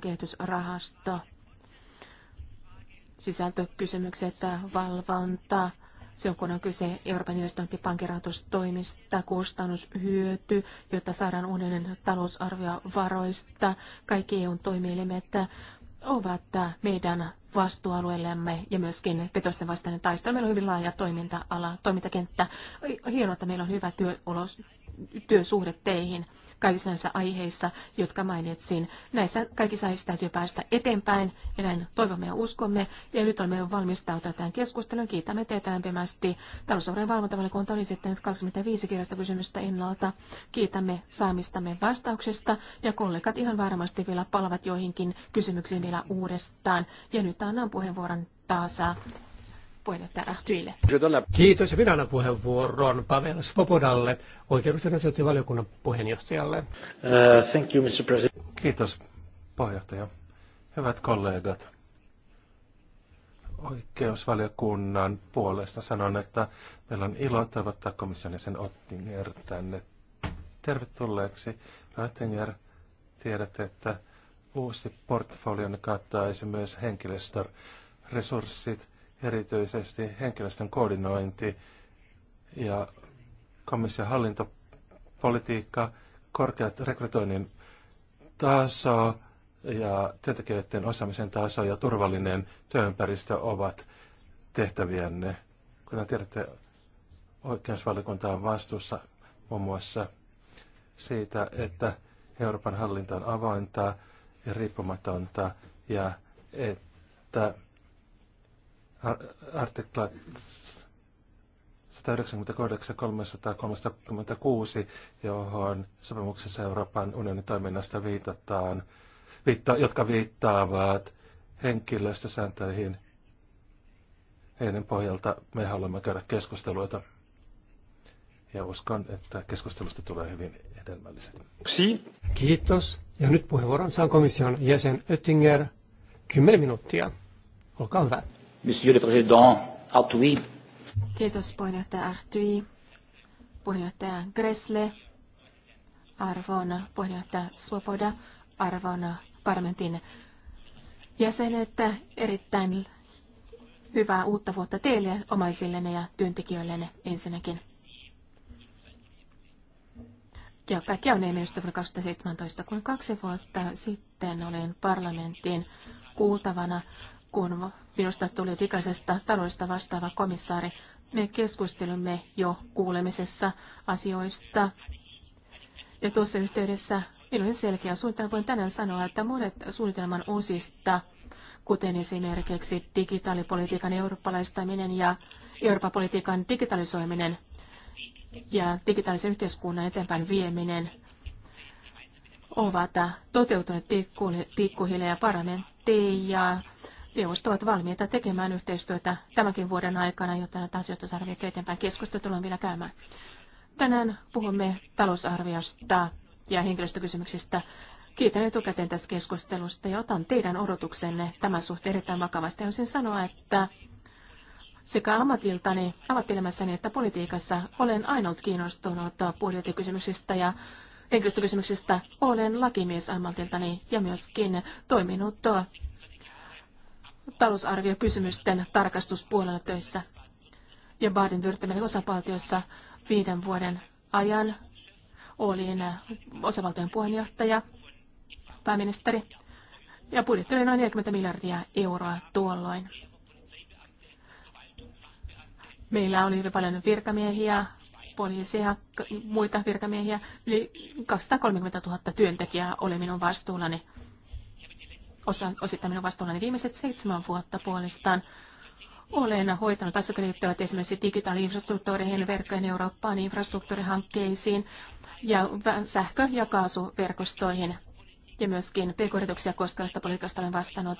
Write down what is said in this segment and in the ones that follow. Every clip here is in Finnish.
kehitysrahasto, sisältökysymykset, valvonta, on kun on kyse Euroopan investointipankirahoitustoimista, kustannushyöty, jotta saadaan uuden talousarvio varoista. Kaikki EUn toimielimet ovat meidän vastuualueellemme ja myöskin petosten vastainen taistelu. Meillä on hyvin laaja toiminta-ala, toimintakenttä. Hienoa, että meillä on hyvä työolos, työsuhde teihin kaikissa näissä aiheissa, jotka mainitsin. Näissä kaikissa aiheissa täytyy päästä eteenpäin ja näin toivomme ja uskomme. Ja nyt olemme valmistautuneet tähän keskusteluun. Kiitämme teitä lämpimästi. Talousarvojen valvontavaliokunta oli sitten 25 kirjasta kysymystä ennalta. Kiitämme saamistamme vastauksista ja kollegat ihan varmasti vielä palavat joihinkin kysymyksiin vielä uudestaan. Ja nyt annan puheenvuoron taas puheenjohtaja Ahtyille. Kiitos ja minä annan puheenvuoron Pavel Svobodalle, oikeus- ja valiokunnan puheenjohtajalle. Uh, thank you, Mr. President. Kiitos, puheenjohtaja. Hyvät kollegat, oikeusvaliokunnan puolesta sanon, että meillä on ilo toivottaa komission sen Ottinger tänne tervetulleeksi. Ottinger, tiedät, että uusi portfolio kattaa myös henkilöstöresurssit, erityisesti henkilöstön koordinointi ja komission hallintopolitiikka, korkeat rekrytoinnin taso ja työntekijöiden osaamisen taso ja turvallinen työympäristö ovat tehtävienne. Kuten tiedätte, oikeusvaliokunta on vastuussa muun muassa siitä, että Euroopan hallinto on avointa ja riippumatonta ja että artikla 198.336, johon sopimuksessa Euroopan unionin toiminnasta viitataan, viitta, jotka viittaavat henkilöstösääntöihin. Heidän pohjalta me haluamme käydä keskusteluita ja uskon, että keskustelusta tulee hyvin hedelmälliset. Kiitos. Ja nyt puheenvuoron saa komission jäsen Oettinger. 10 minuuttia. Olkaa hyvä. Monsieur le Président Artui. Kiitos puheenjohtaja Artui, puheenjohtaja Gressle, arvon puheenjohtaja Svoboda, arvon parlamentin jäsenet, erittäin hyvää uutta vuotta teille, omaisillenne ja työntekijöillenne ensinnäkin. Ja kaikki on minusta vuonna 2017, kun kaksi vuotta sitten olin parlamentin kuultavana kun minusta tuli likallisesta taloudesta vastaava komissaari. Me keskustelimme jo kuulemisessa asioista. Ja tuossa yhteydessä minulle selkeä suuntaan voin tänään sanoa, että monet suunnitelman osista, kuten esimerkiksi digitaalipolitiikan eurooppalaistaminen ja Euroopan politiikan digitalisoiminen ja digitaalisen yhteiskunnan eteenpäin vieminen, ovat toteutuneet pikkuhiljaa parlamentti ja Neuvosto ovat valmiita tekemään yhteistyötä tämänkin vuoden aikana, jotta näitä asioita saadaan vielä eteenpäin. Keskustelu tullaan vielä käymään. Tänään puhumme talousarviosta ja henkilöstökysymyksistä. Kiitän etukäteen tästä keskustelusta ja otan teidän odotuksenne tämän suhteen erittäin vakavasti. Haluaisin sanoa, että sekä ammatiltani, ammattilemässäni että politiikassa olen ainut kiinnostunut budjettikysymyksistä ja henkilöstökysymyksistä. Olen lakimies ammatiltani ja myöskin toiminut talousarviokysymysten tarkastuspuolella töissä. Ja Baden-Württembergin osavaltiossa viiden vuoden ajan olin osavaltion puheenjohtaja, pääministeri, ja budjetti oli noin 40 miljardia euroa tuolloin. Meillä oli hyvin paljon virkamiehiä, poliisia, muita virkamiehiä, yli 230 000 työntekijää oli minun vastuullani osa, osittain minun vastuullani viimeiset seitsemän vuotta puolestaan. Olen hoitanut asioita liittyvät esimerkiksi digitaali-infrastruktuureihin, verkkojen Eurooppaan, infrastruktuurihankkeisiin ja sähkö- ja kaasuverkostoihin ja myöskin pk-yrityksiä koskevasta politiikasta olen vastannut.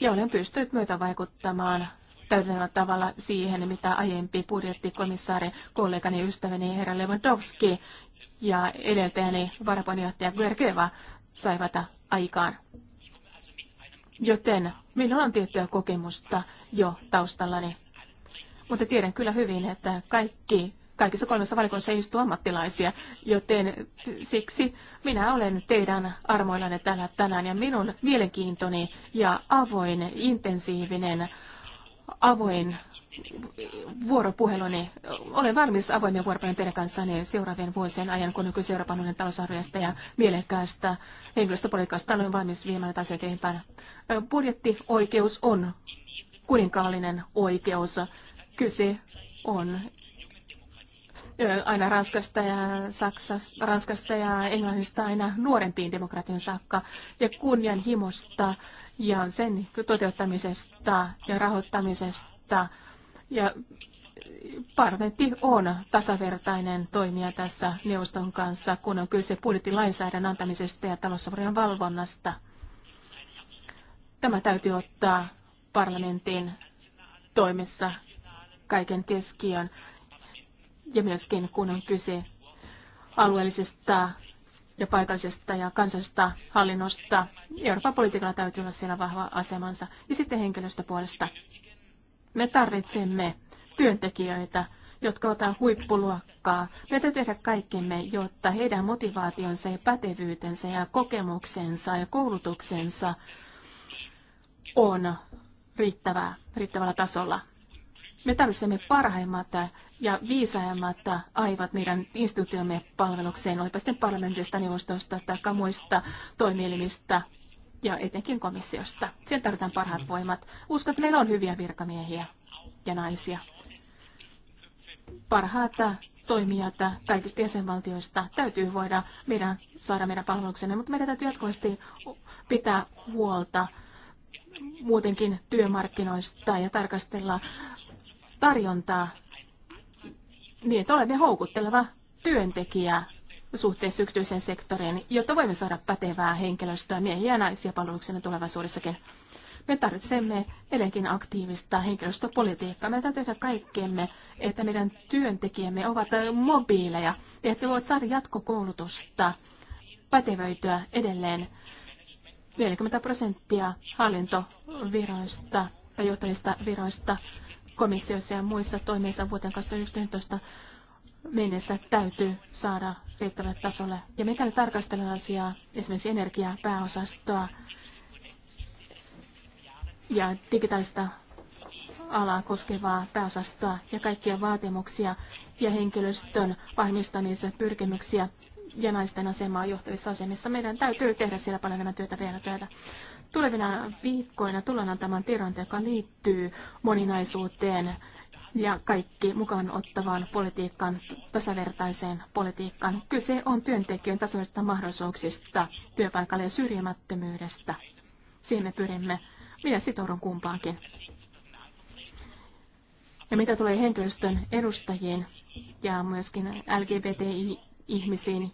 Ja olen pystynyt myötä vaikuttamaan täydellä tavalla siihen, mitä aiempi budjettikomissaari, kollegani, ystäväni herra Lewandowski ja edeltäjäni varapuheenjohtaja Gergeva saivat aikaan. Joten minulla on tiettyä kokemusta jo taustallani. Mutta tiedän kyllä hyvin, että kaikki, kaikissa kolmessa valikossa istu ammattilaisia, joten siksi minä olen teidän armoillanne täällä tänään ja minun mielenkiintoni ja avoin, intensiivinen, avoin niin Olen valmis avoimia vuoropuhelun teidän kanssanne seuraavien vuosien ajan, kun nykyisen Euroopan unionin talousarviosta ja mielekkäästä henkilöstöpolitiikasta olen valmis viemään näitä asioita eteenpäin. Budjettioikeus on kuninkaallinen oikeus. Kyse on aina Ranskasta ja Saksasta, Ranskasta ja Englannista aina nuorempiin demokratian saakka ja kunnianhimosta ja sen toteuttamisesta ja rahoittamisesta ja parlamentti on tasavertainen toimija tässä neuvoston kanssa, kun on kyse budjettilainsäädännön antamisesta ja talousarvion valvonnasta. Tämä täytyy ottaa parlamentin toimessa kaiken keskiön ja myöskin kun on kyse alueellisesta ja paikallisesta ja kansallisesta hallinnosta. Euroopan politiikalla täytyy olla siellä vahva asemansa. Ja sitten henkilöstöpuolesta. puolesta me tarvitsemme työntekijöitä, jotka ovat huippuluokkaa. Me täytyy tehdä kaikkemme, jotta heidän motivaationsa ja pätevyytensä ja kokemuksensa ja koulutuksensa on riittävää, riittävällä tasolla. Me tarvitsemme parhaimmat ja viisaimmat aivat meidän instituutiomme palvelukseen, olipa sitten parlamentista, neuvostosta tai muista toimielimistä ja etenkin komissiosta. Siihen tarvitaan parhaat voimat. Uskon, että meillä on hyviä virkamiehiä ja naisia. Parhaat toimijat kaikista jäsenvaltioista täytyy voida meidän, saada meidän palveluksemme, mutta meidän täytyy jatkuvasti pitää huolta muutenkin työmarkkinoista ja tarkastella tarjontaa niin, että olemme houkutteleva työntekijä suhteessa yksityiseen sektoriin, jotta voimme saada pätevää henkilöstöä miehiä ja naisia palveluksemme tulevaisuudessakin. Me tarvitsemme edelleenkin aktiivista henkilöstöpolitiikkaa. Me täytyy tehdä kaikkemme, että meidän työntekijämme ovat mobiileja ja että voivat saada jatkokoulutusta, pätevöityä edelleen. 40 prosenttia hallintoviroista tai johtavista viroista komissiossa ja muissa toimissa vuoteen 2019 mennessä täytyy saada riittävälle tasolle. Ja mikäli tarkastellaan asiaa, esimerkiksi energiapääosastoa ja digitaalista alaa koskevaa pääosastoa ja kaikkia vaatimuksia ja henkilöstön vahvistamisen pyrkimyksiä ja naisten asemaa johtavissa asemissa. Meidän täytyy tehdä siellä paljon enemmän työtä vielä työtä. Tulevina viikkoina tullaan antamaan tiedon, joka liittyy moninaisuuteen ja kaikki mukaan ottavaan politiikkaan, tasavertaiseen politiikkaan. Kyse on työntekijöiden tasoisista mahdollisuuksista, työpaikalle ja syrjimättömyydestä. Siihen me pyrimme. Minä sitoudun kumpaankin. Ja mitä tulee henkilöstön edustajiin ja myöskin LGBTI-ihmisiin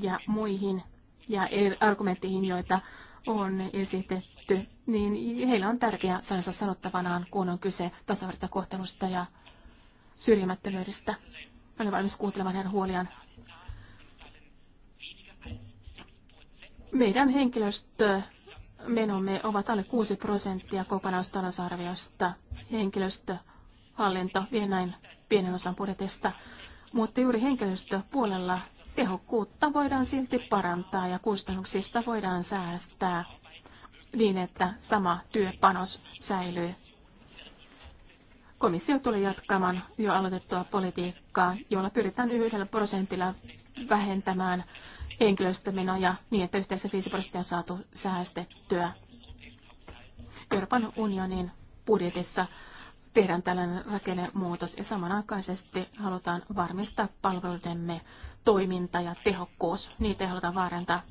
ja muihin ja argumentteihin, joita on esitetty, niin heillä on tärkeä sanansa sanottavanaan, kun on kyse tasavertakohtelusta ja syrjimättömyydestä. Olen valmis kuuntelemaan hänen huoliaan. Meidän henkilöstö menomme ovat alle 6 prosenttia kokonaistalousarviosta. Henkilöstöhallinto vie näin pienen osan budjetista, mutta juuri henkilöstöpuolella tehokkuutta voidaan silti parantaa ja kustannuksista voidaan säästää niin, että sama työpanos säilyy. Komissio tulee jatkamaan jo aloitettua politiikkaa, jolla pyritään yhdellä prosentilla vähentämään henkilöstömenoja niin, että yhteensä 5 prosenttia on saatu säästettyä. Euroopan unionin budjetissa tehdään tällainen rakennemuutos ja samanaikaisesti halutaan varmistaa palveluidemme toiminta ja tehokkuus. Niitä ei haluta vaarantaa.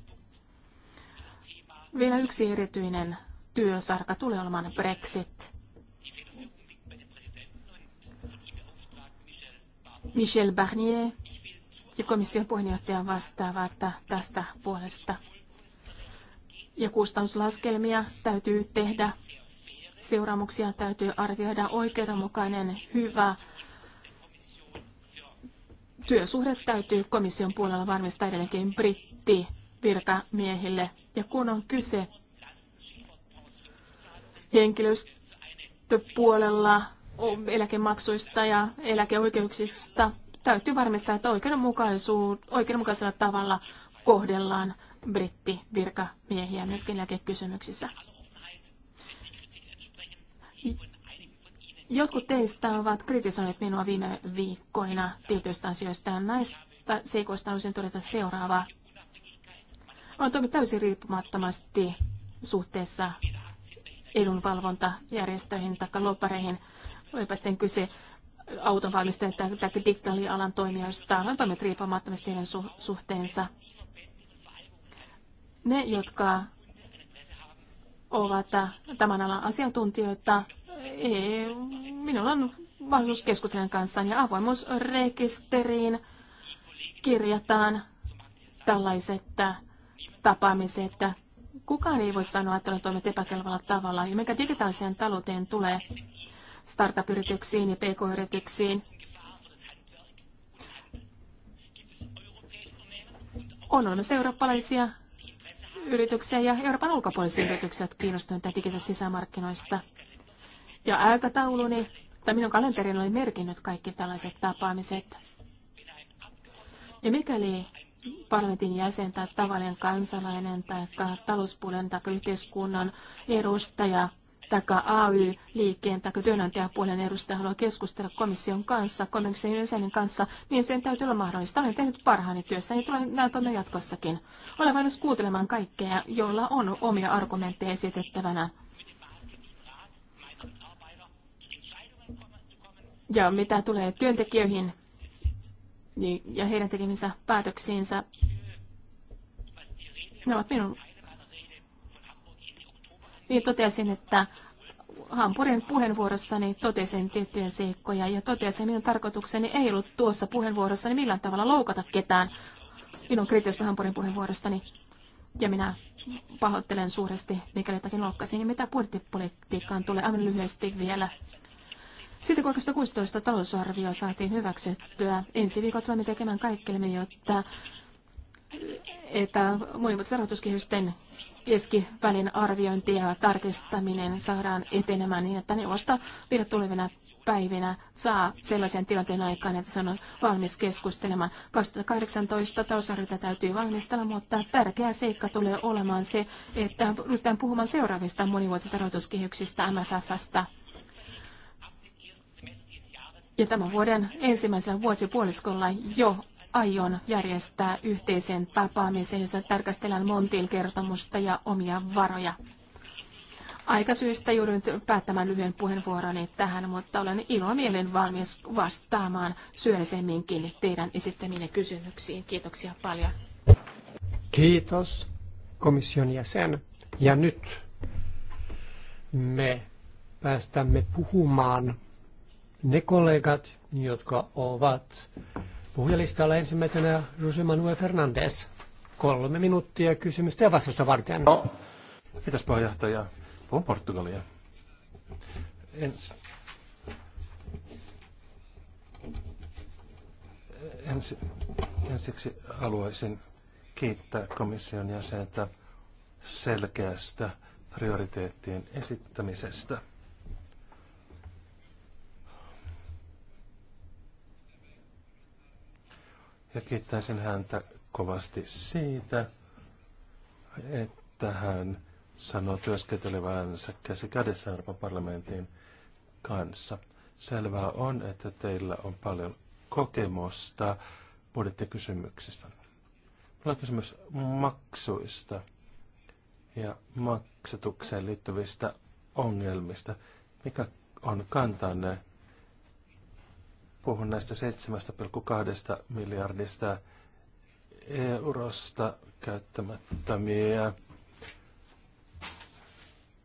Vielä yksi erityinen työsarka tulee olemaan Brexit. Michel Barnier ja komission puheenjohtaja vastaavat tästä puolesta. Ja kustannuslaskelmia täytyy tehdä. Seuraamuksia täytyy arvioida oikeudenmukainen, hyvä työsuhde täytyy komission puolella varmistaa edelleenkin britti virkamiehille. Ja kun on kyse henkilöstöpuolella eläkemaksuista ja eläkeoikeuksista. Täytyy varmistaa, että oikeudenmukaisella tavalla kohdellaan brittivirkamiehiä myöskin eläkekysymyksissä. Jotkut teistä ovat kritisoineet minua viime viikkoina tietyistä asioista ja näistä seikoista haluaisin todeta seuraavaa. On toiminut täysin riippumattomasti suhteessa edunvalvontajärjestöihin tai loppareihin olipa sitten kyse autonvalmistajien tai, tai digitaalialan toimijoista, on toimit riippumattomasti heidän su- suhteensa. Ne, jotka ovat tämän alan asiantuntijoita, ei, minulla on mahdollisuus keskustelun kanssa ja avoimuusrekisteriin kirjataan tällaiset tapaamiset. Kukaan ei voi sanoa, että olen toiminut epäkelvalla tavalla. Ja mikä digitaaliseen talouteen tulee, startup-yrityksiin ja pk-yrityksiin. On olemassa eurooppalaisia yrityksiä ja Euroopan ulkopuolisia yrityksiä, jotka kiinnostuneita digitaalisista sisämarkkinoista. Ja aikatauluni, tai minun kalenterini oli merkinnyt kaikki tällaiset tapaamiset. Ja mikäli parlamentin jäsen tai tavallinen kansalainen tai talouspuolen tai yhteiskunnan edustaja taikka AY-liikkeen tai työnantajapuolen edustaja haluaa keskustella komission kanssa, komission jäsenen kanssa, niin sen täytyy olla mahdollista. Olen tehnyt parhaani työssä, niin tulen näytämme jatkossakin. Olen valmis kuuntelemaan kaikkea, joilla on omia argumentteja esitettävänä. Ja mitä tulee työntekijöihin niin- ja heidän tekeminsä päätöksiinsä, ne ovat minun niin totesin, että Hampurin puheenvuorossani totesin tiettyjä seikkoja ja totesin, minun tarkoitukseni ei ollut tuossa puheenvuorossani millään tavalla loukata ketään minun kriittisestä Hampurin puheenvuorostani. Ja minä pahoittelen suuresti, mikäli jotakin loukkasin, niin mitä budjettipolitiikkaan tulee aivan lyhyesti vielä. Sitten 16 talousarvio saatiin hyväksyttyä. Ensi viikolla tulemme tekemään kaikkelemme, jotta että monimuotoisten rahoituskehysten keskivälin arviointi ja tarkistaminen saadaan etenemään niin, että neuvosto vielä tulevina päivinä saa sellaisen tilanteen aikaan, että se on valmis keskustelemaan. 2018 talousarviota täytyy valmistella, mutta tärkeä seikka tulee olemaan se, että ryhdytään puhumaan seuraavista monivuotisista rahoituskehyksistä MFFstä. Ja tämän vuoden ensimmäisellä vuosipuoliskolla jo aion järjestää yhteisen tapaamisen, jossa tarkastellaan Montin kertomusta ja omia varoja. Aikasyystä joudun nyt päättämään lyhyen puheenvuoroni tähän, mutta olen ilomielen valmis vastaamaan syöllisemminkin teidän esittämiin kysymyksiin. Kiitoksia paljon. Kiitos komission jäsen. Ja nyt me päästämme puhumaan ne kollegat, jotka ovat Puhujalistalla ensimmäisenä Jose Manuel Fernandez. Kolme minuuttia kysymystä ja vastausta varten. No. Kiitos puheenjohtaja. Puhun Portugalia. Ens... Ens, Ensiksi haluaisin kiittää komission jäsentä selkeästä prioriteettien esittämisestä. ja kiittäisin häntä kovasti siitä, että hän sanoo työskentelevänsä käsi kädessä Euroopan parlamentin kanssa. Selvää on, että teillä on paljon kokemusta budjettikysymyksistä. Minulla on kysymys maksuista ja maksatukseen liittyvistä ongelmista. Mikä on kantanne Puhun näistä 7,2 miljardista eurosta käyttämättömiä,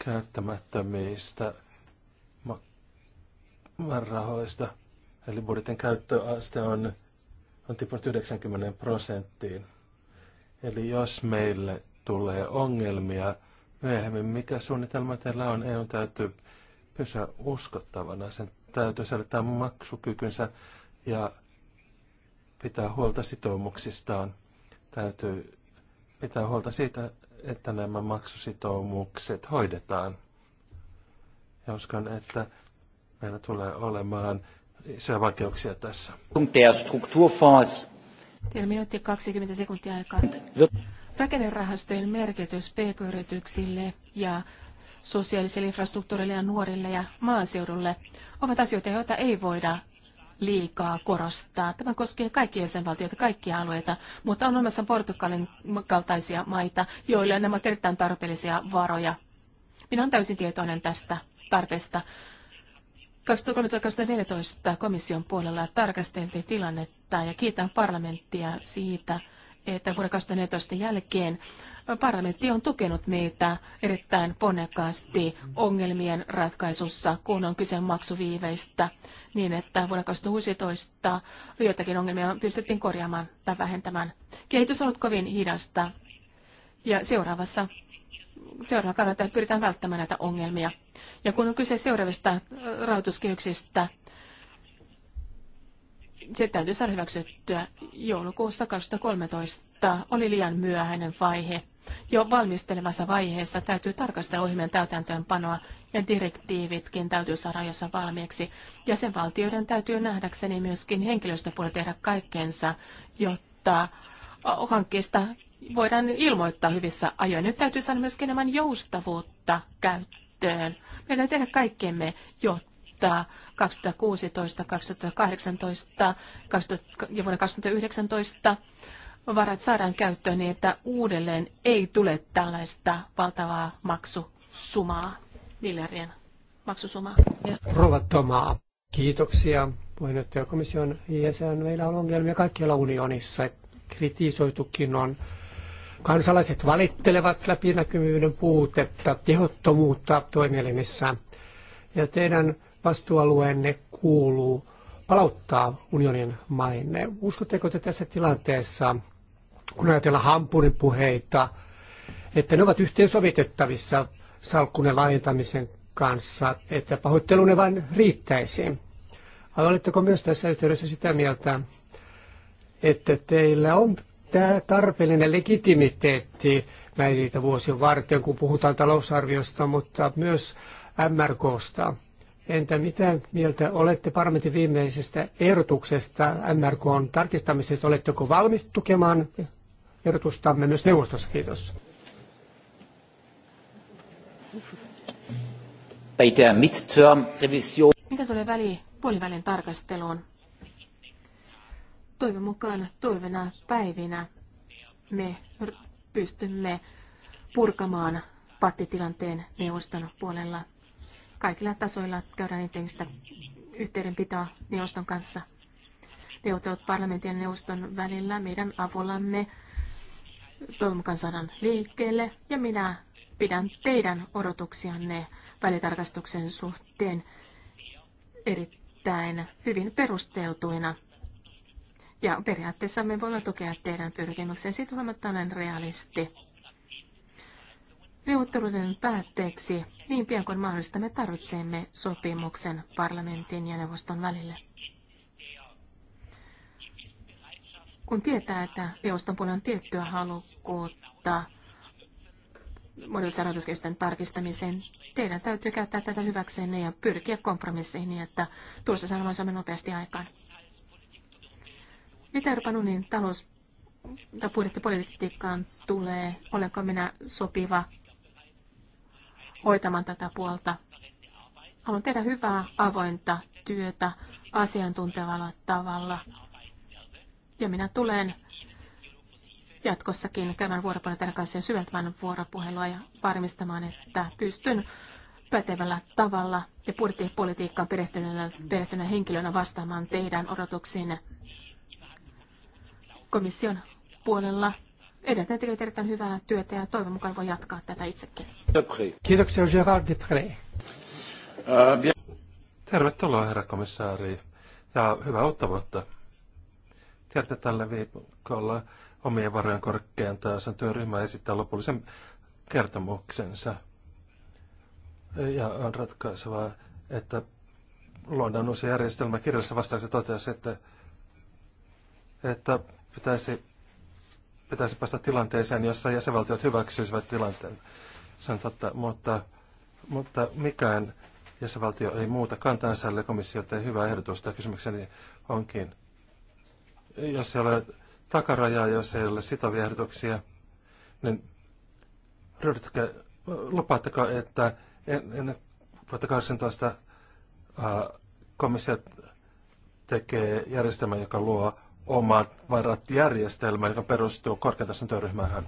käyttämättömistä rahoista. Eli budjetin käyttöaste on, on tippunut 90 prosenttiin. Eli jos meille tulee ongelmia myöhemmin, mikä suunnitelma teillä on? EU täytyy pysyä uskottavana. Sen täytyy säilyttää maksukykynsä ja pitää huolta sitoumuksistaan. Täytyy pitää huolta siitä, että nämä maksusitoumukset hoidetaan. Ja uskon, että meillä tulee olemaan isoja vaikeuksia tässä. Teillä minuutti 20 sekuntia aikaa. Rakennerahastojen merkitys pk-yrityksille ja sosiaaliselle infrastruktuurille ja nuorille ja maaseudulle ovat asioita, joita ei voida liikaa korostaa. Tämä koskee kaikkia jäsenvaltioita, kaikkia alueita, mutta on olemassa Portugalin kaltaisia maita, joille nämä ovat erittäin tarpeellisia varoja. Minä olen täysin tietoinen tästä tarpeesta. 2013-2014 komission puolella tarkasteltiin tilannetta ja kiitän parlamenttia siitä, että vuoden 2014 jälkeen parlamentti on tukenut meitä erittäin ponnekkaasti ongelmien ratkaisussa, kun on kyse maksuviiveistä, niin että vuonna 2016 joitakin ongelmia pystyttiin korjaamaan tai vähentämään. Kehitys on ollut kovin hidasta ja seuraavassa seuraavalla kannalta pyritään välttämään näitä ongelmia. Ja kun on kyse seuraavista rahoituskehyksistä, se täytyy saada hyväksyttyä joulukuussa 2013. Oli liian myöhäinen vaihe. Jo valmistelevassa vaiheessa täytyy tarkastaa ohjelmien täytäntöönpanoa ja direktiivitkin täytyy saada ajoissa valmiiksi. Jäsenvaltioiden täytyy nähdäkseni myöskin henkilöstöpuolella tehdä kaikkensa, jotta hankkeista voidaan ilmoittaa hyvissä ajoin. Nyt täytyy saada myöskin enemmän joustavuutta käyttöön. Meidän täytyy tehdä kaikkemme, jotta muuttaa 2016, 2018 ja vuonna 2019 varat saadaan käyttöön niin, että uudelleen ei tule tällaista valtavaa maksusumaa, miljardien maksusumaa. Rova Tomaa, kiitoksia. komission jäsen, meillä on ongelmia kaikkialla unionissa. Kritisoitukin on. Kansalaiset valittelevat läpinäkyvyyden puutetta, tehottomuutta toimielimissä. Ja teidän vastuualueenne kuuluu palauttaa unionin maine. Uskotteko te tässä tilanteessa, kun ajatellaan Hampurin puheita, että ne ovat yhteensovitettavissa salkkunen laajentamisen kanssa, että pahoittelunne vain riittäisi? oletteko myös tässä yhteydessä sitä mieltä, että teillä on tämä tarpeellinen legitimiteetti näitä vuosien varten, kun puhutaan talousarviosta, mutta myös MRKsta? Entä mitä mieltä olette parlamentin viimeisestä ehdotuksesta MRKn tarkistamisesta? Oletteko valmis tukemaan ehdotustamme myös neuvostossa? Kiitos. Mitä tulee väli, puolivälin tarkasteluun? Toivon mukaan tulevina päivinä me pystymme purkamaan pattitilanteen neuvoston puolella kaikilla tasoilla käydään intensiivistä yhteydenpitoa neuvoston kanssa. Neuvottelut parlamentin ja neuvoston välillä meidän avullamme toivon mukaan saadaan liikkeelle ja minä pidän teidän odotuksianne välitarkastuksen suhteen erittäin hyvin perusteltuina. Ja periaatteessa me voimme tukea teidän pyrkimykseen. Siitä huolimatta olen realisti. Neuvottelujen päätteeksi niin pian kuin mahdollista me tarvitsemme sopimuksen parlamentin ja neuvoston välille. Kun tietää, että neuvoston puolella on tiettyä halukkuutta modulisen rahoituskehysten tarkistamiseen, teidän täytyy käyttää tätä hyväksenne ja pyrkiä kompromisseihin niin, että tulossa sanomaan saamme nopeasti aikaan. Mitä Euroopan unionin talous- tai budjettipolitiikkaan tulee, olenko minä sopiva hoitamaan tätä puolta. Haluan tehdä hyvää avointa työtä asiantuntevalla tavalla. Ja minä tulen jatkossakin käymään vuoropuhelua teidän kanssa ja syventämään vuoropuhelua ja varmistamaan, että pystyn pätevällä tavalla ja budjettipolitiikkaan perehtyneenä, perehtyneenä henkilönä vastaamaan teidän odotuksiin komission puolella Edelleen tekevät erittäin hyvää työtä ja toivon mukaan voi jatkaa tätä itsekin. Kiitoksia Gerard Depré. Äh, Tervetuloa herra komissaari ja hyvää ottavuutta. Tiedätte tällä viikolla omien varojen korkean taasen työryhmä esittää lopullisen kertomuksensa. Ja on ratkaisevaa, että luodaan uusi järjestelmä. Kirjallisessa se totesi, että, että pitäisi pitäisi päästä tilanteeseen, jossa jäsenvaltiot hyväksyisivät tilanteen. Se on totta, mutta, mutta mikään jäsenvaltio ei muuta kantansa, eli komissio tee hyvää ehdotusta. Kysymykseni onkin, jos ei ole takarajaa, jos ei ole sitovia ehdotuksia, niin ryhdytkö, lupaatteko, että ennen vuotta 18 komissio tekee järjestelmän, joka luo omat varat järjestelmä, joka perustuu korkeatason työryhmään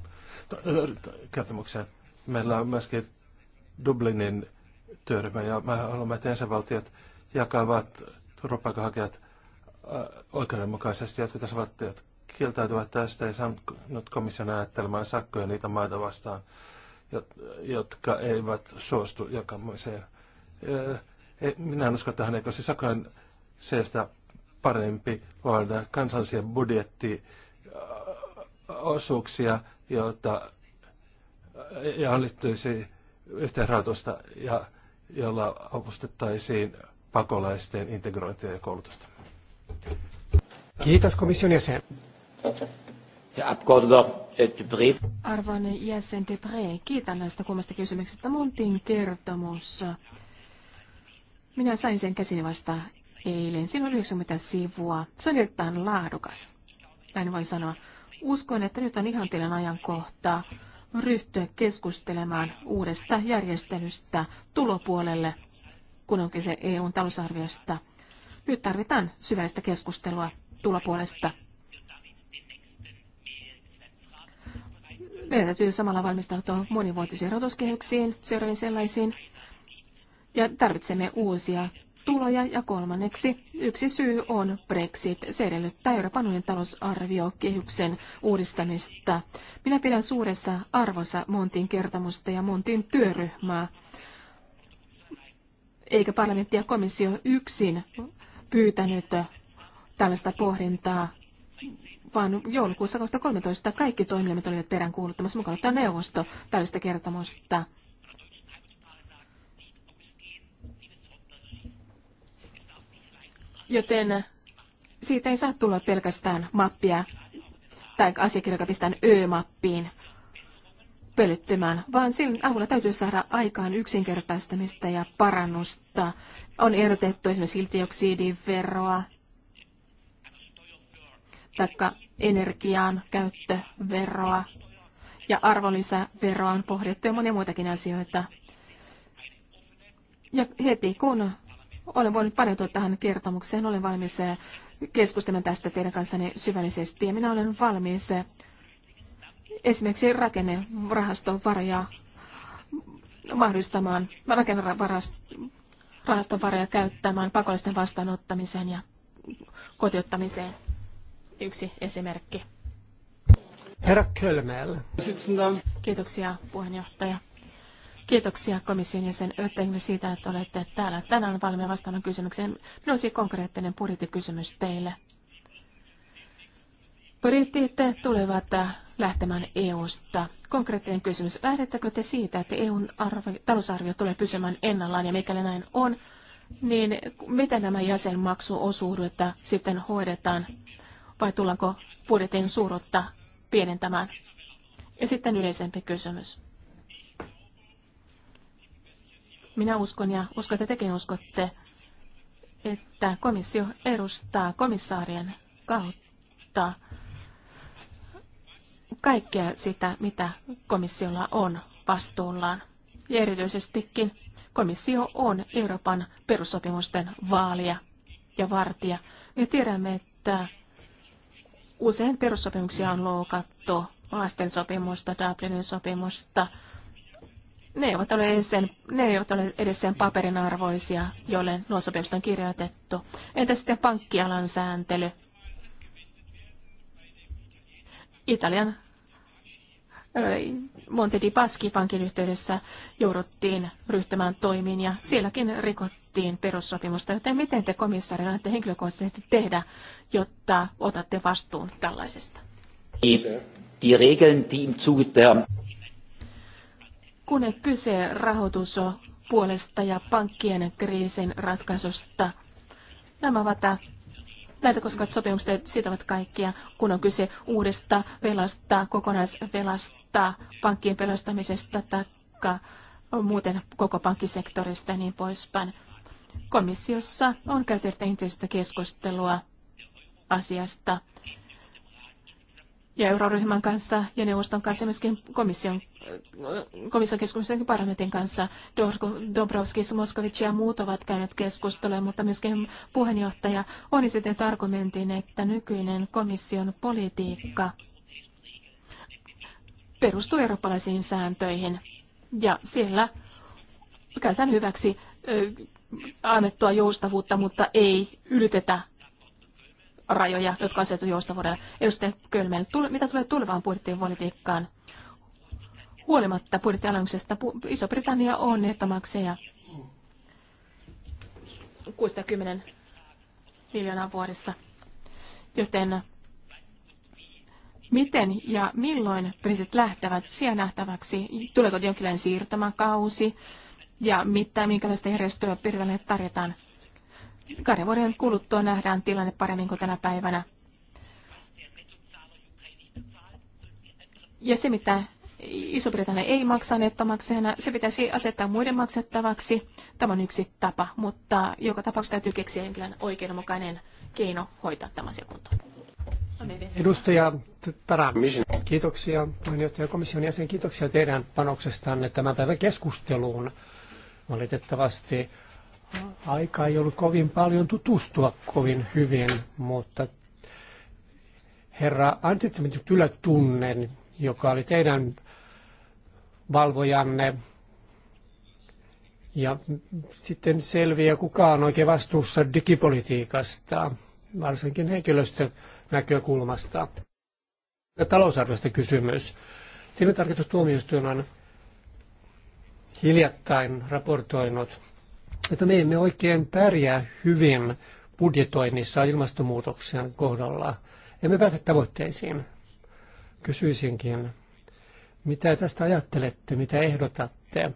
kertomukseen. Meillä on myöskin Dublinin työryhmä ja me haluamme, että ensivaltiot jakavat turvapaikanhakijat oikeudenmukaisesti. Jotkut jäsenvaltiot kieltäytyvät tästä ja saanut komission ajattelemaan sakkoja niitä maita vastaan, jotka eivät suostu jakamiseen. Minä en usko tähän, eikö se sakkojen seestä parempi luoda kansallisia budjettiosuuksia, joita ja liittyisi yhteenrahoitusta ja jolla avustettaisiin pakolaisten integrointia ja koulutusta. Kiitos komission jäsen. Arvoinen jäsen Debre, kiitän näistä kummasta kysymyksestä. Muntin kertomus. Minä sain sen käsini vasta eilen. Siinä oli 90 sivua. Se on erittäin laadukas. Näin voi sanoa. Uskon, että nyt on ihan teidän ajankohtaa ryhtyä keskustelemaan uudesta järjestelystä tulopuolelle, kun onkin se EUn talousarviosta. Nyt tarvitaan syvällistä keskustelua tulopuolesta. Meidän täytyy samalla valmistautua monivuotisiin rahoituskehyksiin, seuraaviin sellaisiin, ja tarvitsemme uusia tuloja ja kolmanneksi yksi syy on Brexit. Se edellyttää Euroopan unionin talousarviokehyksen uudistamista. Minä pidän suuressa arvossa Montin kertomusta ja Montin työryhmää. Eikä parlamentti ja komissio yksin pyytänyt tällaista pohdintaa, vaan joulukuussa 2013 kaikki toimijat olivat peräänkuuluttamassa mukaan neuvosto tällaista kertomusta. joten siitä ei saa tulla pelkästään mappia tai asiakirja, joka pistetään Ö-mappiin pölyttymään, vaan sen avulla täytyy saada aikaan yksinkertaistamista ja parannusta. On ehdotettu esimerkiksi hiilidioksidiveroa taikka energiaan käyttöveroa ja arvonlisäveroa on pohdittu ja monia muitakin asioita. Ja heti kun olen voinut paneutua tähän kertomukseen. Olen valmis eh, keskustelemaan tästä teidän kanssanne syvällisesti. Ja minä olen valmis eh, esimerkiksi rakennerahastovaroja mahdollistamaan, rakennerahastovaroja käyttämään pakollisten vastaanottamiseen ja kotiuttamiseen. Yksi esimerkki. Herra Kölmel. Kiitoksia puheenjohtaja. Kiitoksia komission jäsen Öttingli siitä, että olette täällä tänään valmiina vastaamaan kysymykseen. Minulla olisi konkreettinen budjettikysymys teille. Britit tulevat lähtemään EU-sta. Konkreettinen kysymys. Lähdettekö te siitä, että EUn arvo, talousarvio tulee pysymään ennallaan ja mikäli näin on, niin miten nämä jäsenmaksuosuudet sitten hoidetaan vai tullaanko budjetin suuruutta pienentämään? Ja sitten yleisempi kysymys. Minä uskon ja uskon, että tekin uskotte, että komissio edustaa komissaarien kautta kaikkea sitä, mitä komissiolla on vastuullaan. Ja erityisestikin komissio on Euroopan perussopimusten vaalia ja vartija. Me tiedämme, että usein perussopimuksia on loukattu, maasten sopimusta, Dublinin sopimusta, ne eivät ole edes sen, ne eivät ole edes sen paperin arvoisia, jolle nuo sopimukset on kirjoitettu. Entä sitten pankkialan sääntely? Italian Monte di Paschi pankin yhteydessä jouduttiin ryhtymään toimiin ja sielläkin rikottiin perussopimusta. Joten miten te komissarina olette henkilökohtaisesti tehdä, jotta otatte vastuun tällaisesta? Die Regeln, die im Zuge der kun ei kyse rahoituspuolesta ja pankkien kriisin ratkaisusta. Nämä ovat äh, näitä koskevat sopimukset sitovat kaikkia, kun on kyse uudesta velasta, kokonaisvelasta, pankkien pelastamisesta tai muuten koko pankkisektorista ja niin poispäin. Komissiossa on käyty erittäin keskustelua asiasta ja euroryhmän kanssa ja neuvoston kanssa ja myöskin komission komission keskustelun parlamentin kanssa. Dobrovskis, Moskovic ja muut ovat käyneet keskustelua, mutta myöskin puheenjohtaja on esittänyt argumentin, että nykyinen komission politiikka perustuu eurooppalaisiin sääntöihin ja siellä käytetään hyväksi annettua joustavuutta, mutta ei ylitetä rajoja, jotka asetu joustavuudelle. Edustaja Kölmel, mitä tulee tulevaan budjettipolitiikkaan? huolimatta budjettialennuksesta Iso-Britannia on nettomaksaja 610 miljoonaa vuodessa. Joten miten ja milloin britit lähtevät siihen nähtäväksi? Tuleeko jonkinlainen siirtomakausi? Ja mitä, minkälaista järjestöä pirvelle tarjotaan? Kahden vuoden kuluttua nähdään tilanne paremmin kuin tänä päivänä. Ja se, mitä Iso-Britannia ei maksa nettomaksajana. Se pitäisi asettaa muiden maksettavaksi. Tämä on yksi tapa, mutta joka tapauksessa täytyy keksiä jonkinlainen oikeudenmukainen keino hoitaa tämä asia kuntoon. Edustaja Taram, kiitoksia puheenjohtaja komission jäsen, kiitoksia teidän panoksestanne tämän päivän keskusteluun. Valitettavasti aika ei ollut kovin paljon tutustua kovin hyvin, mutta herra Antsittamin kyllä tunnen, joka oli teidän valvojanne. Ja sitten selviää, kuka on oikein vastuussa digipolitiikasta, varsinkin henkilöstön näkökulmasta. Ja talousarviosta kysymys. Tilintarkastustuomioistuin on hiljattain raportoinut, että me emme oikein pärjää hyvin budjetoinnissa ilmastonmuutoksen kohdalla. Emme pääse tavoitteisiin. Kysyisinkin, mitä tästä ajattelette, mitä ehdotatte,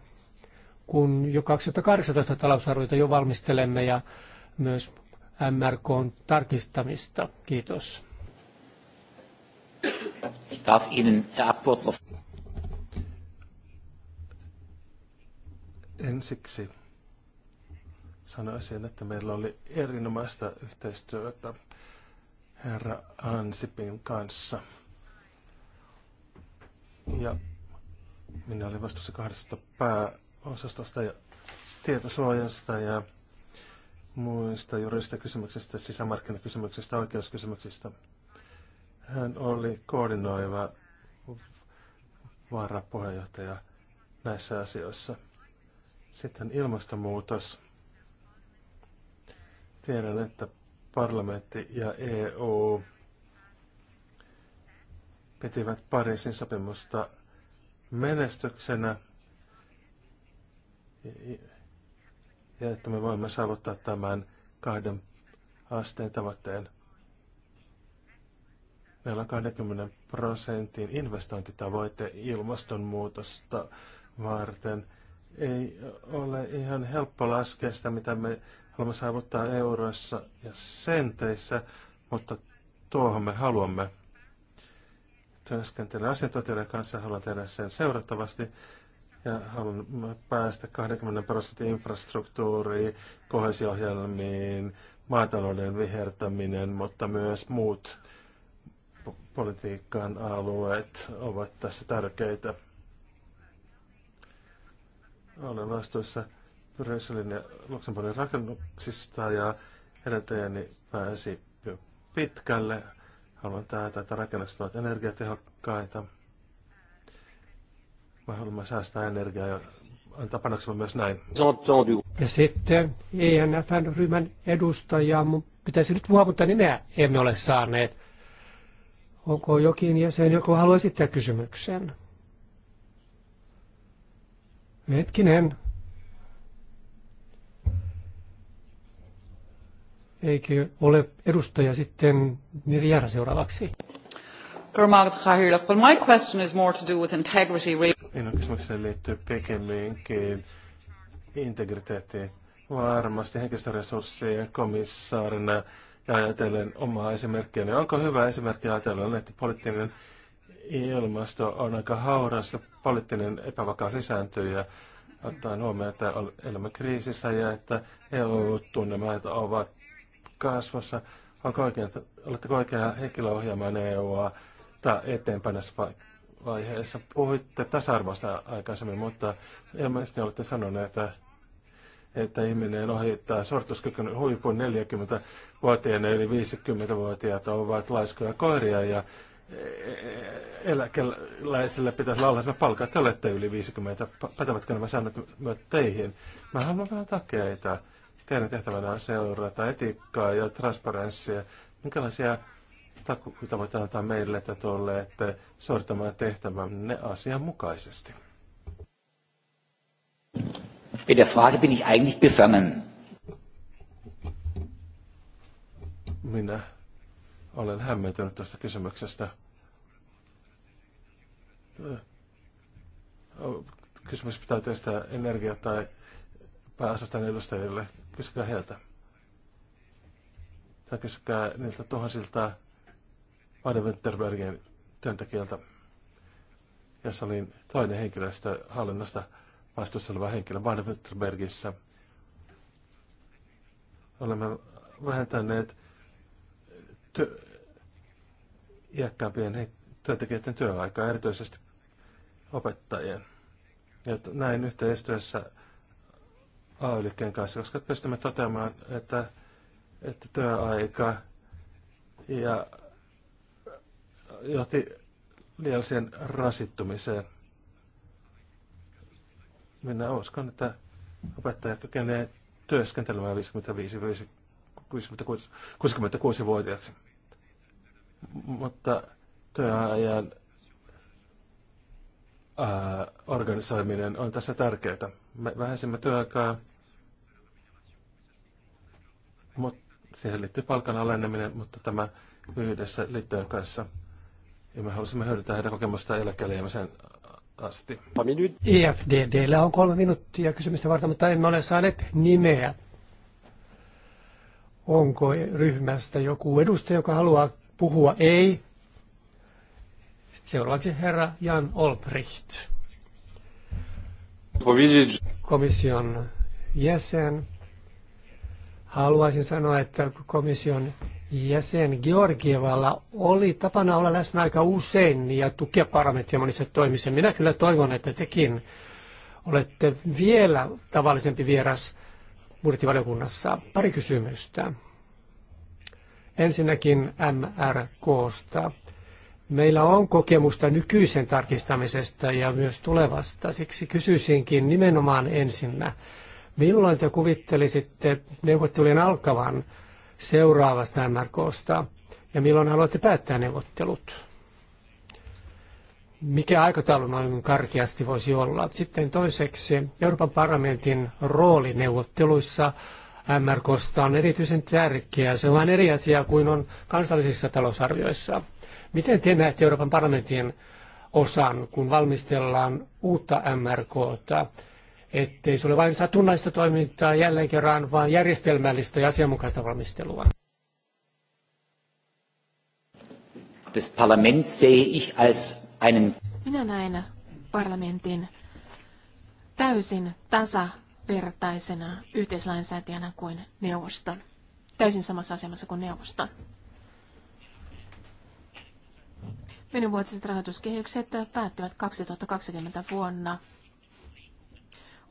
kun jo 2018 talousarvioita jo valmistelemme ja myös MRK on tarkistamista? Kiitos. Ensiksi sanoisin, että meillä oli erinomaista yhteistyötä herra Ansipin kanssa ja minä olin vastuussa kahdesta pääosastosta ja tietosuojasta ja muista juridista kysymyksistä, sisämarkkinakysymyksistä, oikeuskysymyksistä. Hän oli koordinoiva varapuheenjohtaja näissä asioissa. Sitten ilmastonmuutos. Tiedän, että parlamentti ja EU pitivät Pariisin sopimusta menestyksenä ja että me voimme saavuttaa tämän kahden asteen tavoitteen. Meillä on 20 prosentin investointitavoite ilmastonmuutosta varten. Ei ole ihan helppo laskea sitä, mitä me haluamme saavuttaa euroissa ja senteissä, mutta tuohon me haluamme työskentelen asiantuntijoiden kanssa, haluan tehdä sen seurattavasti ja haluan päästä 20 prosentin infrastruktuuriin, kohesiohjelmiin, ohjelmiin maatalouden vihertäminen, mutta myös muut politiikan alueet ovat tässä tärkeitä. Olen vastuussa Brysselin ja Luxemburgin rakennuksista ja edeltäjäni pääsi pitkälle Haluan tätä, että rakennukset ovat energiatehokkaita. Me haluamme säästää energiaa ja antaa panoksemme myös näin. Ja sitten ENFn-ryhmän edustaja, mun pitäisi nyt puhua, mutta nimeä emme ole saaneet. Onko jokin jäsen, joka haluaa esittää kysymyksen? Hetkinen. Eikö ole edustaja sitten Mirjara seuraavaksi? My question is more to do with integrity. Minun kysymykseni liittyy pikemminkin integriteettiin. Varmasti henkilöstöresurssien komissaarina ja ajatellen omaa esimerkkiä, niin onko hyvä esimerkki ajatellen, että poliittinen ilmasto on aika hauras ja poliittinen epävakaus lisääntyy ja ottaen huomioon, että elämä kriisissä ja että eu tunnelmat ovat kasvussa. Onko oikein, oletteko oikea henkilö ohjaamaan EUa tai eteenpäin vaiheessa? Puhuitte tasa-arvosta aikaisemmin, mutta ilmeisesti olette sanoneet, että, että ihminen ohittaa sortuskykyn huipun 40-vuotiaana, eli 50-vuotiaat ovat laiskoja koiria ja eläkeläisille pitäisi olla palkka palkkaa, te olette yli 50, pätevätkö nämä säännöt myös teihin? Mä haluan vähän takeita. Teidän tehtävänä on seurata etiikkaa ja transparenssia. Minkälaisia takuita voit antaa meille, että tuolle, että suorittamaan tehtävänne asianmukaisesti? Bei der Frage bin ich eigentlich befangen. Minä olen hämmentynyt tuosta kysymyksestä. Kysymys pitää tästä energiaa tai pääasiasta edustajille. Kysykää heiltä. Tai kysykää niiltä tuhansilta Baden-Württembergin työntekijöiltä, jossa oli toinen henkilöstö hallinnasta vastuussa oleva henkilö Baden-Württembergissä. Olemme vähentäneet työ, iäkkäämpien työntekijöiden työaikaa, erityisesti opettajien. Ja näin yhteistyössä AY-liikkeen kanssa, koska pystymme toteamaan, että, että työaika ja johti liialliseen rasittumiseen. Minä uskon, että opettaja kykenee työskentelemään 55-66-vuotiaaksi. Mutta työajan ää, organisoiminen on tässä tärkeää. Me vähensimme työaikaa mutta siihen liittyy palkan aleneminen, mutta tämä yhdessä liittojen kanssa. Ja me halusimme hyödyntää heidän kokemusta eläkkeelle asti. EFDDllä on kolme minuuttia kysymystä varten, mutta emme ole saaneet nimeä. Onko ryhmästä joku edustaja, joka haluaa puhua? Ei. Seuraavaksi herra Jan Olbricht. Komission jäsen. Haluaisin sanoa, että komission jäsen Georgievalla oli tapana olla läsnä aika usein ja tukea parlamenttia monissa toimissa. Minä kyllä toivon, että tekin olette vielä tavallisempi vieras budjettivaliokunnassa. Pari kysymystä. Ensinnäkin MRKsta. Meillä on kokemusta nykyisen tarkistamisesta ja myös tulevasta. Siksi kysyisinkin nimenomaan ensinnä, Milloin te kuvittelisitte neuvottelujen alkavan seuraavasta MRKsta ja milloin haluatte päättää neuvottelut? Mikä aikataulu noin karkeasti voisi olla? Sitten toiseksi Euroopan parlamentin rooli neuvotteluissa MRKsta on erityisen tärkeä. Se on vain eri asia kuin on kansallisissa talousarvioissa. Miten te näette Euroopan parlamentin osan, kun valmistellaan uutta MRKta? ettei se ole vain satunnaista toimintaa jälleen kerran, vaan järjestelmällistä ja asianmukaista valmistelua. Das Parlament sehe ich als einen... Minä näen parlamentin täysin tasavertaisena yhteislainsäätäjänä kuin neuvoston. Täysin samassa asemassa kuin neuvoston. Menivuotiset rahoituskehykset päättyvät 2020 vuonna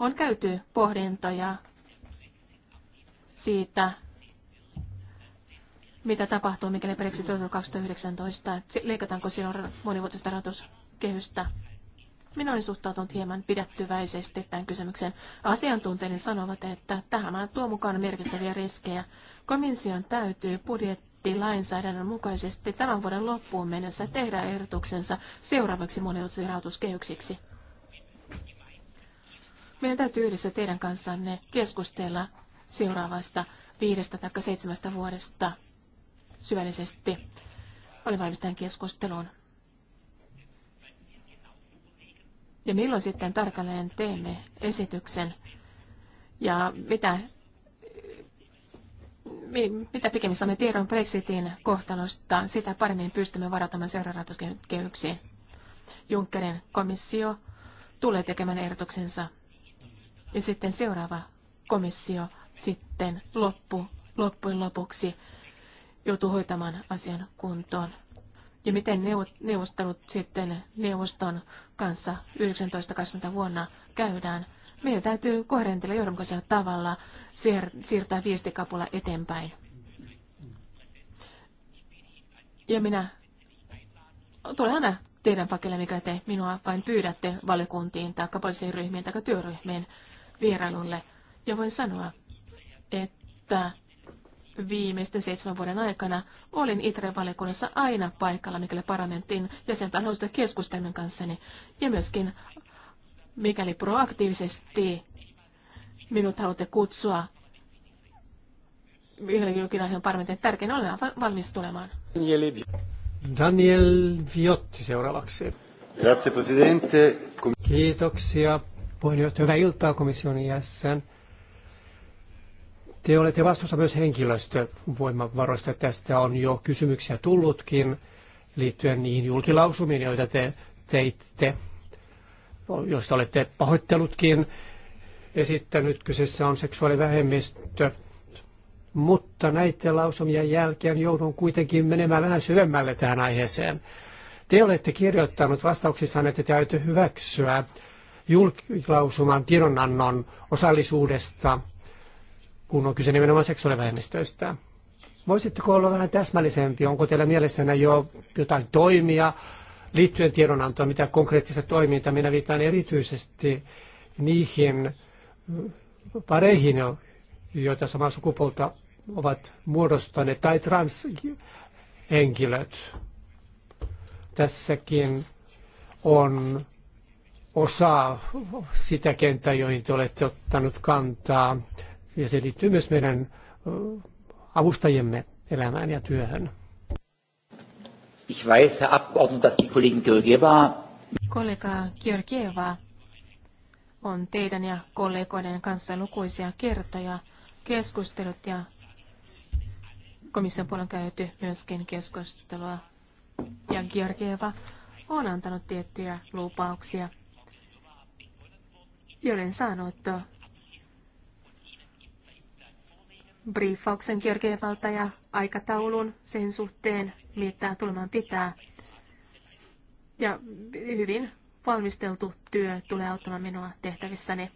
on käyty pohdintoja siitä, mitä tapahtuu, mikäli Brexit toteutuu 2019, leikataanko silloin monivuotista rahoituskehystä. Minä olen suhtautunut hieman pidättyväisesti tämän kysymykseen. Asiantuntijat sanovat, että tähän tuo mukaan merkittäviä riskejä. Komission täytyy budjettilainsäädännön mukaisesti tämän vuoden loppuun mennessä tehdä ehdotuksensa seuraavaksi monivuotisiksi rahoituskehyksiksi. Meidän täytyy yhdessä teidän kanssanne keskustella seuraavasta viidestä tai seitsemästä vuodesta syvällisesti. Olen valmis tähän keskusteluun. Ja milloin sitten tarkalleen teemme esityksen ja mitä, mitä pikemmin saamme tiedon Brexitin kohtalosta, sitä paremmin pystymme varatamaan seuraavaksi kehyksiin. Junckerin komissio tulee tekemään ehdotuksensa ja sitten seuraava komissio sitten loppu, loppujen lopuksi joutui hoitamaan asian kuntoon. Ja miten neuvostelut sitten neuvoston kanssa 1920 vuonna käydään. Meidän täytyy kohdentella johdonmukaisella tavalla siirtää viestikapula eteenpäin. Ja minä tulen aina teidän pakille, mikä te minua vain pyydätte valiokuntiin tai ryhmiin tai työryhmiin vierailulle. Ja voin sanoa, että viimeisten seitsemän vuoden aikana olin Itren valiokunnassa aina paikalla, mikäli parlamentin jäsentä halusta keskustelun kanssani. Ja myöskin, mikäli proaktiivisesti minut haluatte kutsua jokin aihe on parlamentin tärkein, olen valmis tulemaan. Daniel Viotti seuraavaksi. Grazie, presidente. Kiitoksia puheenjohtaja, hyvää iltaa komission jäsen. Te olette vastuussa myös henkilöstövoimavaroista. Tästä on jo kysymyksiä tullutkin liittyen niihin julkilausumiin, joita te teitte, joista olette pahoittelutkin esittänyt. Kyseessä on seksuaalivähemmistö. Mutta näiden lausumien jälkeen joudun kuitenkin menemään vähän syvemmälle tähän aiheeseen. Te olette kirjoittanut vastauksissaan, että täytyy hyväksyä julkilausuman tiedonannon osallisuudesta, kun on kyse nimenomaan seksuaalivähemmistöistä. Voisitteko olla vähän täsmällisempi? Onko teillä mielessänne jo jotain toimia liittyen tiedonantoon, mitä konkreettista toimintaa? Minä viittaan erityisesti niihin pareihin, joita samaa sukupuolta ovat muodostaneet, tai transhenkilöt. Tässäkin on osa sitä kenttää, joihin te olette ottanut kantaa. Ja se liittyy myös meidän avustajiemme elämään ja työhön. Ich weiß, Herr Abgeordneter, dass die Kollegin Georgieva... Kollega Georgieva on teidän ja kollegoiden kanssa lukuisia kertoja keskustelut ja komission puolella käyty myöskin keskustelua. Ja Georgieva on antanut tiettyjä lupauksia ja olen saanut briefauksen Georgievalta ja aikataulun sen suhteen, mitä tulemaan pitää. Ja hyvin valmisteltu työ tulee auttamaan minua tehtävissäni.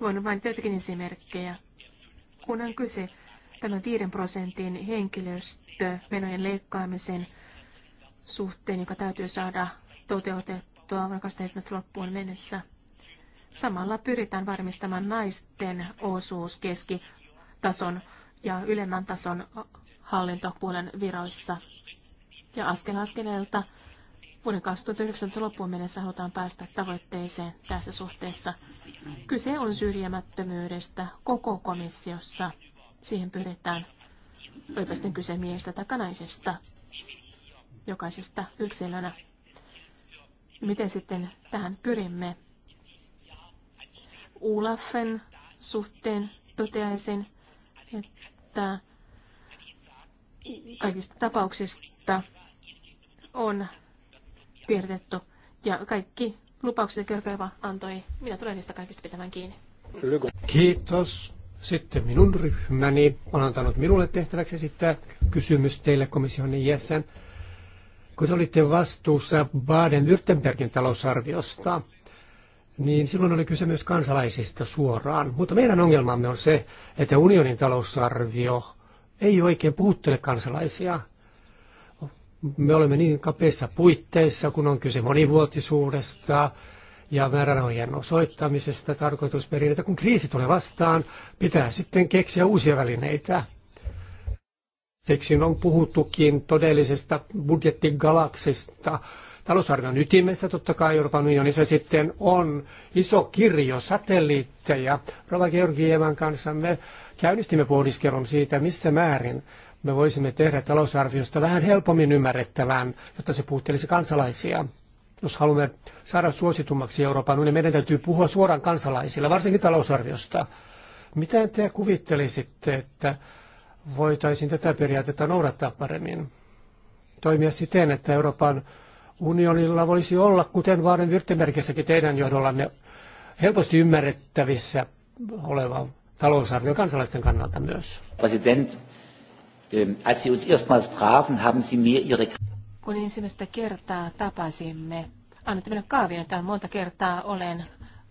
Voin vain jotakin esimerkkejä. Kun on kyse tämän 5 prosentin henkilöstömenojen leikkaamisen suhteen, joka täytyy saada toteutettua vuonna 2017 loppuun mennessä – Samalla pyritään varmistamaan naisten osuus keskitason ja ylemmän tason hallintopuolen viroissa. Ja askel askeleelta vuoden 2019 loppuun mennessä halutaan päästä tavoitteeseen tässä suhteessa. Kyse on syrjimättömyydestä koko komissiossa. Siihen pyritään olipa kyse miestä tai naisesta, jokaisesta yksilönä. Miten sitten tähän pyrimme? Ulafen suhteen toteaisin, että kaikista tapauksista on tiedotettu ja kaikki lupaukset, jotka antoi, minä tulen niistä kaikista pitämään kiinni. Kiitos. Sitten minun ryhmäni on antanut minulle tehtäväksi esittää kysymys teille komission jäsen. Kun te olitte vastuussa Baden-Württembergin talousarviosta, niin silloin oli kyse myös kansalaisista suoraan. Mutta meidän ongelmamme on se, että unionin talousarvio ei oikein puhuttele kansalaisia. Me olemme niin kapeissa puitteissa, kun on kyse monivuotisuudesta ja määrärahojen osoittamisesta tarkoitusperin, että kun kriisi tulee vastaan, pitää sitten keksiä uusia välineitä. Siksi on puhuttukin todellisesta budjettigalaksista, talousarvion ytimessä totta kai Euroopan unionissa sitten on iso kirjo satelliitteja. Rova Georgievan kanssa me käynnistimme pohdiskelun siitä, missä määrin me voisimme tehdä talousarviosta vähän helpommin ymmärrettävän, jotta se puuttelisi kansalaisia. Jos haluamme saada suositummaksi Euroopan unionin, meidän täytyy puhua suoraan kansalaisille, varsinkin talousarviosta. Mitä te kuvittelisitte, että voitaisiin tätä periaatetta noudattaa paremmin? Toimia siten, että Euroopan unionilla voisi olla, kuten Vaaren Württembergissäkin teidän johdollanne, helposti ymmärrettävissä oleva talousarvio kansalaisten kannalta myös. President, ähm, als wir uns erstmals trafen, haben Sie mir Ihre... Kun ensimmäistä kertaa tapasimme, annatte minulle kaavin, että monta kertaa olen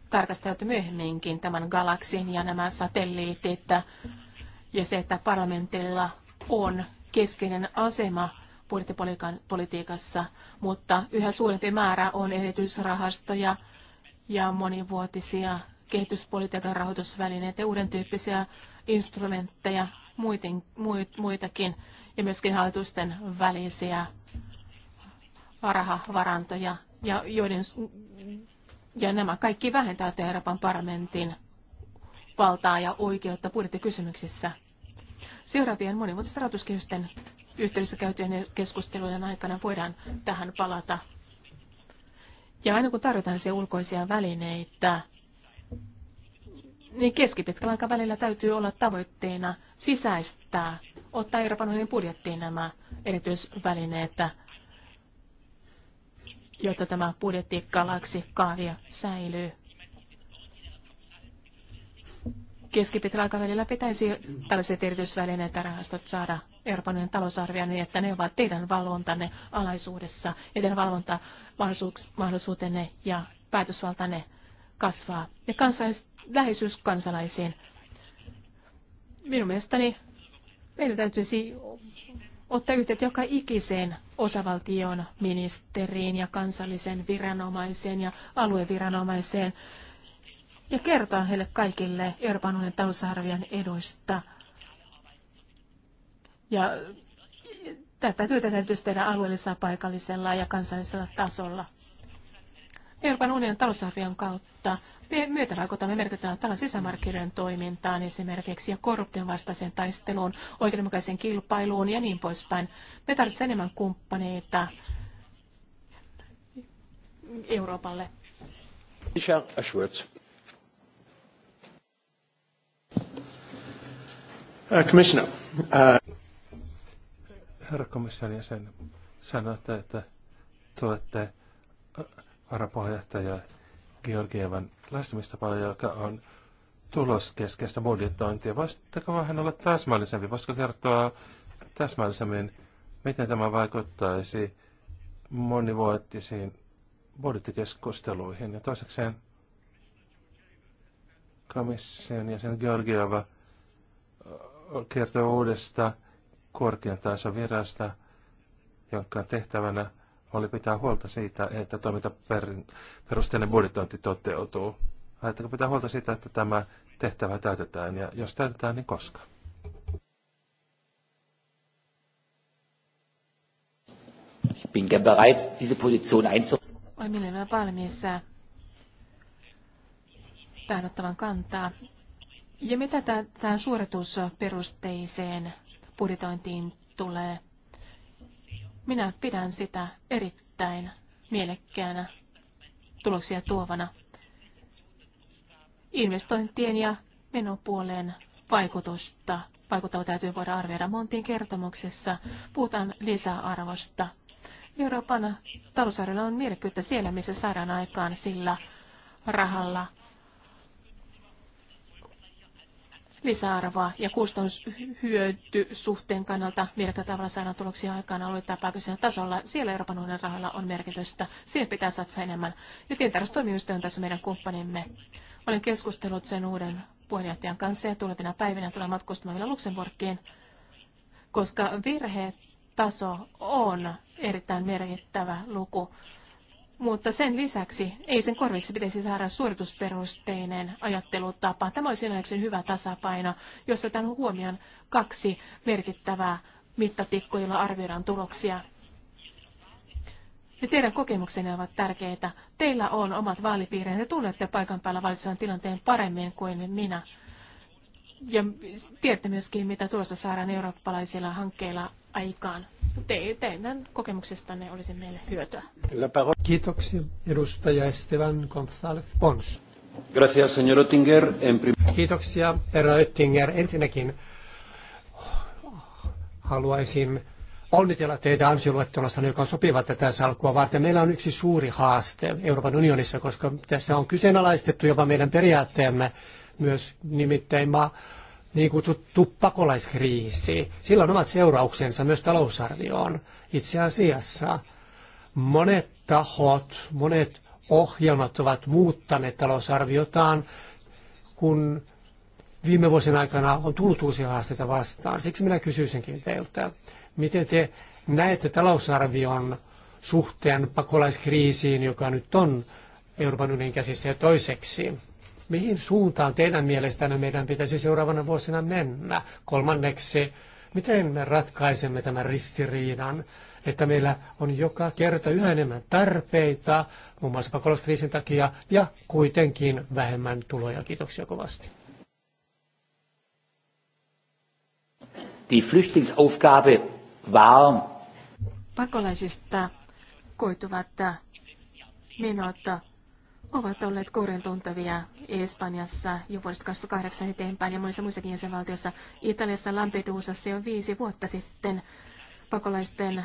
tarkastellut myöhemminkin tämän galaksin ja nämä satelliitit ja se, että parlamentilla on keskeinen asema budjettipolitiikassa, mutta yhä suurempi määrä on erityisrahastoja ja monivuotisia kehityspolitiikan rahoitusvälineitä ja uuden tyyppisiä instrumentteja muiten, muit, muitakin ja myöskin hallitusten välisiä rahavarantoja ja, joiden, ja nämä kaikki vähentävät Euroopan parlamentin valtaa ja oikeutta budjettikysymyksissä. Seuraavien monimuotoisten rahoituskehysten yhteydessä käytyjen keskustelujen aikana voidaan tähän palata. Ja aina kun tarjotaan se ulkoisia välineitä, niin keskipitkällä aikavälillä täytyy olla tavoitteena sisäistää, ottaa Euroopan unionin budjettiin nämä erityisvälineet, jotta tämä budjettikalaksi kaavia säilyy. keskipitkällä aikavälillä pitäisi tällaiset erityisvälineet ja rahastot saada Euroopan talousarvia niin, että ne ovat teidän valvontanne alaisuudessa ja teidän valvontamahdollisuutenne ja päätösvaltanne kasvaa. Ja kansalais- läheisyys kansalaisiin. Minun mielestäni meidän täytyisi ottaa yhteyttä joka ikiseen osavaltion ministeriin ja kansallisen viranomaiseen ja alueviranomaiseen ja kertoa heille kaikille Euroopan unionin talousarvion eduista. Ja eh, tätä työtä täytyisi tehdä alueellisella, paikallisella ja kansallisella tasolla. Euroopan unionin talousarvion kautta me myötävaikutamme merkittävällä tavalla sisämarkkinoiden toimintaan esimerkiksi ja korruption vastaiseen taisteluun, oikeudenmukaiseen kilpailuun ja niin poispäin. Me tarvitsemme enemmän kumppaneita Euroopalle. Richard Ashworth. Uh, commissioner. Uh, Herra komissaari jäsen, sanoitte, että tuette uh, varapuheenjohtaja Georgievan lähestymistapaa, joka on tuloskeskeistä budjetointia. Voisitteko vähän olla täsmällisempi? Voisitko kertoa täsmällisemmin, miten tämä vaikuttaisi monivuotisiin budjettikeskusteluihin? Ja toisekseen, komission ja sen Georgiava kertoo uudesta korkean virasta, jonka tehtävänä oli pitää huolta siitä, että toimintaperusteinen budjetointi toteutuu. Ajatteko pitää huolta siitä, että tämä tehtävä täytetään ja jos täytetään, niin koska? Ich bin bereit, diese Position einzunehmen. Olen valmis tähän ottavan kantaa. Ja mitä tähän suoritusperusteiseen budjetointiin tulee, minä pidän sitä erittäin mielekkäänä tuloksia tuovana investointien ja menopuolen vaikutusta. Vaikuttava täytyy voida arvioida montiin kertomuksessa. Puhutaan lisäarvosta. Euroopan talousarjolla on mielekkyyttä siellä, missä saadaan aikaan sillä rahalla, lisäarvoa ja suhteen kannalta merkittävällä saadaan tuloksia aikaan alueittain paikallisella tasolla. Siellä Euroopan unionin rahalla on merkitystä. Siihen pitää satsaa enemmän. Ja tietenkin on tässä meidän kumppanimme. Olen keskustellut sen uuden puheenjohtajan kanssa ja tulevina päivinä tulen matkustamaan vielä Luxemburgiin, koska virhetaso on erittäin merkittävä luku. Mutta sen lisäksi ei sen korviksi pitäisi saada suoritusperusteinen ajattelutapa. Tämä olisi sinänsä hyvä tasapaino, jossa otetaan huomioon kaksi merkittävää mittatikkoa, joilla arvioidaan tuloksia. Ja teidän kokemuksenne ovat tärkeitä. Teillä on omat vaalipiireenne. Te tunnette paikan päällä valitsevan tilanteen paremmin kuin minä. Ja tiedätte myöskin, mitä tuossa saadaan eurooppalaisilla hankkeilla aikaan te, teidän kokemuksestanne olisi meille hyötyä. Kiitoksia. Edustaja Esteban González Pons. Gracias, señor Oettinger. En Kiitoksia, herra Oettinger. Ensinnäkin haluaisin onnitella teitä ansioluettelosta, joka on sopiva tätä salkua varten. Meillä on yksi suuri haaste Euroopan unionissa, koska tässä on kyseenalaistettu jopa meidän periaatteemme myös nimittäin maa niin kutsuttu pakolaiskriisi. Sillä on omat seurauksensa myös talousarvioon. Itse asiassa monet tahot, monet ohjelmat ovat muuttaneet talousarviotaan, kun viime vuosien aikana on tullut uusia haasteita vastaan. Siksi minä kysyisinkin teiltä, miten te näette talousarvion suhteen pakolaiskriisiin, joka nyt on Euroopan unionin käsissä ja toiseksi. Mihin suuntaan teidän mielestänne meidän pitäisi seuraavana vuosina mennä? Kolmanneksi, miten me ratkaisemme tämän ristiriidan, että meillä on joka kerta yhä enemmän tarpeita, muun muassa pakolaiskriisin takia, ja kuitenkin vähemmän tuloja. Kiitoksia kovasti. Die Flüchtlingsaufgabe war... Pakolaisista koituvat menot ovat olleet kouren tuntavia Espanjassa jo vuodesta 2008 eteenpäin ja monissa muissakin jäsenvaltioissa. Italiassa Lampedusassa jo viisi vuotta sitten pakolaisten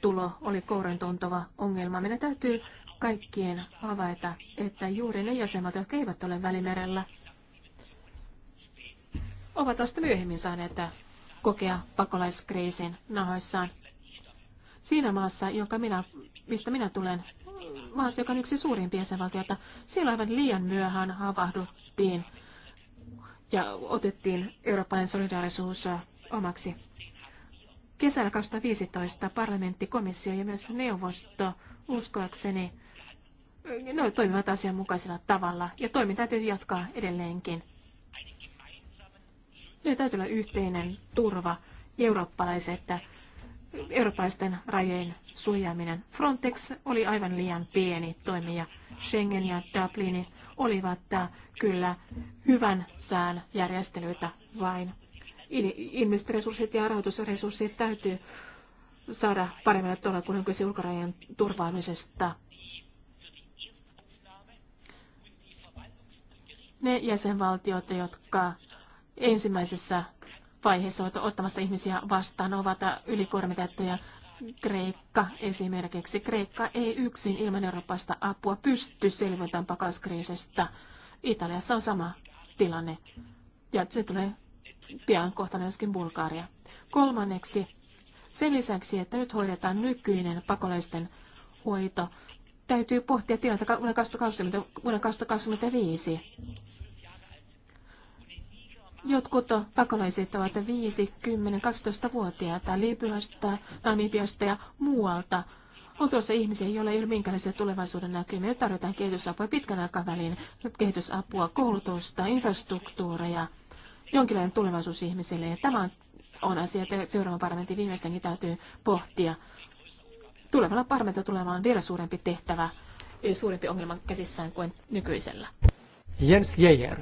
tulo oli kouren tuntava ongelma. Meidän täytyy kaikkien havaita, että juuri ne jäsenvaltiot, jotka eivät ole välimerellä, ovat vasta myöhemmin saaneet kokea pakolaiskriisin nahoissaan. Siinä maassa, jonka minä, mistä minä tulen, maassa, joka on yksi suurimpia jäsenvaltioita, siellä aivan liian myöhään havahduttiin ja otettiin eurooppalainen solidaarisuus omaksi. Kesällä 2015 parlamentti, komissio ja myös neuvosto uskoakseni ne toimivat asianmukaisella tavalla ja toimintaa täytyy jatkaa edelleenkin. Meillä täytyy olla yhteinen turva eurooppalaiset eurooppalaisten rajojen suojaaminen. Frontex oli aivan liian pieni toimija. Schengen ja Dublini olivat äh, kyllä hyvän sään järjestelyitä vain. Ihmiset resurssit ja rahoitusresurssit täytyy saada paremmin tuolla, kuin on ulkorajan turvaamisesta. Ne jäsenvaltiot, jotka ensimmäisessä vaiheessa ovat ottamassa ihmisiä vastaan, ovat ylikuormitettuja. Kreikka esimerkiksi. Kreikka ei yksin ilman Euroopasta apua pysty selviytymään pakolaiskriisistä. Italiassa on sama tilanne. Ja se tulee pian kohta myöskin Bulgaria. Kolmanneksi, sen lisäksi, että nyt hoidetaan nykyinen pakolaisten hoito, täytyy pohtia tilannetta vuonna 2025. Jotkut pakolaiset ovat 5-10-12-vuotiaita Libyasta, Namibiasta ja muualta. On tuossa ihmisiä, joilla ei ole minkäänlaisia tulevaisuuden näkymiä. Nyt tarvitaan kehitysapua pitkän aikavälin, kehitysapua, koulutusta, infrastruktuureja, jonkinlainen tulevaisuus ihmisille. Ja tämä on asia, että seuraavan parlamentin viimeistäänkin täytyy pohtia. Tulevalla parlamentilla tulee olemaan vielä suurempi tehtävä, suurempi ongelma käsissään kuin nykyisellä. Jens Jäger.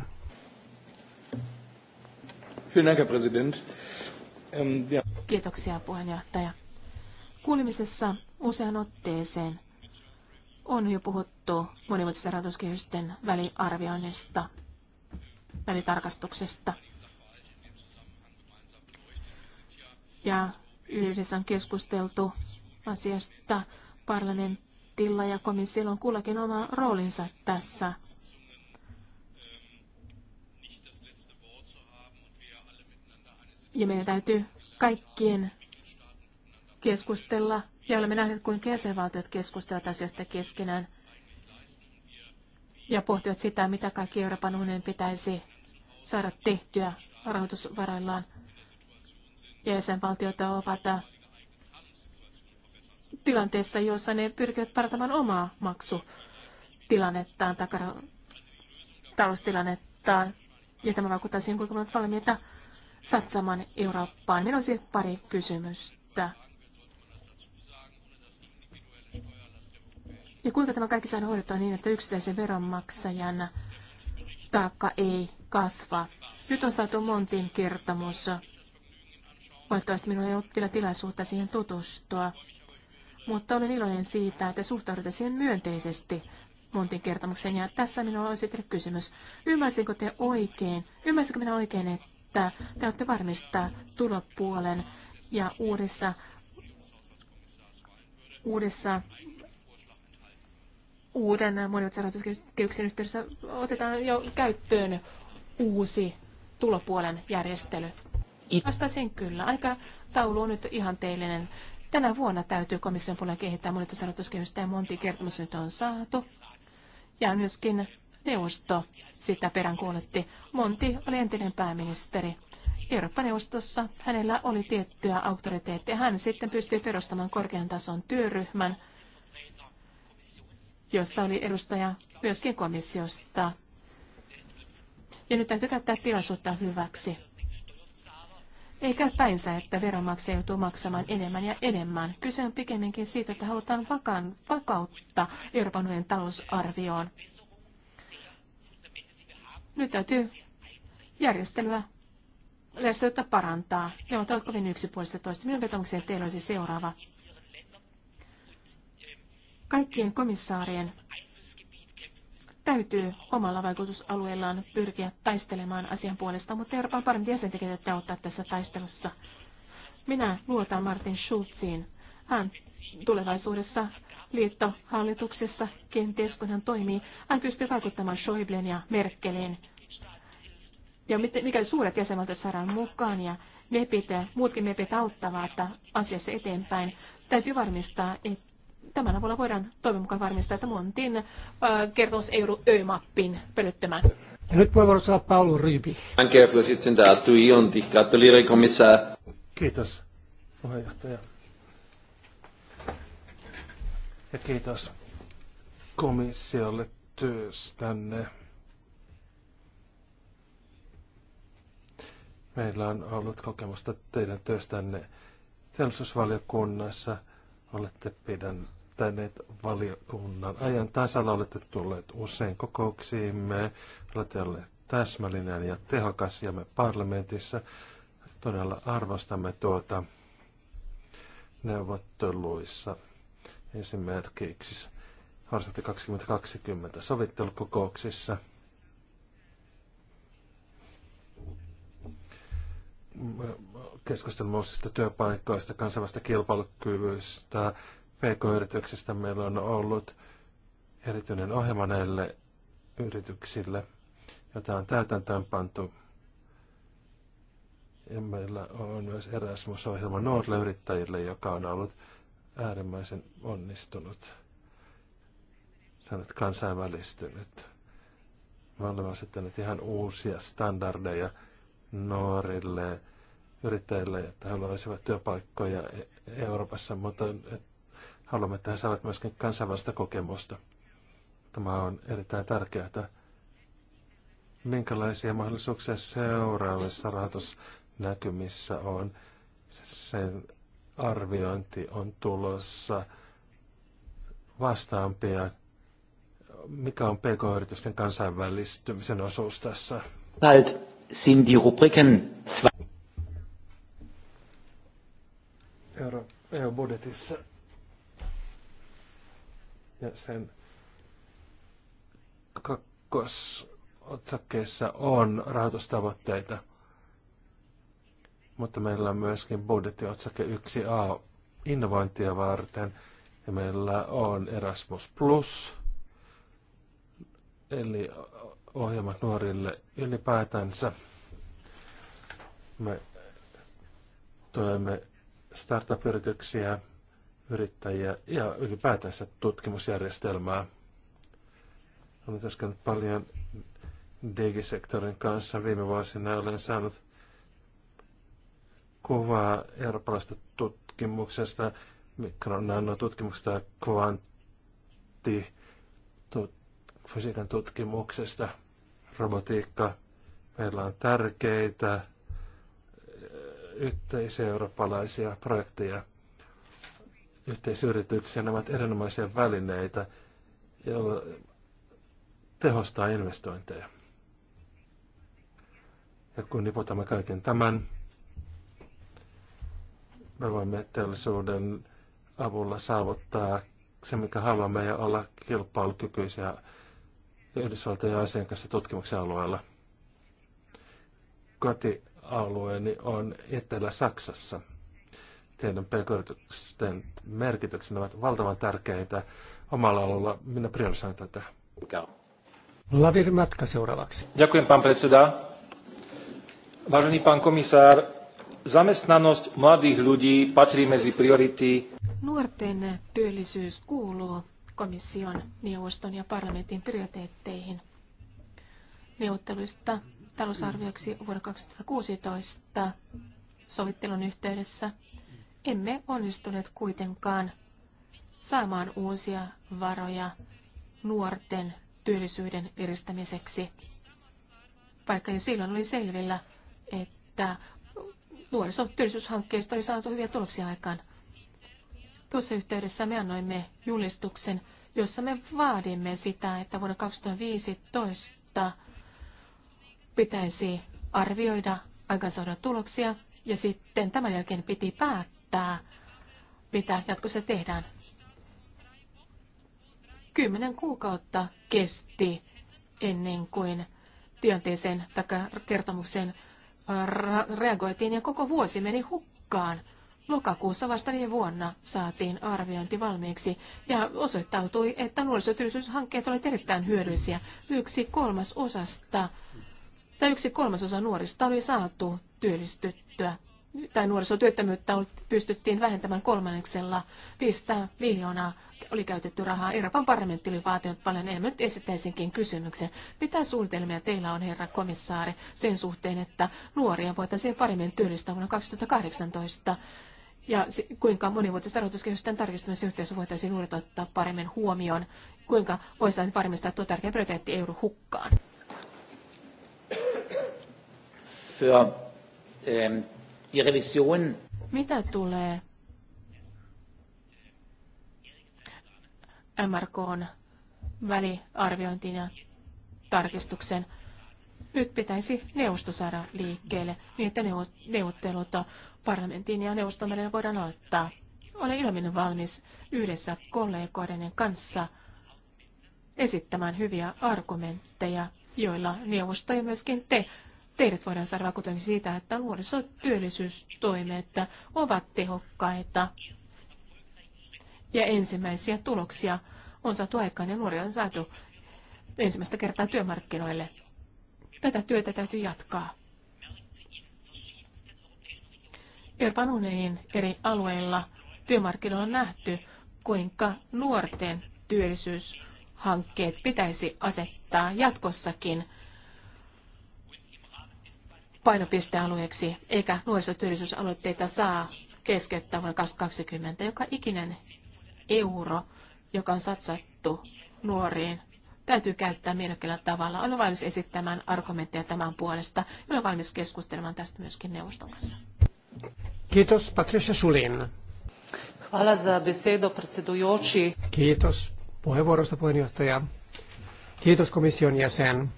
Ähm, Kiitoksia puheenjohtaja. Kuulemisessa usean otteeseen on jo puhuttu monivuotisten rahoituskehysten väliarvioinnista, välitarkastuksesta. Ja yhdessä on keskusteltu asiasta parlamentilla ja komissiolla on kullakin oma roolinsa tässä Ja meidän täytyy kaikkien keskustella, ja olemme nähneet, kuinka jäsenvaltiot keskustelevat asioista keskenään ja pohtivat sitä, mitä kaikki Euroopan unionin pitäisi saada tehtyä rahoitusvaroillaan. Ja jäsenvaltiot ovat tilanteessa, jossa ne pyrkivät parantamaan omaa maksutilannettaan tai taloustilannettaan. Ja tämä vaikuttaa siihen, kuinka olemme valmiita satsamaan Eurooppaan. Minulla olisi pari kysymystä. Ja kuinka tämä kaikki saadaan hoidettua niin, että yksittäisen veronmaksajan taakka ei kasva? Nyt on saatu Montin kertomus. Valitettavasti minulla ei ollut vielä tilaisuutta siihen tutustua, mutta olen iloinen siitä, että suhtaudutte siihen myönteisesti Montin kertomuksen. Ja tässä minulla olisi teille kysymys. Ymmärsinkö te oikein, ymmärsinkö minä oikein, että että te olette varmistaa tulopuolen ja uudessa, uudessa uuden monivuotisen yhteydessä otetaan jo käyttöön uusi tulopuolen järjestely. Vastasin kyllä. aika taulu on nyt ihan teillinen. Tänä vuonna täytyy komission puolella kehittää monivuotisen ja monti kertomus nyt on saatu. Ja myöskin Neuvosto sitä peräänkuulutti. Monti oli entinen pääministeri. Eurooppa-neuvostossa hänellä oli tiettyä auktoriteettia. Hän sitten pystyi perustamaan korkean tason työryhmän, jossa oli edustaja myöskin komissiosta. Ja nyt täytyy käyttää tilaisuutta hyväksi. Ei käy päinsä, että veronmaksaja joutuu maksamaan enemmän ja enemmän. Kyse on pikemminkin siitä, että halutaan vakaan, vakautta Euroopan unionin talousarvioon. Nyt täytyy järjestelyä lähestyttä parantaa. Ne ovat kovin yksipuolista toista. Minun vetomukseni teillä olisi seuraava. Kaikkien komissaarien täytyy omalla vaikutusalueellaan pyrkiä taistelemaan asian puolesta, mutta Euroopan parempi jäsentekijät ottaa tässä taistelussa. Minä luotan Martin Schulziin. Hän tulevaisuudessa liittohallituksessa, kenties kun hän toimii, hän pystyy vaikuttamaan Schäublen ja Merkelin ja mikäli suuret jäsenvaltiot saadaan mukaan ja MEPit, muutkin MEPit auttavat asiassa eteenpäin, täytyy varmistaa, että tämän avulla voidaan toivon mukaan varmistaa, että Montin kertomus ei joudu öimappin pölyttämään. Ja nyt puheenvuoro saa Paulu Ryypi. Kiitos, puheenjohtaja. Ja kiitos komissiolle työstänne. Meillä on ollut kokemusta teidän työstänne teollisuusvaliokunnassa. Olette tänneet valiokunnan ajan tasalla, olette tulleet usein kokouksiimme, olette olleet täsmällinen ja tehokas ja me parlamentissa todella arvostamme tuota neuvotteluissa esimerkiksi Horisontti 2020 sovittelukokouksissa – keskustelun uusista työpaikoista, kansainvälistä kilpailukyvystä, PK-yrityksistä. Meillä on ollut erityinen ohjelma näille yrityksille, jota on täytäntöön pantu. Ja meillä on myös Erasmus-ohjelma nuorille yrittäjille, joka on ollut äärimmäisen onnistunut. Sanot kansainvälistynyt. Me olemme asettaneet ihan uusia standardeja nuorille yrittäjille, että he haluaisivat työpaikkoja e- Euroopassa, mutta haluamme, että he saavat myöskin kansainvälistä kokemusta. Tämä on erittäin tärkeää, että minkälaisia mahdollisuuksia seuraavissa rahoitusnäkymissä on. Sen arviointi on tulossa vastaan pian. Mikä on pk-yritysten kansainvälistymisen osuus tässä? Bald sind die Rubriken euro, EU-budjetissa. Ja sen kakkosotsakkeessa on rahoitustavoitteita, mutta meillä on myöskin budjettiotsake 1a innovointia varten ja meillä on Erasmus Plus, eli ohjelmat nuorille ylipäätänsä. Me toimme startup-yrityksiä, yrittäjiä ja ylipäätänsä tutkimusjärjestelmää. Olen tässäkin paljon digisektorin kanssa viime vuosina. Olen saanut kuvaa eurooppalaisesta tutkimuksesta, mikronanotutkimuksesta, fysiikan tutkimuksesta, robotiikka. Meillä on tärkeitä yhteisiä eurooppalaisia projekteja yhteisyrityksiä. Nämä ovat erinomaisia välineitä, joilla tehostaa investointeja. Ja kun niputamme kaiken tämän, me voimme teollisuuden avulla saavuttaa se, mikä haluamme, ja olla kilpailukykyisiä Yhdysvaltojen ja kanssa tutkimuksen alueella. Koti alueeni on Etelä-Saksassa. Teidän pk merkitykset ovat valtavan tärkeitä. Omalla alueella minä priorisoin tätä. Lavir Matka seuraavaksi. Ďakujem, pan predseda. Vážený pan komisár, zamestnanosť mladých ľudí patrí medzi priority. Nuorten työllisyys kuuluu komission, neuvoston ja parlamentin prioriteetteihin. Neuvotteluista talousarvioksi vuonna 2016 sovittelun yhteydessä emme onnistuneet kuitenkaan saamaan uusia varoja nuorten työllisyyden edistämiseksi, vaikka jo silloin oli selvillä, että nuorisotyöllisyyshankkeista oli saatu hyviä tuloksia aikaan. Tuossa yhteydessä me annoimme julistuksen, jossa me vaadimme sitä, että vuonna 2015 pitäisi arvioida aikaansaada tuloksia ja sitten tämän jälkeen piti päättää, mitä jatkossa tehdään. Kymmenen kuukautta kesti ennen kuin tilanteeseen tai kertomukseen äh, reagoitiin ja koko vuosi meni hukkaan. Lokakuussa vasta viime vuonna saatiin arviointi valmiiksi ja osoittautui, että nuorisotyöllisyyshankkeet olivat erittäin hyödyllisiä. Yksi kolmas osasta tai yksi kolmasosa nuorista oli saatu työllistyttyä tai nuorisotyöttömyyttä pystyttiin vähentämään kolmanneksella. 500 miljoonaa oli käytetty rahaa. Euroopan parlamentti oli vaatinut paljon enemmän. Nyt esittäisinkin kysymyksen. Mitä suunnitelmia teillä on, herra komissaari, sen suhteen, että nuoria voitaisiin paremmin työllistää vuonna 2018? Ja kuinka monivuotista rahoituskehysten tarkistamisen yhteisö voitaisiin nuoret ottaa paremmin huomioon? Kuinka voisi varmistaa tuo tärkeä prioriteetti euro hukkaan? für ähm, die Revision. Mitä tulee MRKn väliarviointiin ja tarkistuksen. Nyt pitäisi neuvosto saada liikkeelle niin, että neuvottelut parlamentin ja neuvoston välillä voidaan aloittaa. Olen iloinen valmis yhdessä kollegoiden kanssa esittämään hyviä argumentteja, joilla neuvosto ja myöskin te Teidät voidaan saada vakuutuneeksi siitä, että nuorisotyöllisyystoimet ovat tehokkaita ja ensimmäisiä tuloksia on saatu aikaan ja nuoria on saatu ensimmäistä kertaa työmarkkinoille. Tätä työtä täytyy jatkaa. Euroopan unionin eri alueilla työmarkkinoilla on nähty, kuinka nuorten työllisyyshankkeet pitäisi asettaa jatkossakin – painopistealueeksi, eikä nuorisotyöllisyysaloitteita saa keskeyttää vuonna 2020. Joka ikinen euro, joka on satsattu nuoriin, täytyy käyttää mielekkäällä tavalla. Olen valmis esittämään argumentteja tämän puolesta ja olen valmis keskustelemaan tästä myöskin neuvoston kanssa. Kiitos Patricia Sulin. Hvala za besedo, predsedujoči. Kiitos puheenvuorosta puheenjohtaja. Kiitos komission jäsen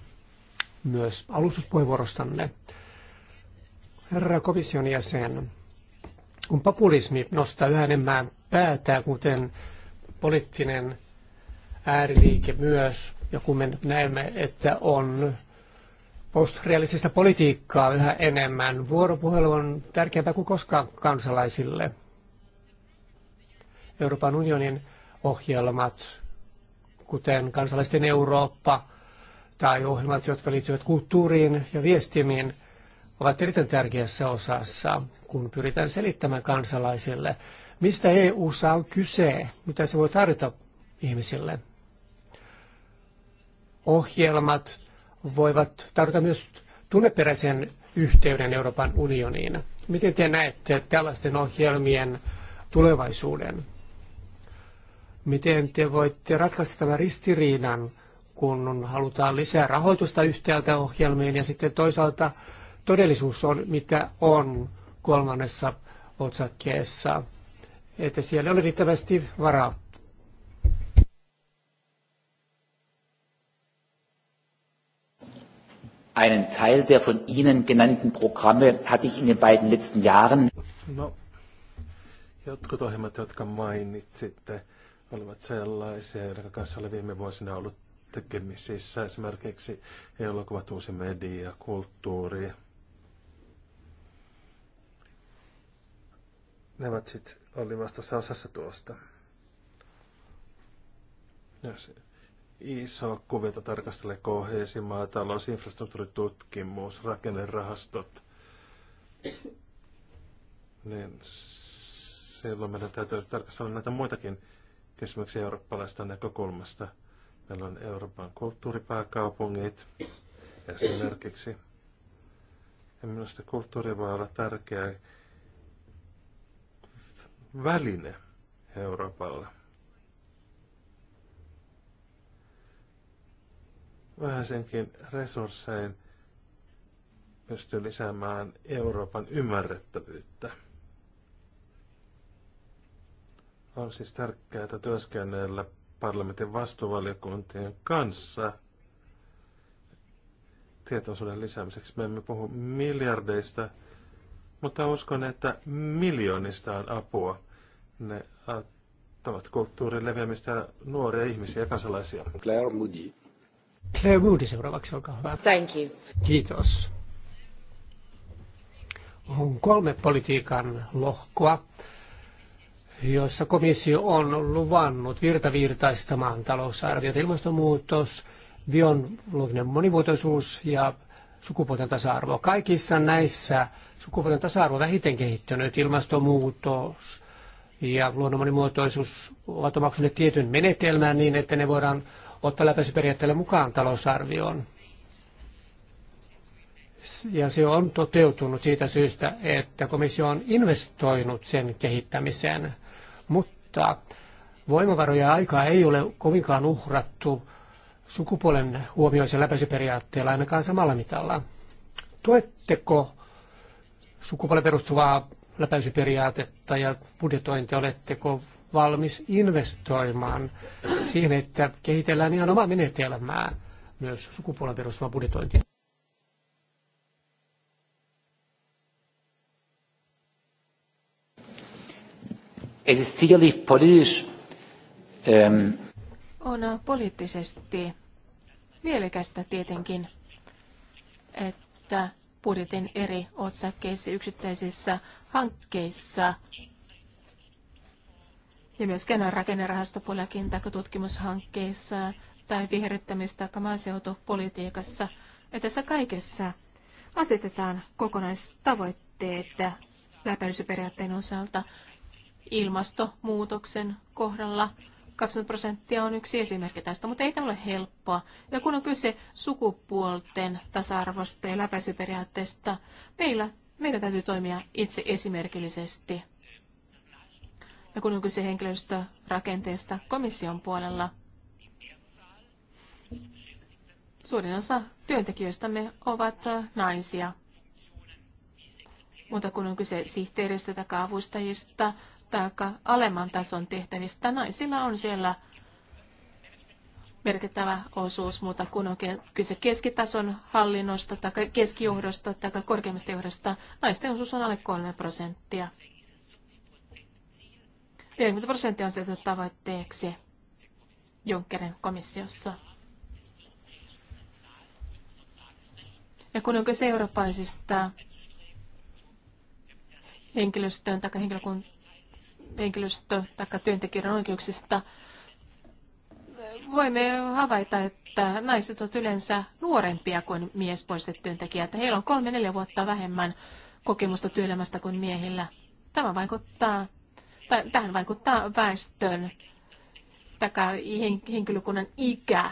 myös alustuspuheenvuorostanne. Herra komission jäsen, kun populismi nostaa yhä enemmän päätä, kuten poliittinen ääriliike myös, ja kun me näemme, että on postrealistista politiikkaa yhä enemmän, vuoropuhelu on tärkeämpää kuin koskaan kansalaisille. Euroopan unionin ohjelmat, kuten kansalaisten Eurooppa tai ohjelmat, jotka liittyvät kulttuuriin ja viestimiin, ovat erittäin tärkeässä osassa, kun pyritään selittämään kansalaisille, mistä EU-ssa on kyse, mitä se voi tarjota ihmisille. Ohjelmat voivat tarjota myös tunneperäisen yhteyden Euroopan unioniin. Miten te näette tällaisten ohjelmien tulevaisuuden? Miten te voitte ratkaista tämän ristiriidan, kun halutaan lisää rahoitusta yhtäältä ohjelmiin ja sitten toisaalta todellisuus on, mitä on kolmannessa otsakkeessa, että siellä on riittävästi varaa. Einen Teil der von Ihnen genannten Programme hatte ich in den beiden letzten Jahren. No, jotkut ohjelmat, jotka mainitsitte, olivat sellaisia, joiden kanssa olen viime vuosina ollut tekemisissä. Esimerkiksi elokuvat, uusi media, kulttuuri, Nevatsit oli vastassa osassa tuosta. Jos iso kuvinta tarkastelee koheesi, maatalous, infrastruktuuritutkimus, rakennerahastot, niin silloin meidän täytyy tarkastella näitä muitakin kysymyksiä eurooppalaista näkökulmasta. Meillä on Euroopan kulttuuripääkaupungit esimerkiksi. Ja minusta kulttuuri voi olla tärkeä väline Euroopalla. Vähän senkin resurssein pystyy lisäämään Euroopan ymmärrettävyyttä. On siis tärkeää työskennellä parlamentin vastuuvaliokuntien kanssa tietoisuuden lisäämiseksi. Me emme puhu miljardeista, mutta uskon, että miljoonista on apua. Ne auttavat kulttuurin leviämistä nuoria ihmisiä ja kansalaisia. Claire Moody. Claire Moody seuraavaksi, olkaa hyvä. Thank you. Kiitos. On kolme politiikan lohkoa, joissa komissio on luvannut virtavirtaistamaan talousarviot, ilmastonmuutos, biologinen monivuotoisuus ja sukupuolten tasa-arvoa. Kaikissa näissä sukupuolten tasa-arvo vähiten kehittynyt, ilmastonmuutos ja luonnon monimuotoisuus ovat omaksuneet tietyn menetelmän niin, että ne voidaan ottaa läpäisyperiaatteella mukaan talousarvioon. Ja se on toteutunut siitä syystä, että komissio on investoinut sen kehittämiseen, mutta voimavaroja ja aikaa ei ole kovinkaan uhrattu sukupuolen huomioisen läpäisyperiaatteella ainakaan samalla mitalla. Tuetteko sukupuolen perustuvaa läpäisyperiaatetta ja budjetointia? Oletteko valmis investoimaan siihen, että kehitellään ihan omaa menetelmää myös sukupuolen perustuvaa budjetointia? Es ist sicherlich politisch, ähm, on poliittisesti mielekästä tietenkin, että budjetin eri otsakkeissa yksittäisissä hankkeissa ja myöskään rakennerahastopuolellakin tai tutkimushankkeissa tai viherryttämistä tai maaseutupolitiikassa. että tässä kaikessa asetetaan kokonaistavoitteet läpäisyperiaatteen osalta ilmastonmuutoksen kohdalla – 20 prosenttia on yksi esimerkki tästä, mutta ei tämä ole helppoa. Ja kun on kyse sukupuolten tasa-arvosta ja läpäisyperiaatteesta, meillä, meidän täytyy toimia itse esimerkillisesti. Ja kun on kyse henkilöstörakenteesta komission puolella, suurin osa työntekijöistämme ovat äh, naisia. Mutta kun on kyse sihteeristä tai kaavustajista, tai alemman tason tehtävistä. Naisilla on siellä merkittävä osuus, mutta kun on kyse keskitason hallinnosta tai keskijohdosta tai korkeimmasta johdosta, naisten osuus on alle 3 prosenttia. 40 prosenttia on sieltä tavoitteeksi Junckerin komissiossa. Ja kun on kyse eurooppalaisista henkilöstöön tai henkilökunnan henkilöstö- tai työntekijöiden oikeuksista, voimme havaita, että naiset ovat yleensä nuorempia kuin miespoiset työntekijät. Heillä on kolme neljä vuotta vähemmän kokemusta työelämästä kuin miehillä. Tämä vaikuttaa, tai tähän vaikuttaa väestön tai henkilökunnan ikä.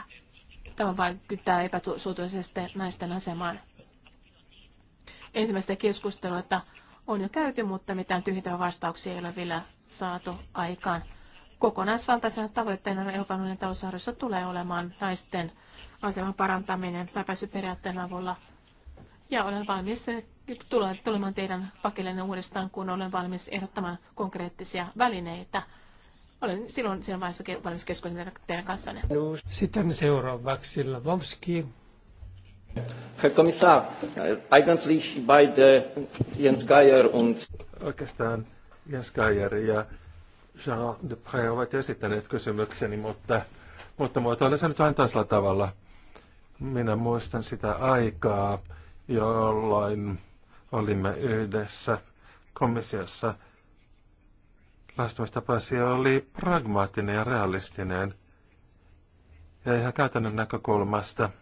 Tämä vaikuttaa epäsuotuisesti naisten asemaan. Ensimmäistä keskustelua, että on jo käyty, mutta mitään tyhjentävä vastauksia ei ole vielä saatu aikaan. Kokonaisvaltaisena tavoitteena Euroopan unionin talousarviossa tulee olemaan naisten aseman parantaminen läpäisyperiaatteen avulla. Ja olen valmis eh, tulemaan teidän pakillenne uudestaan, kun olen valmis ehdottamaan konkreettisia välineitä olen silloin siinä vaiheessa valmis keskustelemaan teidän kanssanne. Sitten seuraavaksi Lavovski. Herr Kommissar, eigentlich beide Jens Geier und... Oikeastaan Jens Geier ja Jean Dupré ovat esittäneet kysymykseni, mutta, mutta muotoilen sen nyt vähän toisella tavalla. Minä muistan sitä aikaa, jolloin olimme yhdessä komissiossa. Lähestymistapasi oli pragmaattinen ja realistinen. Ja ihan käytännön näkökulmasta –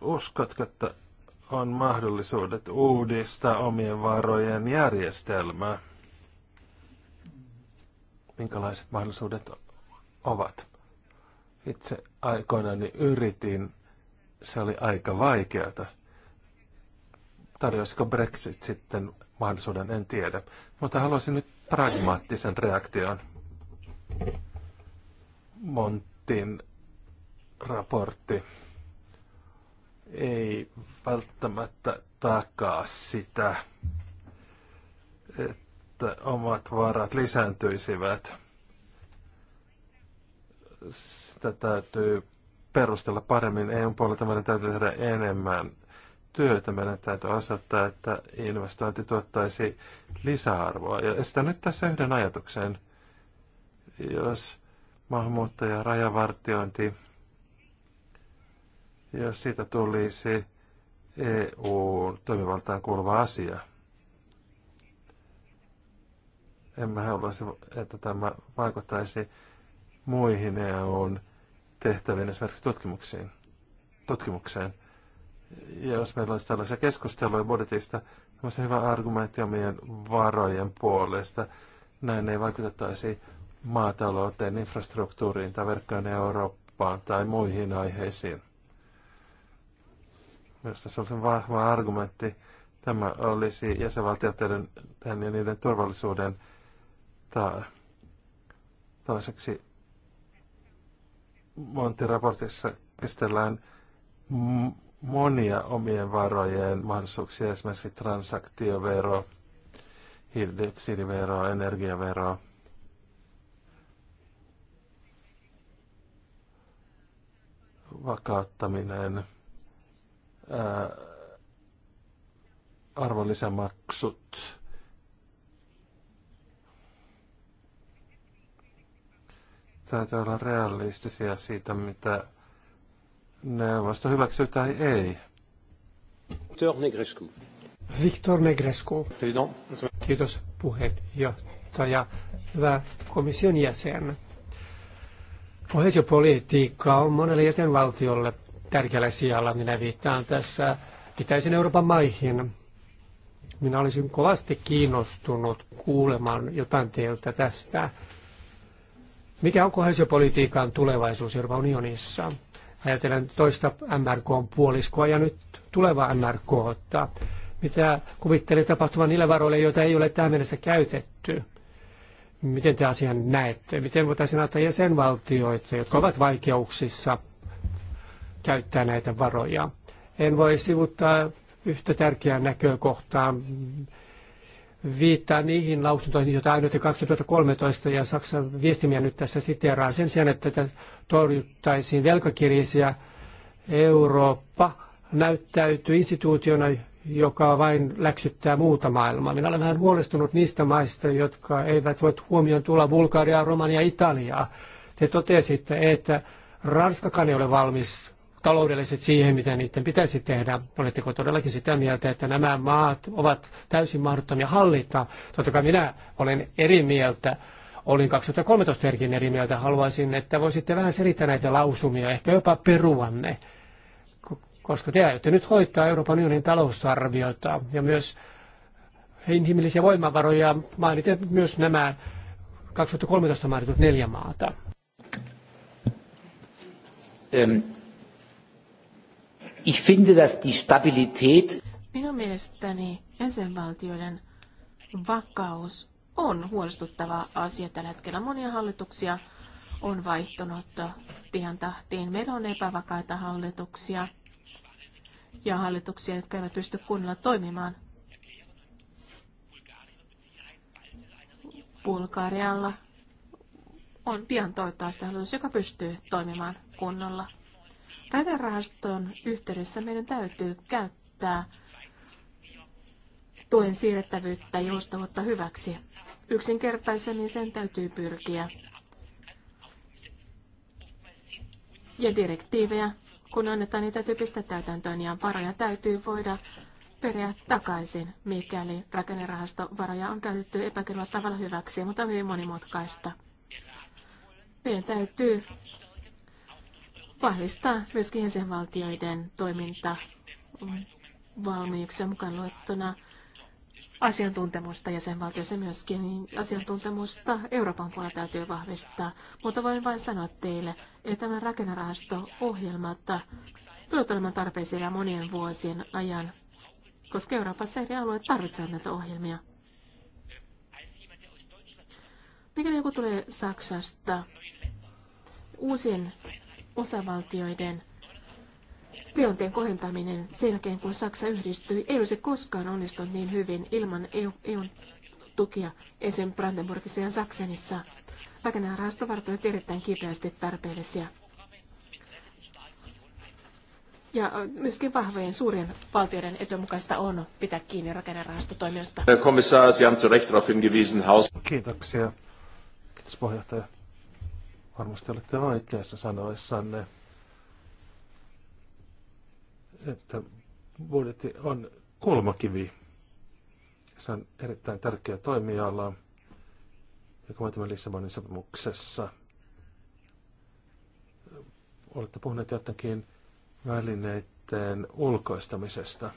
uskotko, että on mahdollisuudet uudistaa omien varojen järjestelmää? Minkälaiset mahdollisuudet ovat? Itse aikoinani niin yritin, se oli aika vaikeata. Tarjoisiko Brexit sitten mahdollisuuden, en tiedä. Mutta haluaisin nyt pragmaattisen reaktion. Montin raportti ei välttämättä takaa sitä, että omat varat lisääntyisivät. Sitä täytyy perustella paremmin. EUn puolelta meidän täytyy tehdä enemmän työtä. Meidän täytyy osoittaa, että investointi tuottaisi lisäarvoa. Ja sitä nyt tässä yhden ajatuksen. Jos maahanmuuttaja, rajavartiointi, ja siitä se EU-toimivaltaan kuuluva asia. Emme haluaisi, että tämä vaikuttaisi muihin EUn tehtäviin, esimerkiksi tutkimuksiin, tutkimukseen. Ja jos meillä olisi tällaisia keskusteluja budjetista, niin olisi hyvä argumentti omien varojen puolesta. Näin ei vaikutettaisi maatalouteen, infrastruktuuriin tai verkkoon Eurooppaan tai muihin aiheisiin. Minusta se olisi vahva argumentti. Tämä olisi jäsenvaltioiden ja niiden turvallisuuden tai toiseksi Monti-raportissa käsitellään monia omien varojen mahdollisuuksia, esimerkiksi transaktiovero, hiilidioksidivero, energiavero. vakauttaminen – ää, arvonlisämaksut. Täytyy olla realistisia siitä, mitä neuvosto hyväksyy tai ei. Victor Negrescu. Victor Negrescu. Kiitos puheenjohtaja. Hyvä komission jäsen. Kohesiopolitiikka on monelle jäsenvaltiolle tärkeällä sijalla. Minä viittaan tässä itäisen Euroopan maihin. Minä olisin kovasti kiinnostunut kuulemaan jotain teiltä tästä. Mikä on kohesiopolitiikan tulevaisuus Euroopan unionissa? Ajatellen toista MRK-puoliskoa ja nyt tulevaa MRK. Mitä kuvittelee tapahtuvan niillä varoilla, joita ei ole tähän mennessä käytetty? Miten te asian näette? Miten voitaisiin antaa jäsenvaltioita, jotka ovat vaikeuksissa käyttää näitä varoja. En voi sivuttaa yhtä tärkeää näkökohtaa. Viittaa niihin lausuntoihin, joita ainoitte 2013 ja Saksan viestimiä nyt tässä siteeraan. Sen sijaan, että torjuttaisiin velkakirjaisia, Eurooppa näyttäytyy instituutiona, joka vain läksyttää muuta maailmaa. Minä olen vähän huolestunut niistä maista, jotka eivät voi huomioon tulla Bulgariaa, Romania, Italiaa. Te totesitte, että Ranskakaan ei ole valmis taloudelliset siihen, mitä niiden pitäisi tehdä. Oletteko todellakin sitä mieltä, että nämä maat ovat täysin mahdottomia hallita? Totta kai minä olen eri mieltä. Olin 2013 erkin eri mieltä. Haluaisin, että voisitte vähän selittää näitä lausumia, ehkä jopa peruanne, koska te aiotte nyt hoitaa Euroopan unionin talousarviota ja myös inhimillisiä voimavaroja. Mainitet myös nämä 2013 mainitut neljä maata. Ich finde, dass die Stabilität Minun mielestäni jäsenvaltioiden vakaus on huolestuttava asia tällä hetkellä. Monia hallituksia on vaihtunut tian tahtiin. Meillä on epävakaita hallituksia ja hallituksia, jotka eivät pysty kunnolla toimimaan. Bulgarialla on pian toivottavasti hallitus, joka pystyy toimimaan kunnolla. Hätärahaston yhteydessä meidän täytyy käyttää tuen siirrettävyyttä joustavuutta hyväksi. Yksinkertaisemmin sen täytyy pyrkiä. Ja direktiivejä, kun annetaan, niitä tyypistä täytäntöön ja varoja täytyy voida periä takaisin, mikäli rakennerahastovaroja on käytetty epäkelvolla tavalla hyväksi, mutta hyvin monimutkaista. Meidän täytyy vahvistaa myöskin jäsenvaltioiden toiminta valmiuksia mukaan luettuna asiantuntemusta jäsenvaltiossa myöskin, niin asiantuntemusta Euroopan puolella täytyy vahvistaa. Mutta voin vain sanoa teille, että tämä rakennerahasto-ohjelmat tulevat olemaan tarpeisia monien vuosien ajan, koska Euroopassa eri alueet tarvitsevat näitä ohjelmia. Mikäli joku tulee Saksasta uusien osavaltioiden tilanteen kohentaminen sen jälkeen, kun Saksa yhdistyi, ei olisi koskaan onnistunut niin hyvin ilman EU, EUn tukia esim. Brandenburgissa ja Saksenissa. Rakennerahasto ovat erittäin kipeästi tarpeellisia. Ja myöskin vahvojen suurien valtioiden etumukaista on pitää kiinni rakennerahastotoiminnasta. Kiitoksia. Kiitos puheenjohtaja. Varmasti olette oikeassa sanoessanne, että budjetti on kulmakivi. Se on erittäin tärkeä toimiala, joka on tämän Lissabonin sopimuksessa. Olette puhuneet jotakin välineiden ulkoistamisesta.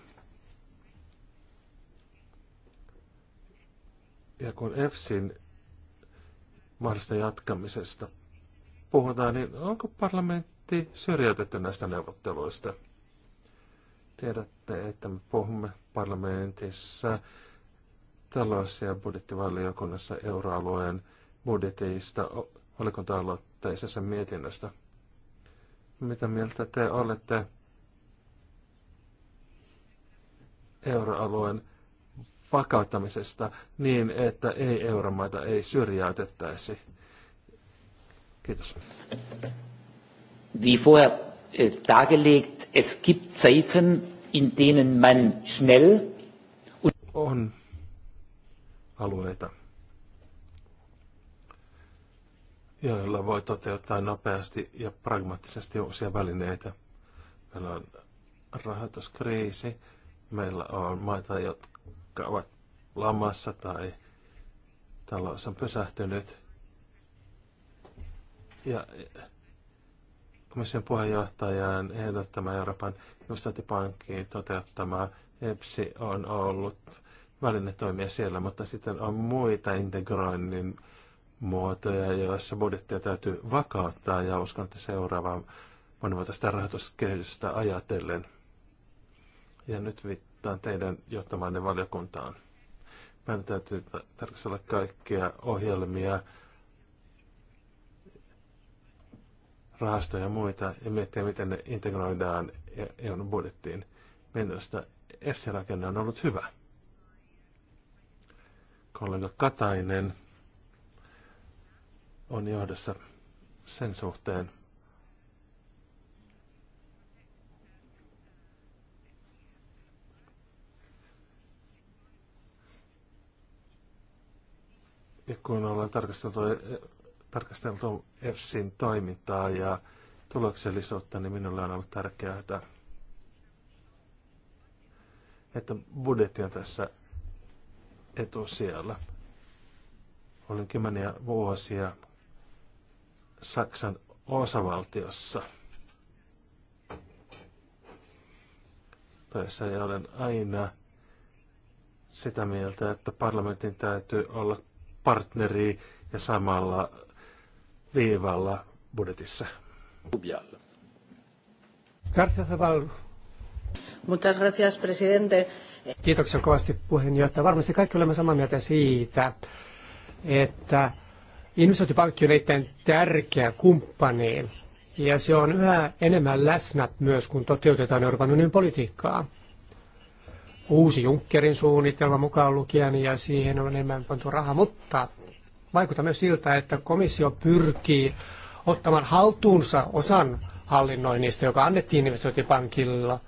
Ja kun EFSin mahdollisesta jatkamisesta puhutaan, niin onko parlamentti syrjäytetty näistä neuvotteluista? Tiedätte, että me puhumme parlamentissa talous- ja budjettivaliokunnassa euroalueen budjeteista valikunta-aloitteisessa mietinnöstä. Mitä mieltä te olette euroalueen vakauttamisesta niin, että ei-euromaita ei syrjäytettäisi? Kiitos. Wie vorher äh, dargelegt, es gibt Zeiten, in denen man schnell und on alueita, joilla voi toteuttaa nopeasti ja pragmaattisesti uusia välineitä. Meillä on rahoituskriisi, meillä on maita, jotka ovat lamassa tai talous on pysähtynyt – ja komission puheenjohtajan ehdottama Euroopan investointipankin toteuttama EPSI on ollut väline toimia siellä, mutta sitten on muita integroinnin muotoja, joissa budjettia täytyy vakauttaa ja uskon, että on monivuotista rahoituskehitystä ajatellen. Ja nyt viittaan teidän johtamanne valiokuntaan. Meidän täytyy tarkastella kaikkia ohjelmia, rahastoja ja muita ja miettiä, miten ne integroidaan e- EUn budjettiin. Minusta EFSI-rakenne on ollut hyvä. Kollega Katainen on johdossa sen suhteen. Ja kun ollaan tarkasteltu tarkasteltu EFSin toimintaa ja tuloksellisuutta, niin minulle on ollut tärkeää, että, että budjetti on tässä etusijalla. Olin kymmeniä vuosia Saksan osavaltiossa. Toissa ja olen aina sitä mieltä, että parlamentin täytyy olla partneri ja samalla viivalla budjetissa. Muchas gracias, presidente. Kiitoksia kovasti puheenjohtaja. Varmasti kaikki olemme samaa mieltä siitä, että investointipankki on erittäin tärkeä kumppani ja se on yhä enemmän läsnä myös, kun toteutetaan Euroopan unionin politiikkaa. Uusi Junckerin suunnitelma mukaan lukien ja siihen on enemmän pantu rahaa, mutta vaikuttaa myös siltä, että komissio pyrkii ottamaan haltuunsa osan hallinnoinnista, joka annettiin investointipankilla.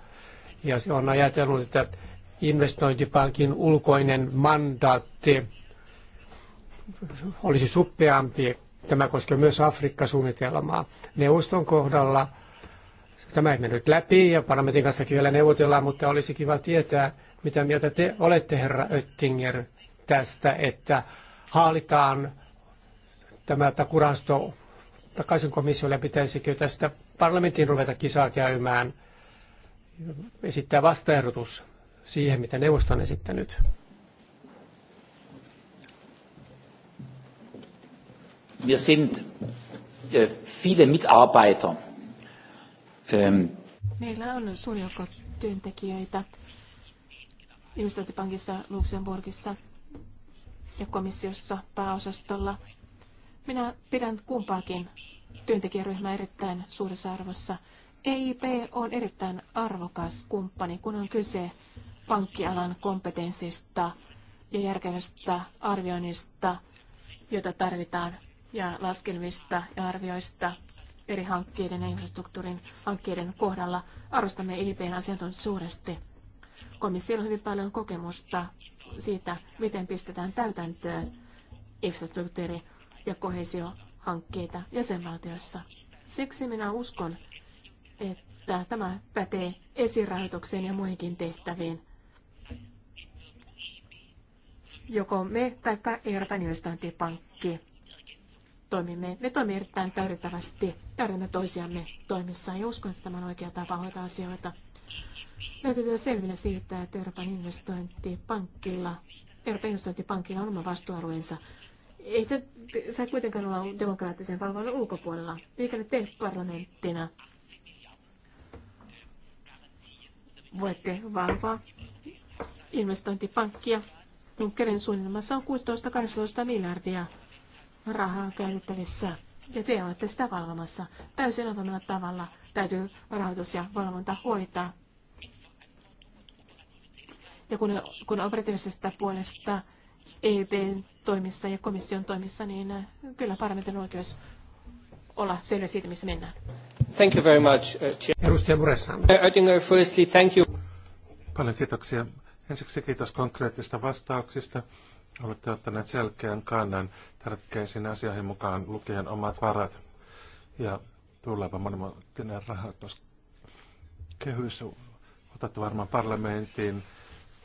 Ja se on ajatellut, että investointipankin ulkoinen mandaatti olisi suppeampi. Tämä koskee myös Afrikka-suunnitelmaa. Neuvoston kohdalla tämä ei mennyt läpi ja parlamentin kanssa vielä neuvotellaan, mutta olisi kiva tietää, mitä mieltä te olette, herra Oettinger, tästä, että haalitaan tämä takurahasto takaisin komissiolle, pitäisikö tästä parlamentin ruveta kisaa käymään, esittää vastaehdotus siihen, mitä neuvosto on esittänyt. Wir sind äh, viele Mitarbeiter. Ähm, Meillä on suuri joukko työntekijöitä investointipankissa Luxemburgissa ja komissiossa pääosastolla. Minä pidän kumpaakin työntekijäryhmää erittäin suuressa arvossa. EIP on erittäin arvokas kumppani, kun on kyse pankkialan kompetenssista ja järkevästä arvioinnista, jota tarvitaan, ja laskelmista ja arvioista eri hankkeiden ja infrastruktuurin hankkeiden kohdalla. Arvostamme EIPn asiantuntijat suuresti. Komissiolla on hyvin paljon kokemusta siitä, miten pistetään täytäntöön infrastruktuuri- ja kohesiohankkeita jäsenvaltiossa. Siksi minä uskon, että tämä pätee esirahoitukseen ja muihinkin tehtäviin. Joko me tai Euroopan investointipankki toimimme. Me toimimme erittäin täydettävästi, täydennä toisiamme toimissaan ja uskon, että tämä on oikea tapa hoitaa asioita. Näytetään selville siitä, että Euroopan investointipankilla, Euroopan investointipankilla on oma vastuualueensa. Ei te saa kuitenkaan olla demokraattisen valvonnan ulkopuolella, eikä te parlamenttina voitte valvoa investointipankkia. Junckerin suunnitelmassa on 16-18 miljardia rahaa käytettävissä. Ja te olette sitä valvomassa täysin avoimella tavalla. Täytyy rahoitus ja valvonta hoitaa ja kun, kun operatiivisesta puolesta ep toimissa ja komission toimissa, niin kyllä parlamentin oikeus olla selvä siitä, missä mennään. Thank you very much, uh, Edustaja Muressan. Uh, uh, firstly, thank you. Paljon kiitoksia. Ensiksi kiitos konkreettista vastauksista. Olette ottaneet selkeän kannan tärkeisiin asioihin mukaan lukien omat varat ja tuleva monimuotoinen rahoituskehys. Otatte varmaan parlamentin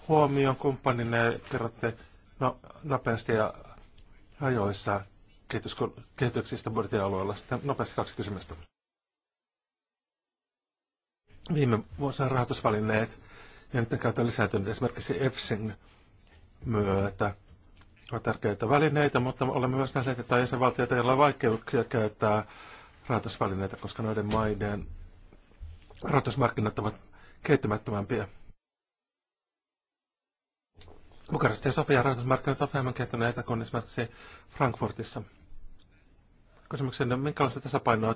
huomioon ja kerrotte no, nopeasti ja ajoissa kehitys, kehityksistä alueella. Sitten nopeasti kaksi kysymystä. Viime vuosina rahoitusvalinneet ja niiden käytön lisääntynyt esimerkiksi EFSin myötä. On tärkeitä välineitä, mutta olemme myös nähneet, että jäsenvaltioita, joilla on vaikeuksia käyttää rahoitusvälineitä, koska noiden maiden rahoitusmarkkinat ovat kehittymättömämpiä. Bukarestin Sofia rahoitusmarkkinat on vähemmän kehittyneitä etäkoon esimerkiksi Frankfurtissa. Kysymyksenne, minkälaista tasapainoa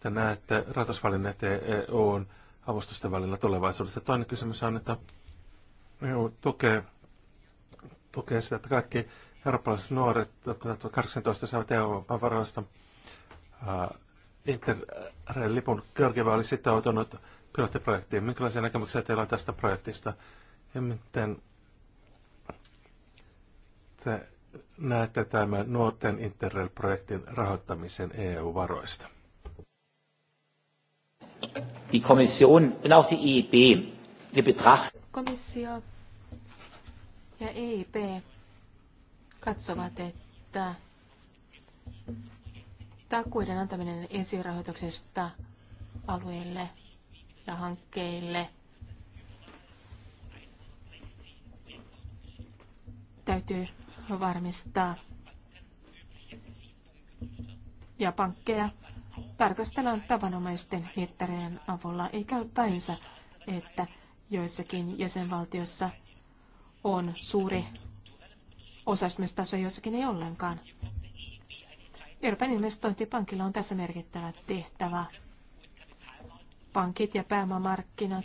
te näette rahoitusvälineet EUn avustusten välillä tulevaisuudessa? Toinen kysymys on, että EU tukee, tukee sitä, että kaikki eurooppalaiset nuoret, jotka 18 saavat Euroopan varoista Interrail-lipun. Georgiva oli sitoutunut pilottiprojektiin. Minkälaisia näkemyksiä teillä on tästä projektista? Ja miten te näette tämän nuorten Interrail-projektin rahoittamisen EU-varoista? Die Kommission und auch die EIB, e wir betrachten. Komissio ja EIB e katsovat, että takuiden antaminen esirahoituksesta alueille ja hankkeille täytyy varmistaa. Ja pankkeja tarkastellaan tavanomaisten mittareiden avulla. Ei käy päinsä, että joissakin jäsenvaltiossa on suuri osallistumistaso, joissakin ei ollenkaan. Euroopan investointipankilla on tässä merkittävä tehtävä. Pankit ja pääomamarkkinat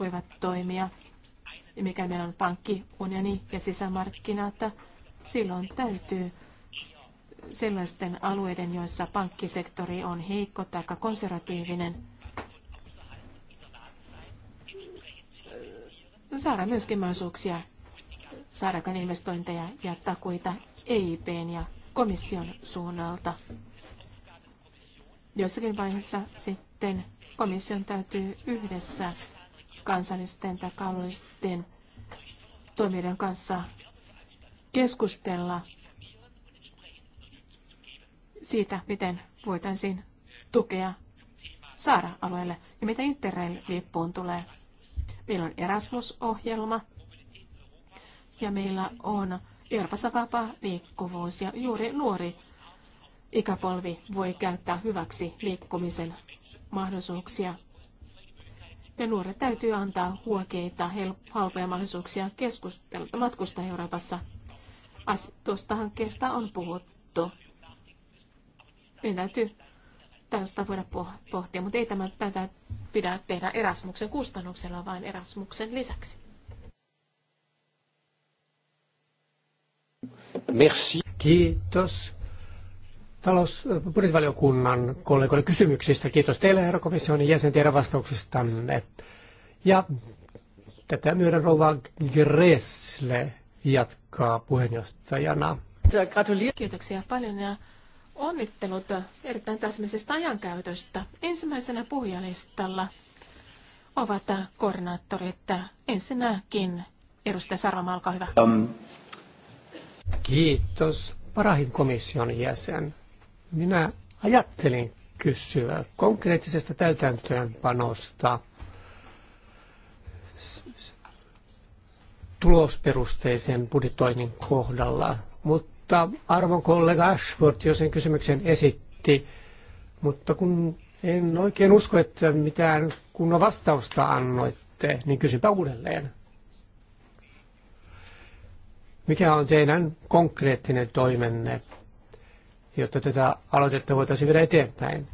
voivat toimia ja mikäli meillä on pankkiunioni ja sisämarkkinat, silloin täytyy sellaisten alueiden, joissa pankkisektori on heikko tai konservatiivinen, saada myöskin mahdollisuuksia saada investointeja ja takuita EIPn ja komission suunnalta. Jossakin vaiheessa sitten komission täytyy yhdessä kansallisten tai kaupallisten toimijoiden kanssa keskustella siitä, miten voitaisiin tukea saada alueelle ja mitä Interrail-lippuun tulee. Meillä on Erasmus-ohjelma ja meillä on Euroopassa vapaa liikkuvuus ja juuri nuori ikäpolvi voi käyttää hyväksi liikkumisen mahdollisuuksia ja nuoret täytyy antaa huokeita, halpoja mahdollisuuksia matkusta Euroopassa. As, tuosta hankkeesta on puhuttu. Meidän täytyy tällaista voida pohtia, mutta ei tämä, tätä pidä tehdä Erasmuksen kustannuksella, vaan Erasmuksen lisäksi. Merci. Kiitos talous- budjettivaliokunnan kollegoille kysymyksistä. Kiitos teille, herra komission jäsen, teidän vastauksistanne. Ja tätä myöden rouva Gressle jatkaa puheenjohtajana. Kiitoksia paljon ja onnittelut erittäin täsmisestä ajankäytöstä. Ensimmäisenä puhujalistalla ovat koordinaattorit. Ensinnäkin edustaja Sarvama, olkaa hyvä. Um. Kiitos. Parahin komission jäsen. Minä ajattelin kysyä konkreettisesta täytäntöönpanosta tulosperusteisen budjetoinnin kohdalla, mutta arvon kollega Ashford jo sen kysymyksen esitti, mutta kun en oikein usko, että mitään kunnon vastausta annoitte, niin kysypä uudelleen. Mikä on teidän konkreettinen toimenne jotta tätä aloitetta voitaisiin viedä eteenpäin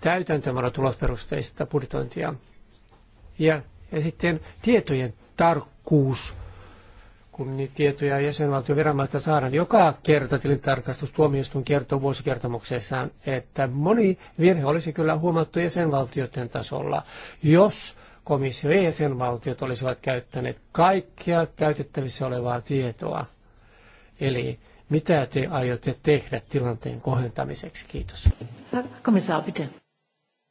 täytäntömällä tulosperusteista budjetointia. Ja, ja sitten tietojen tarkkuus, kun niitä tietoja jäsenvaltion viranomaista saadaan. Joka kerta tilintarkastus tuomioistuin kertoo vuosikertomuksessaan, että moni virhe olisi kyllä huomattu jäsenvaltioiden tasolla, jos komissio ja jäsenvaltiot olisivat käyttäneet kaikkea käytettävissä olevaa tietoa. Eli mitä te aiotte tehdä tilanteen kohentamiseksi? Kiitos. Komissaari, bitte.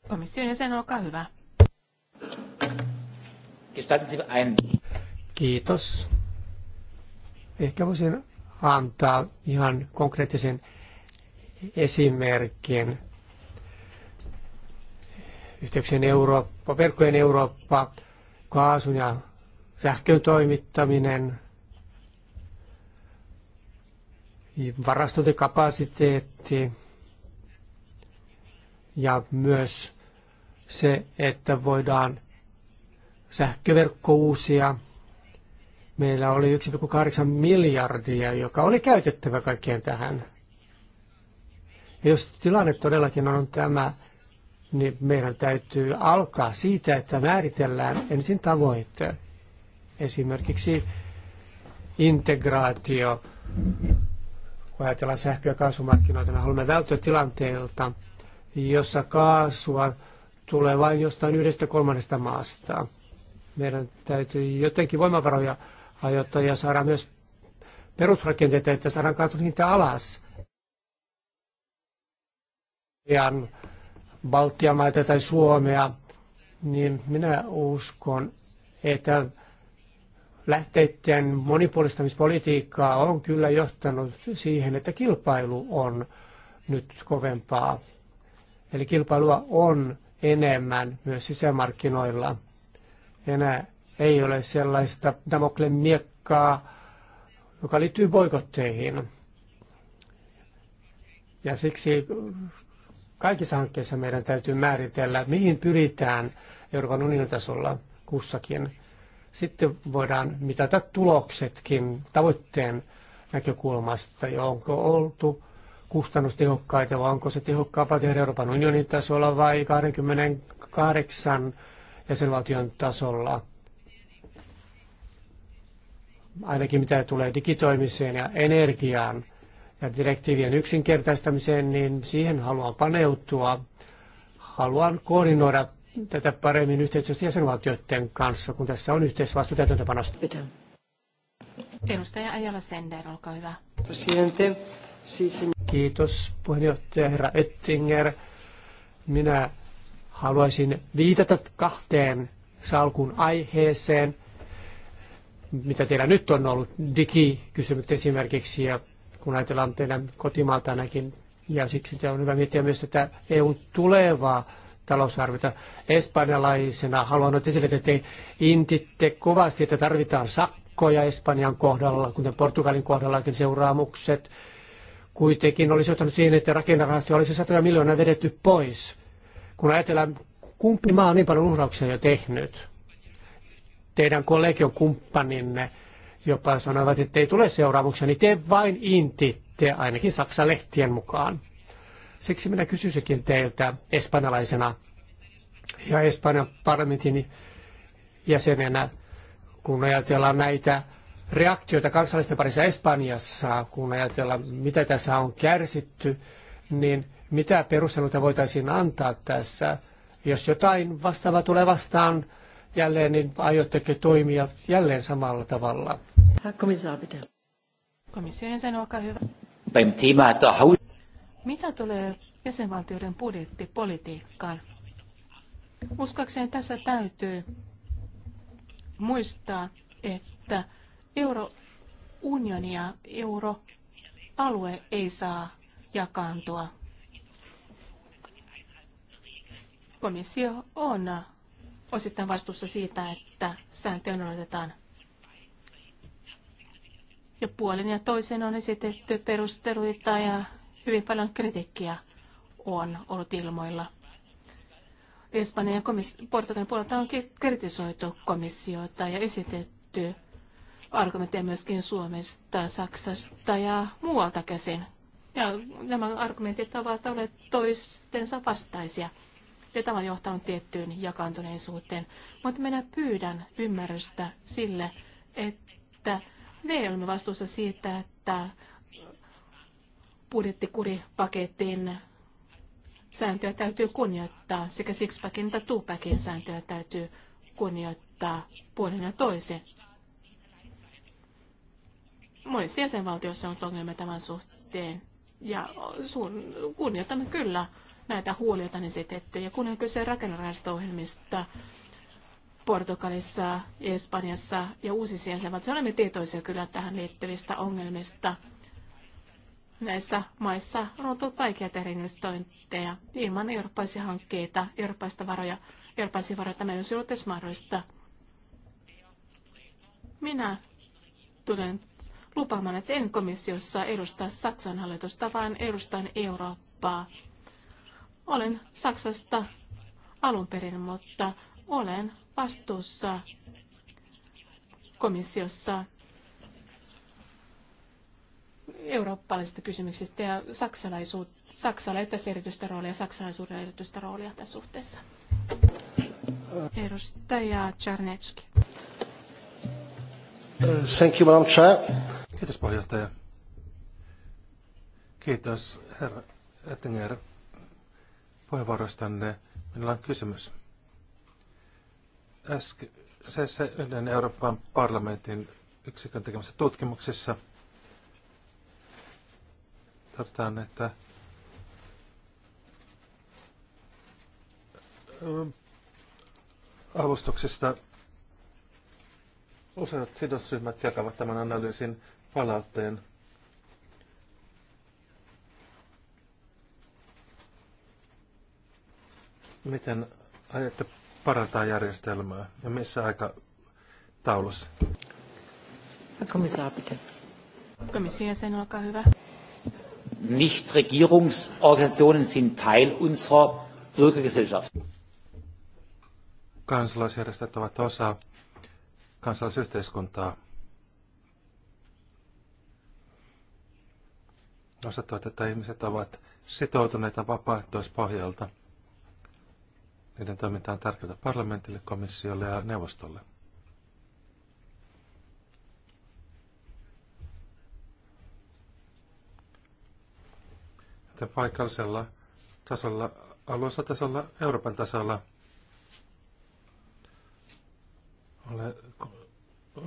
Komission jäsen, olkaa hyvä. Kiitos. Ehkä voisin antaa ihan konkreettisen esimerkin. Yhteyksien Eurooppa, verkkojen Eurooppa, kaasun ja sähkön toimittaminen, Niin varastointikapasiteetti ja myös se, että voidaan sähköverkko uusia. Meillä oli 1,8 miljardia, joka oli käytettävä kaikkeen tähän. Ja jos tilanne todellakin on tämä, niin meidän täytyy alkaa siitä, että määritellään ensin tavoitteet. Esimerkiksi integraatio kun ajatellaan sähkö- ja kaasumarkkinoita, me haluamme välttyä tilanteelta, jossa kaasua tulee vain jostain yhdestä kolmannesta maasta. Meidän täytyy jotenkin voimavaroja hajottaa ja saada myös perusrakenteita, että saadaan kaasun hinta alas. Ja Baltian maita tai Suomea, niin minä uskon, että lähteiden monipuolistamispolitiikkaa on kyllä johtanut siihen, että kilpailu on nyt kovempaa. Eli kilpailua on enemmän myös sisämarkkinoilla. Enää ei ole sellaista Damoklen miekkaa, joka liittyy boikotteihin. Ja siksi kaikissa hankkeissa meidän täytyy määritellä, mihin pyritään Euroopan unionin tasolla kussakin. Sitten voidaan mitata tuloksetkin tavoitteen näkökulmasta, ja onko oltu kustannustehokkaita vai onko se tehokkaampaa tehdä Euroopan unionin tasolla vai 28 jäsenvaltion tasolla. Ainakin mitä tulee digitoimiseen ja energiaan ja direktiivien yksinkertaistamiseen, niin siihen haluan paneutua. Haluan koordinoida tätä paremmin yhteistyössä jäsenvaltioiden kanssa, kun tässä on yhteisvastuu täytäntöpanosta. Edustaja Ajala Sender, olkaa hyvä. Presidente. Kiitos puheenjohtaja herra Oettinger. Minä haluaisin viitata kahteen salkun aiheeseen, mitä teillä nyt on ollut, digikysymykset esimerkiksi, ja kun ajatellaan teidän näkin ja siksi on hyvä miettiä myös tätä EUn tulevaa talousarviota espanjalaisena. Haluan nyt esille, että te intitte kovasti, että tarvitaan sakkoja Espanjan kohdalla, kuten Portugalin kohdallakin seuraamukset. Kuitenkin olisi ottanut siihen, että rakennerahastoja olisi satoja miljoonaa vedetty pois. Kun ajatellaan, kumpi maa on niin paljon uhrauksia jo tehnyt. Teidän kollegion kumppaninne jopa sanoivat, että ei tule seuraamuksia, niin te vain intitte, ainakin Saksa lehtien mukaan. Siksi minä kysyisinkin teiltä espanjalaisena ja Espanjan parlamentin jäsenenä, kun ajatellaan näitä reaktioita kansalaisten parissa Espanjassa, kun ajatellaan mitä tässä on kärsitty, niin mitä perusteluita voitaisiin antaa tässä? Jos jotain vastaavaa tulee vastaan jälleen, niin aiotteko toimia jälleen samalla tavalla? olkaa hyvä. Beim Thema der Haus mitä tulee jäsenvaltioiden budjettipolitiikkaan? Uskakseen tässä täytyy muistaa, että eurounioni ja euroalue ei saa jakaantua. Komissio on osittain vastuussa siitä, että sääntöjä noudatetaan. Ja puolin ja toisen on esitetty perusteluita ja Hyvin paljon kritiikkiä on ollut ilmoilla. Espanjan ja komis- Portugalin puolelta on kritisoitu komissiota ja esitetty argumentteja myöskin Suomesta, Saksasta ja muualta käsin. Ja nämä argumentit ovat olleet toistensa vastaisia. Ja tämä on johtanut tiettyyn jakaantuneisuuteen. Mutta minä pyydän ymmärrystä sille, että me olemme vastuussa siitä, että budjettikuripaketin sääntöjä täytyy kunnioittaa, sekä Sixpackin että Tupakin sääntöjä täytyy kunnioittaa puolin ja toisin. Monissa jäsenvaltioissa on ongelmia tämän suhteen. Ja sun, kunnioitamme kyllä näitä huolia tänne esitetty. Ja kun on kyse rakennerahasto-ohjelmista Portugalissa, Espanjassa ja uusissa jäsenvaltioissa, olemme tietoisia kyllä tähän liittyvistä ongelmista – näissä maissa on ollut vaikea tehdä investointeja ilman eurooppalaisia hankkeita, eurooppalaisia varoja, eurooppalaisia varoja. Tämä ei olisi ollut edes mahdollista. Minä tulen lupaamaan, että en komissiossa edusta Saksan hallitusta, vaan edustan Eurooppaa. Olen Saksasta alun perin, mutta olen vastuussa komissiossa eurooppalaisista kysymyksistä ja Saksalla ei tässä erityistä roolia, saksalaisuudelle erityistä roolia tässä suhteessa. Edustaja Czarnecki. Thank you, Madam Chair. Kiitos puheenjohtaja. Kiitos herra Ettinger puheenvuorostanne. Minulla on kysymys. Äsken se, se yhden Euroopan parlamentin yksikön tekemässä tutkimuksessa – tartan, että avustuksista useat sidosryhmät jakavat tämän analyysin palautteen. Miten aiotte parantaa järjestelmää ja missä taulussa? Komissaari Komission jäsen, olkaa hyvä. Nichtregierungsorganisationen sind Teil unserer Bürgergesellschaft. Kansalaisjärjestöt ovat osa kansalaisyhteiskuntaa. että ihmiset ovat sitoutuneita vapaaehtoispohjalta. Niiden toiminta on tärkeää parlamentille, komissiolle ja neuvostolle. että paikallisella tasolla, alueellisella tasolla, Euroopan tasolla olen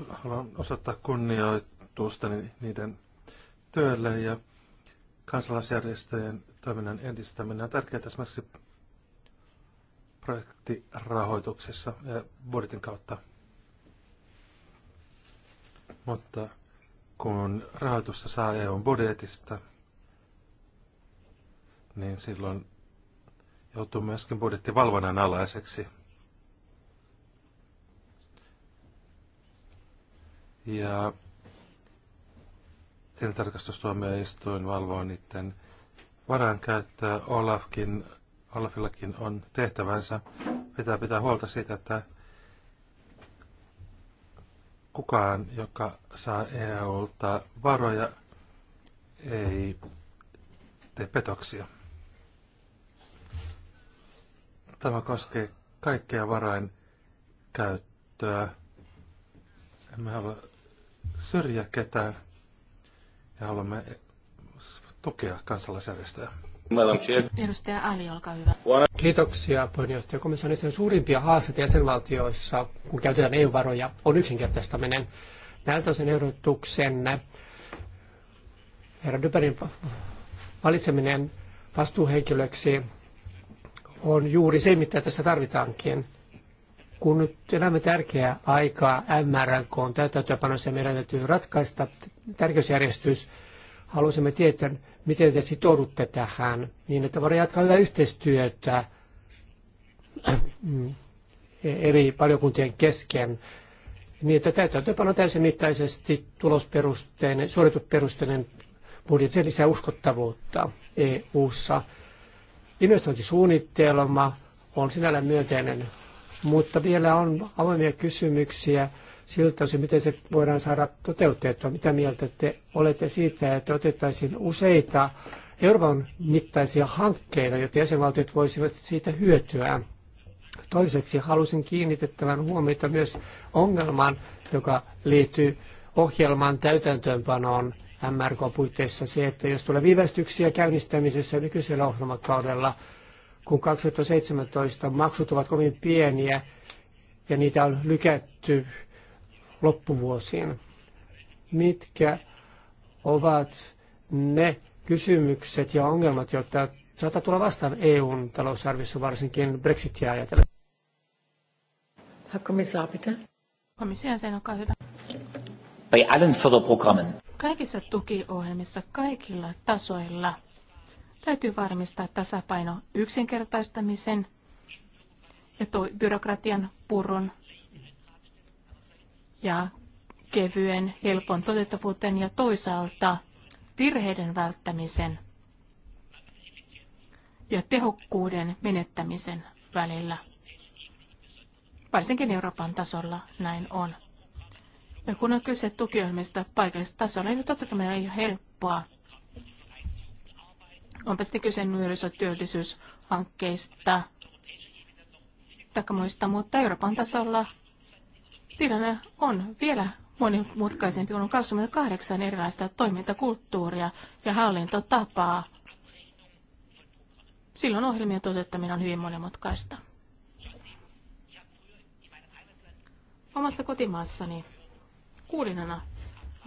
haluan osoittaa kunnioitusta niiden työlle ja kansalaisjärjestöjen toiminnan edistäminen on tärkeää esimerkiksi projektirahoituksessa ja budjetin kautta. Mutta kun rahoitusta saa eu budjetista – niin silloin joutuu myöskin budjettivalvonnan alaiseksi. Ja tilintarkastustuomioistuin valvoo niiden varankäyttöä. Olafkin, Olafillakin on tehtävänsä. Pitää pitää huolta siitä, että kukaan, joka saa EUlta varoja, ei tee petoksia. Tämä koskee kaikkea käyttöä. Emme halua syrjä ketään ja haluamme tukea kansalaisjärjestöjä. Edustaja Ali, olkaa hyvä. Kiitoksia puheenjohtaja. Komissaari sen suurimpia haasteita jäsenvaltioissa, kun käytetään EU-varoja, on yksinkertaistaminen. Näiltä sen ehdotuksen eh, herra Dyberin valitseminen vastuuhenkilöksi on juuri se, mitä tässä tarvitaankin. Kun nyt elämme tärkeää aikaa MRNK on täytäntöönpanossa ja meidän täytyy ratkaista tärkeysjärjestys, haluaisimme tietää, miten te sitoudutte tähän, niin että voidaan jatkaa hyvää yhteistyötä eri valiokuntien kesken, niin että täysin mittaisesti tulosperusteinen, suoritusperusteinen budjetti, se lisää uskottavuutta EU-ssa. Investointisuunnitelma on sinällään myönteinen, mutta vielä on avoimia kysymyksiä siltä osin, miten se voidaan saada toteutettua. Mitä mieltä te olette siitä, että otettaisiin useita Euroopan mittaisia hankkeita, jotta jäsenvaltiot voisivat siitä hyötyä? Toiseksi halusin kiinnittää huomiota myös ongelmaan, joka liittyy ohjelman täytäntöönpanoon MRK-puitteissa se, että jos tulee viivästyksiä käynnistämisessä nykyisellä ohjelmakaudella, kun 2017 maksut ovat kovin pieniä ja niitä on lykätty loppuvuosiin. Mitkä ovat ne kysymykset ja ongelmat, joita saattaa tulla vastaan EUn talousarviossa varsinkin Brexitia ajatellen? Herr Kommissar, bitte. sen, olkaa hyvä bei allen Förderprogrammen. Kaikissa tukiohjelmissa, kaikilla tasoilla täytyy varmistaa tasapaino yksinkertaistamisen ja to- byrokratian purun ja kevyen, helpon toteuttavuuden ja toisaalta virheiden välttämisen ja tehokkuuden menettämisen välillä. Varsinkin Euroopan tasolla näin on. Ja kun on kyse tukiohjelmista paikallisesta tasolla, niin totta kai ei ole helppoa. Onpa sitten kyse nuorisotyöllisyyshankkeista tai muista, mutta Euroopan tasolla tilanne on vielä monimutkaisempi, kun on 28 erilaista toimintakulttuuria ja hallintotapaa. Silloin ohjelmien toteuttaminen on hyvin monimutkaista. Omassa kotimaassani kuulinana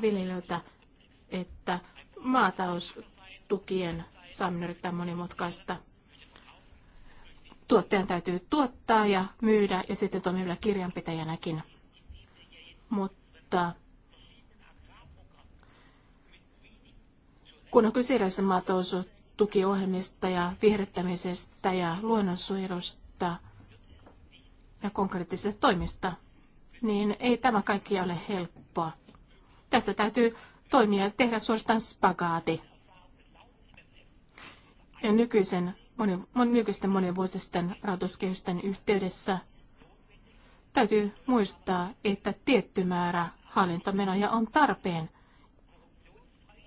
viljelijöitä, että maataloustukien saaminen yrittää monimutkaista. Tuottajan täytyy tuottaa ja myydä ja sitten toimivilla kirjanpitäjänäkin. Mutta kun on kyse maataloustukiohjelmista ja viherryttämisestä ja luonnonsuojelusta ja konkreettisista toimista, niin ei tämä kaikki ole helppoa. Tässä täytyy toimia ja tehdä suorastaan spagaati. Ja nykyisen, moni, moni, nykyisten monivuotisten rahoituskehysten yhteydessä täytyy muistaa, että tietty määrä hallintomenoja on tarpeen,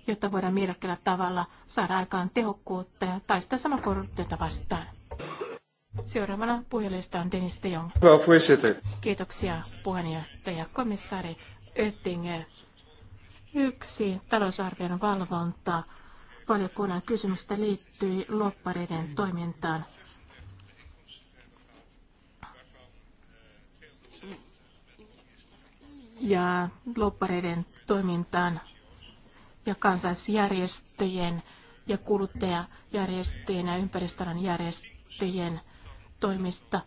jotta voidaan mielekkäällä tavalla saada aikaan tehokkuutta ja taistaa sama korruptiota vastaan. Seuraavana puhujalista on Dennis de Jong. Kiitoksia puheenjohtaja komissaari Oettinger. Yksi talousarvion valvonta valiokunnan kysymystä liittyi loppareiden toimintaan. ja loppareiden toimintaan ja kansalaisjärjestöjen ja kuluttajajärjestöjen ja ympäristön järjestöjen toimista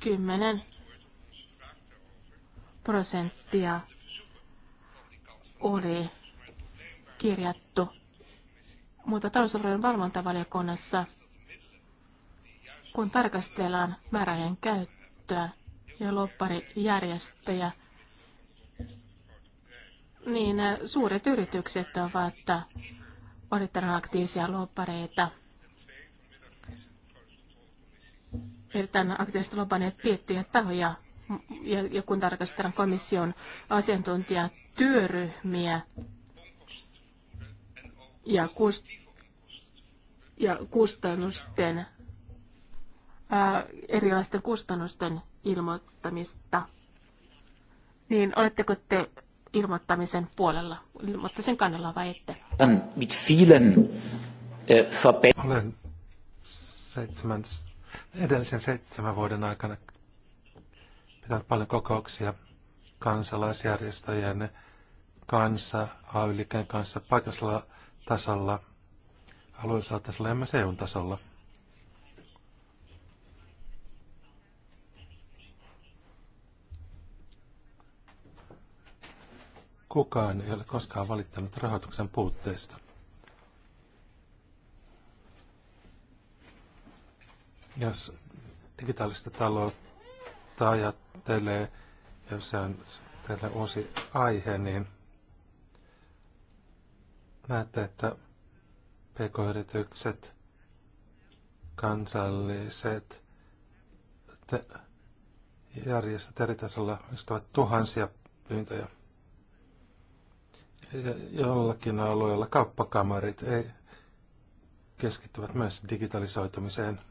10 prosenttia oli kirjattu. Mutta talousarvojen valvontavaliokunnassa, kun tarkastellaan määräajan käyttöä ja lopparijärjestöjä, niin suuret yritykset ovat erittäin aktiivisia loppareita – erittäin aktiivisesti lobanneet tiettyjä tahoja, ja, ja kun tarkastetaan komission asiantuntijatyöryhmiä ja, kust, ja kustannusten, ää, erilaisten kustannusten ilmoittamista, niin oletteko te ilmoittamisen puolella, ilmoittamisen kannalla vai ette? Äh, Olen 17 edellisen seitsemän vuoden aikana pitänyt paljon kokouksia kansalaisjärjestöjen kanssa, ay kanssa, paikallisella tasolla, alueellisella tasolla ja myös eu tasolla. Kukaan ei ole koskaan valittanut rahoituksen puutteesta. Jos digitaalista taloutta ajattelee, ja se on teille uusi aihe, niin näette, että pk-yritykset, kansalliset te- järjestöt eri tasolla istuvat tuhansia pyyntöjä. Ja jollakin alueella kauppakamarit ei keskittyvät myös digitalisoitumiseen –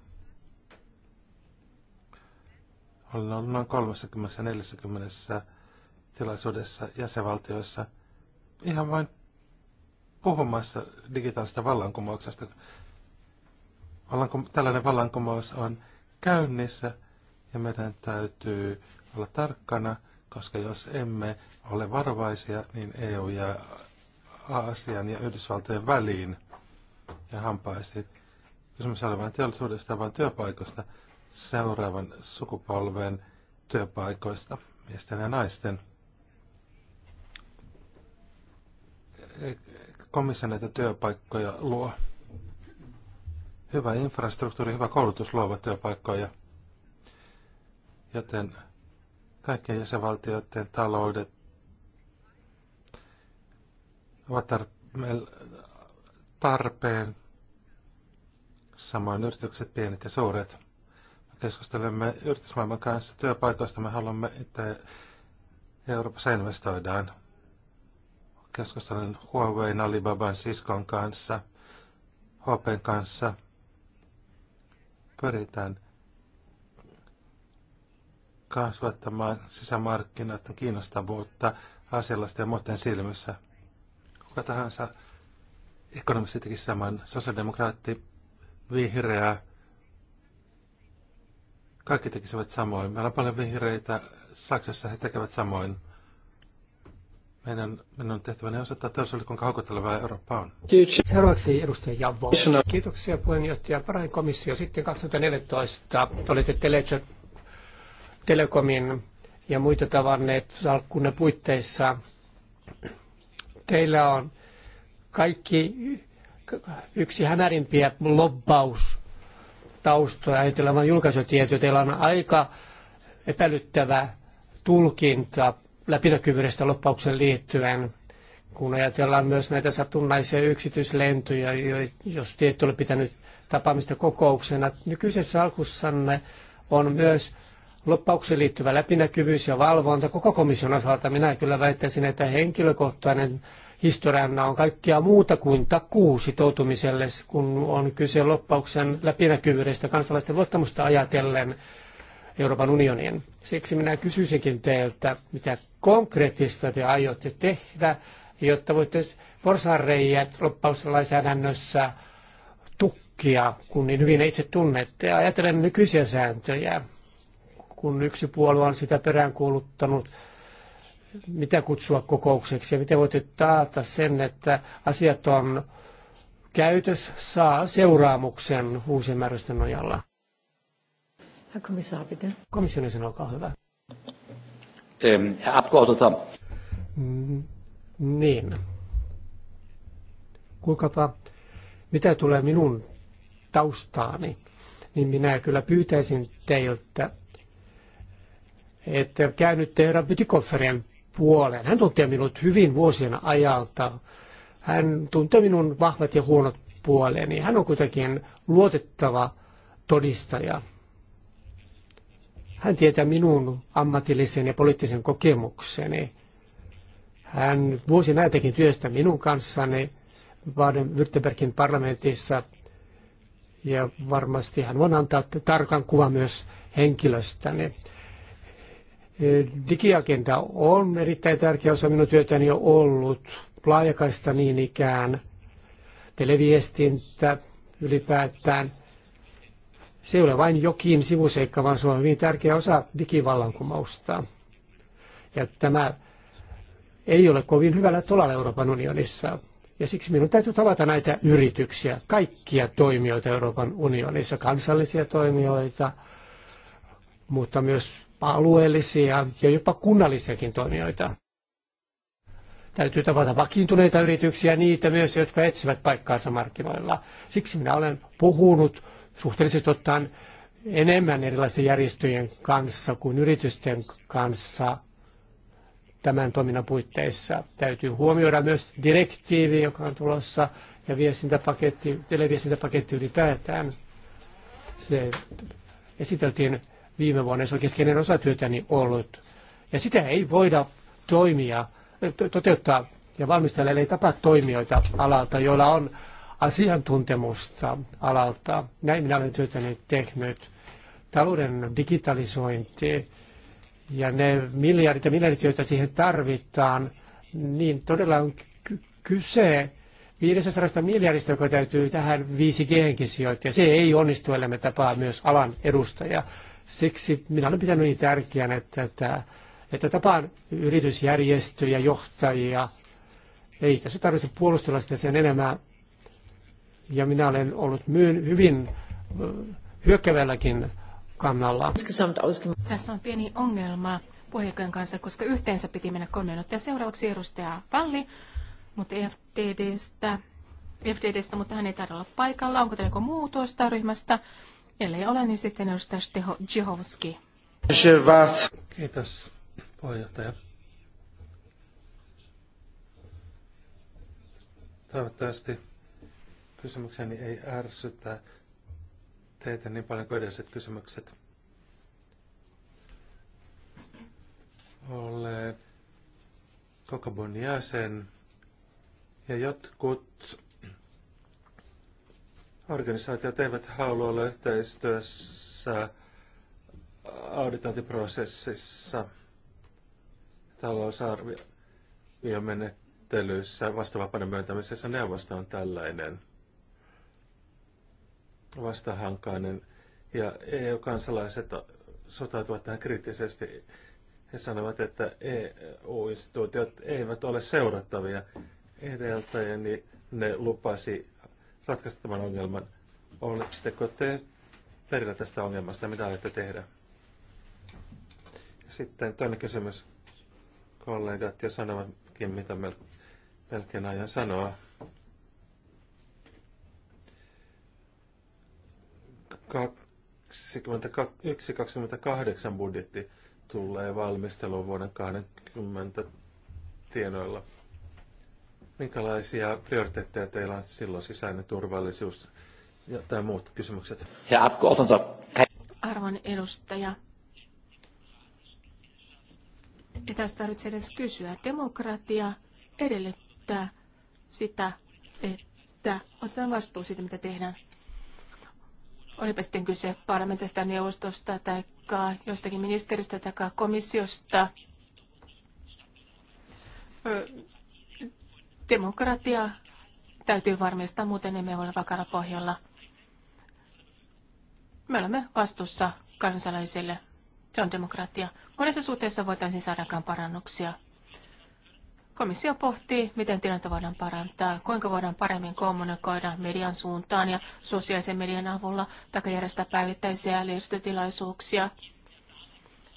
Olen ollut noin 30-40 tilaisuudessa jäsenvaltioissa ihan vain puhumassa digitaalista vallankumouksesta. Vallankum- tällainen vallankumous on käynnissä ja meidän täytyy olla tarkkana, koska jos emme ole varovaisia, niin EU ja Aasian ja Yhdysvaltojen väliin ja hampaisiin. Kysymys ei ole vain teollisuudesta, vaan työpaikasta seuraavan sukupolven työpaikoista, miesten ja naisten. Komissio näitä työpaikkoja luo. Hyvä infrastruktuuri, hyvä koulutus luovat työpaikkoja. Joten kaikkien jäsenvaltioiden taloudet ovat tarpeen. Samoin yritykset, pienet ja suuret keskustelemme yritysmaailman kanssa työpaikoista. Me haluamme, että Euroopassa investoidaan. Keskustelen Huawei, Alibaban, Siskon kanssa, HPn kanssa. Pyritään kasvattamaan sisämarkkinoiden kiinnostavuutta asialaisten ja muiden silmissä. Kuka tahansa ekonomisti teki saman, sosiaalidemokraatti, vihreä, kaikki tekisivät samoin. Meillä on paljon vihreitä. Saksassa he tekevät samoin. Meidän, meidän on tehtävänä osoittaa teollisuudelle, kuinka houkuttelevaa Eurooppa on. Seuraavaksi edustaja Javo. Kiitoksia puheenjohtaja. Parain komissio sitten 2014. Olette Telechat Telekomin ja muita tavanneet salkkunne puitteissa. Teillä on kaikki yksi hämärimpiä lobbaus taustoja, ajatellaan vain julkaisutietoja. Teillä on aika epäilyttävä tulkinta läpinäkyvyydestä loppauksen liittyen, kun ajatellaan myös näitä satunnaisia yksityislentoja, jos tietty oli pitänyt tapaamista kokouksena. Nykyisessä alkussanne on myös loppaukseen liittyvä läpinäkyvyys ja valvonta koko komission osalta. Minä kyllä väittäisin, että henkilökohtainen historiana on kaikkea muuta kuin takuu sitoutumiselle, kun on kyse loppauksen läpinäkyvyydestä kansalaisten luottamusta ajatellen Euroopan unioniin. Siksi minä kysyisinkin teiltä, mitä konkreettista te aiotte tehdä, jotta voitte porsaanreijät loppauslainsäädännössä tukkia, kun niin hyvin itse tunnette. Ajatellen nykyisiä sääntöjä, kun yksi puolue on sitä peräänkuuluttanut, kuuluttanut mitä kutsua kokoukseksi ja miten voitte taata sen, että asiat on käytös saa seuraamuksen uusien määräysten nojalla? Komission jäsen, olkaa hyvä. Ähm, Herr Abgeordneter. Mm, niin. Kuinka mitä tulee minun taustaani, niin minä kyllä pyytäisin teiltä, että käynyt herra Bytikofferien puoleen. Hän tuntee minut hyvin vuosien ajalta. Hän tuntee minun vahvat ja huonot puoleeni. Hän on kuitenkin luotettava todistaja. Hän tietää minun ammatillisen ja poliittisen kokemukseni. Hän vuosien ajan teki työstä minun kanssani Baden-Württembergin parlamentissa ja varmasti hän voi antaa tarkan kuvan myös henkilöstäni. Digiagenda on erittäin tärkeä osa minun työtäni jo ollut, laajakaista niin ikään, televiestintä ylipäätään. Se ei ole vain jokin sivuseikka, vaan se on hyvin tärkeä osa digivallankumousta. Ja tämä ei ole kovin hyvällä tolalla Euroopan unionissa. Ja siksi minun täytyy tavata näitä yrityksiä, kaikkia toimijoita Euroopan unionissa, kansallisia toimijoita, mutta myös alueellisia ja jopa kunnallisiakin toimijoita. Täytyy tavata vakiintuneita yrityksiä, niitä myös, jotka etsivät paikkaansa markkinoilla. Siksi minä olen puhunut suhteellisesti ottaen enemmän erilaisten järjestöjen kanssa kuin yritysten kanssa tämän toiminnan puitteissa. Täytyy huomioida myös direktiivi, joka on tulossa, ja viestintäpaketti, televiestintäpaketti ylipäätään. Se esiteltiin viime vuonna, se on keskeinen osa työtäni niin ollut. Ja sitä ei voida toimia, toteuttaa ja valmistella, ei tapa toimijoita alalta, joilla on asiantuntemusta alalta. Näin minä olen työtäni tehnyt. Talouden digitalisointi ja ne miljardit ja miljardit, joita siihen tarvitaan, niin todella on kyse 500 miljardista, joka täytyy tähän 5 g sijoittaa. Se ei onnistu, ellei me tapaa myös alan edustajaa. Siksi minä olen pitänyt niin tärkeänä, että, että, että tapaan yritysjärjestöjä, johtajia. Ei tässä tarvitse puolustella sitä sen enemmän. Ja minä olen ollut myyn, hyvin hyökkävälläkin kannalla. Tässä on pieni ongelma puheenjohtajan kanssa, koska yhteensä piti mennä kolme minuuttia. Seuraavaksi edustaja Valli, mutta FTDstä, FTDstä, mutta hän ei taida olla paikalla. Onko teillä joku muu tuosta ryhmästä? Ellei ole, niin sitten edustaja Steho Kiitos, puheenjohtaja. Toivottavasti kysymykseni ei ärsytä teitä niin paljon kuin edelliset kysymykset. Olen Kokobon jäsen ja jotkut organisaatiot eivät halua olla yhteistyössä auditointiprosessissa talousarviomenettelyissä vastavapainen myöntämisessä neuvosto on tällainen vastahankainen. Ja EU-kansalaiset sotautuvat tähän kriittisesti. He sanovat, että EU-instituutiot eivät ole seurattavia niin Ne lupasi ratkaista tämän ongelman. Oletteko te perillä tästä ongelmasta, mitä aiotte tehdä? Sitten toinen kysymys. Kollegat jo sanovatkin, mitä melkein aion sanoa. Ka- 21-28 budjetti tulee valmisteluun vuoden 20 tienoilla. Minkälaisia prioriteetteja teillä on silloin sisäinen turvallisuus ja, tai muut kysymykset? Arvon edustaja, ei tästä tarvitse edes kysyä. Demokratia edellyttää sitä, että otetaan vastuu siitä, mitä tehdään. Olipa sitten kyse parlamentista, neuvostosta tai jostakin ministeristä tai komissiosta. Demokratia täytyy varmistaa, muuten emme ole vakara pohjalla. Me olemme vastuussa kansalaisille. Se on demokratia. Monessa suhteessa voitaisiin saadakaan parannuksia. Komissio pohtii, miten tilannetta voidaan parantaa, kuinka voidaan paremmin kommunikoida median suuntaan ja sosiaalisen median avulla, tai järjestää päivittäisiä liistötilaisuuksia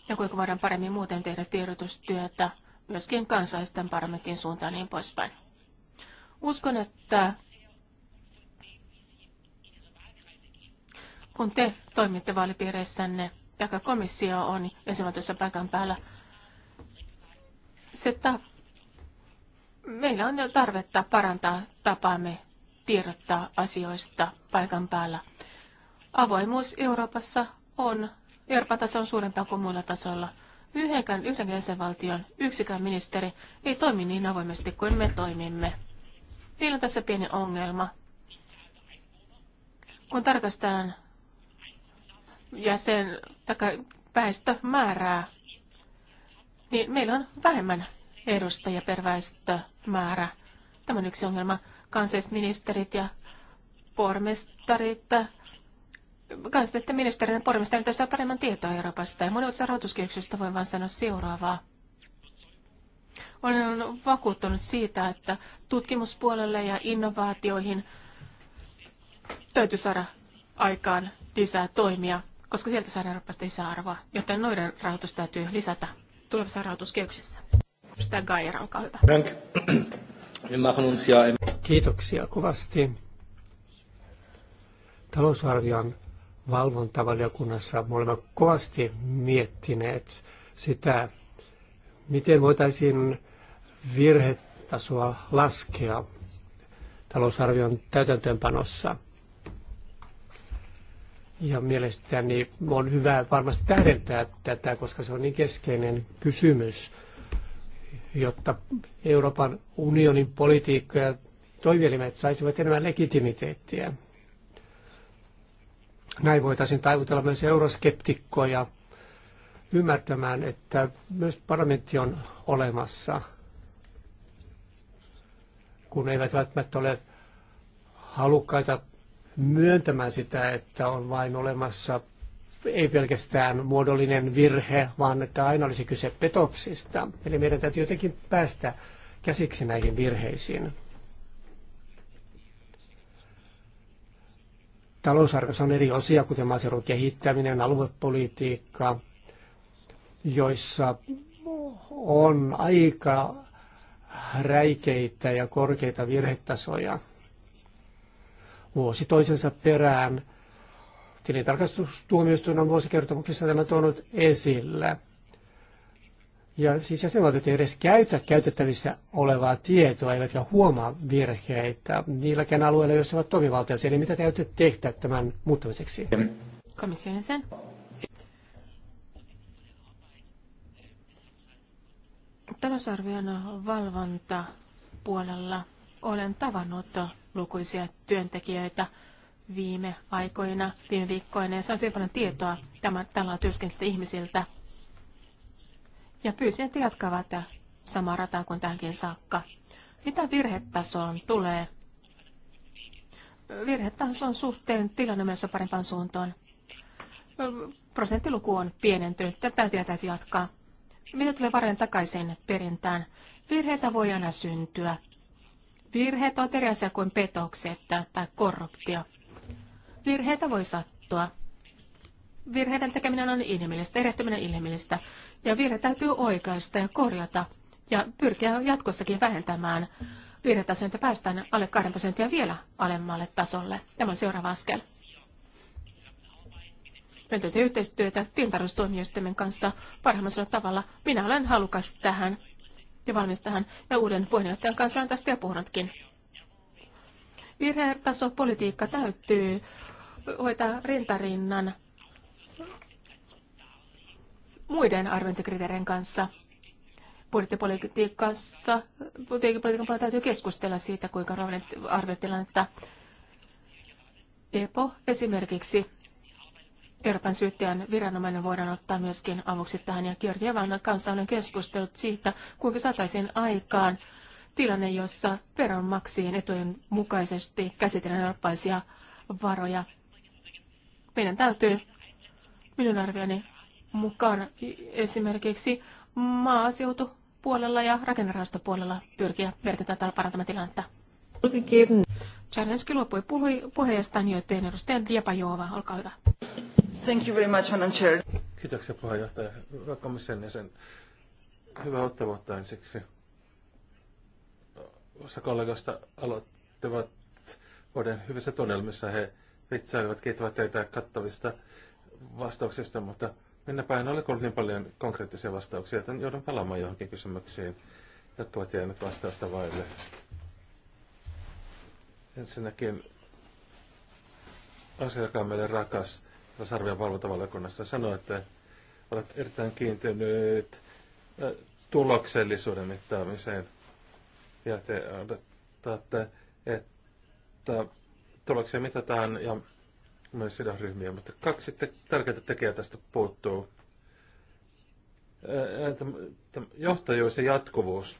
ja kuinka voidaan paremmin muuten tehdä tiedotustyötä myöskin kansallisten parlamentin suuntaan niin poispäin. Uskon, että kun te toimitte vaalipiireissänne, joka komissio on jäsenvaltiossa paikan päällä, se ta- meillä on jo tarvetta parantaa tapaamme tiedottaa asioista paikan päällä. Avoimuus Euroopassa on, Euroopan taso on suurempaa kuin muilla tasoilla. Yhdenkään, yhden jäsenvaltion yksikään ministeri ei toimi niin avoimesti kuin me toimimme. Vielä on tässä pieni ongelma. Kun tarkastetaan jäsen, tai väestömäärää, niin meillä on vähemmän edustajia per väestömäärä. Tämä on yksi ongelma. Kansallisministerit ja pormestarit, kansallisministerin ja pormestarit saa paremman tietoa Euroopasta ja monivuotisesta rahoituskehyksestä voin vain sanoa seuraavaa. Olen vakuuttunut siitä, että tutkimuspuolelle ja innovaatioihin täytyy saada aikaan lisää toimia, koska sieltä saadaan rapasta lisäarvoa, joten noiden rahoitus täytyy lisätä tulevissa rahoituskehyksissä. Edustaja Geier, olkaa hyvä. Kiitoksia kovasti. Talousarvion valvontavaliokunnassa me olemme kovasti miettineet sitä, miten voitaisiin virhetasoa laskea talousarvion täytäntöönpanossa. Ja mielestäni on hyvä varmasti tähdentää tätä, koska se on niin keskeinen kysymys, jotta Euroopan unionin politiikka ja toimielimet saisivat enemmän legitimiteettiä. Näin voitaisiin taivutella myös euroskeptikkoja – ymmärtämään, että myös parlamentti on olemassa, kun eivät välttämättä ole halukkaita myöntämään sitä, että on vain olemassa ei pelkästään muodollinen virhe, vaan että aina olisi kyse petoksista. Eli meidän täytyy jotenkin päästä käsiksi näihin virheisiin. Talousarvossa on eri osia, kuten maaseudun kehittäminen, aluepolitiikka, joissa on aika räikeitä ja korkeita virhetasoja. Vuosi toisensa perään tilintarkastustuomioistuin on vuosikertomuksessa tämä tuonut esille. Ja siis jäsenvaltiot eivät edes käytä käytettävissä olevaa tietoa, eivätkä huomaa virheitä niilläkään alueilla, joissa ovat toimivaltaisia. Eli mitä täytyy tehdä tämän muuttamiseksi? Komission sen. Talousarvion valvontapuolella olen tavannut lukuisia työntekijöitä viime aikoina, viime viikkoina ja saanut hyvin paljon tietoa tämän, tällä työskentelyltä ihmisiltä. Ja pyysin, että jatkavat samaa rataa kuin tähänkin saakka. Mitä virhetasoon tulee? Virhetason suhteen tilanne menossa parempaan suuntaan. Prosenttiluku on pienentynyt. Tätä tietä täytyy jatkaa. Mitä tulee varojen takaisin perintään? Virheitä voi aina syntyä. Virheet ovat eri asia kuin petokset tai korruptio. Virheitä voi sattua. Virheiden tekeminen on inhimillistä, erehtyminen inhimillistä. Ja virhe täytyy oikeusta ja korjata ja pyrkiä jatkossakin vähentämään virhetasointa päästään alle 2 prosenttia vielä alemmalle tasolle. Tämä on seuraava askel. Me teemme yhteistyötä tilintarkastustuomioistuimen kanssa parhaimmalla tavalla. Minä olen halukas tähän ja valmis tähän, ja uuden puheenjohtajan kanssa on tästä jo puhunutkin. Virhetaso politiikka täytyy hoitaa rintarinnan muiden arviointikriteerien kanssa. Budjettipolitiikassa, budjettipolitiikan puolella täytyy keskustella siitä, kuinka arviotilannetta EPO esimerkiksi Euroopan syyttäjän viranomainen voidaan ottaa myöskin avuksi tähän. Ja Georgievan kanssa olen keskustellut siitä, kuinka saataisiin aikaan tilanne, jossa veronmaksajien etujen mukaisesti käsitellään eurooppalaisia varoja. Meidän täytyy minun arvioni mukaan esimerkiksi maaseutupuolella ja rakennerahastopuolella pyrkiä verkintää parantamaan tilannetta. Charles Kylopui puhui puheestaan, joten edustaja Diapajova, olkaa hyvä. Thank you very much, Madam Chair. Kiitoksia puheenjohtaja. Hyvä komission jäsen. Hyvä ottavuutta ensiksi. Osa kollegoista aloittivat vuoden hyvissä tunnelmissa. He vitsailivat, kiittävät teitä kattavista vastauksista, mutta minä päin ole kuullut niin paljon konkreettisia vastauksia, että joudun palaamaan johonkin kysymyksiin, jotka ovat jääneet vastausta vaille. Ensinnäkin asia, joka on meille rakas, tasa-arvojen valvontavaliokunnasta sanoi, että olet erittäin kiintynyt äh, tuloksellisuuden mittaamiseen. Ja te odottaatte, että tuloksia mitataan ja myös sidosryhmiä, mutta kaksi te- tärkeää tekijää tästä puuttuu. Äh, äh, johtajuus ja jatkuvuus.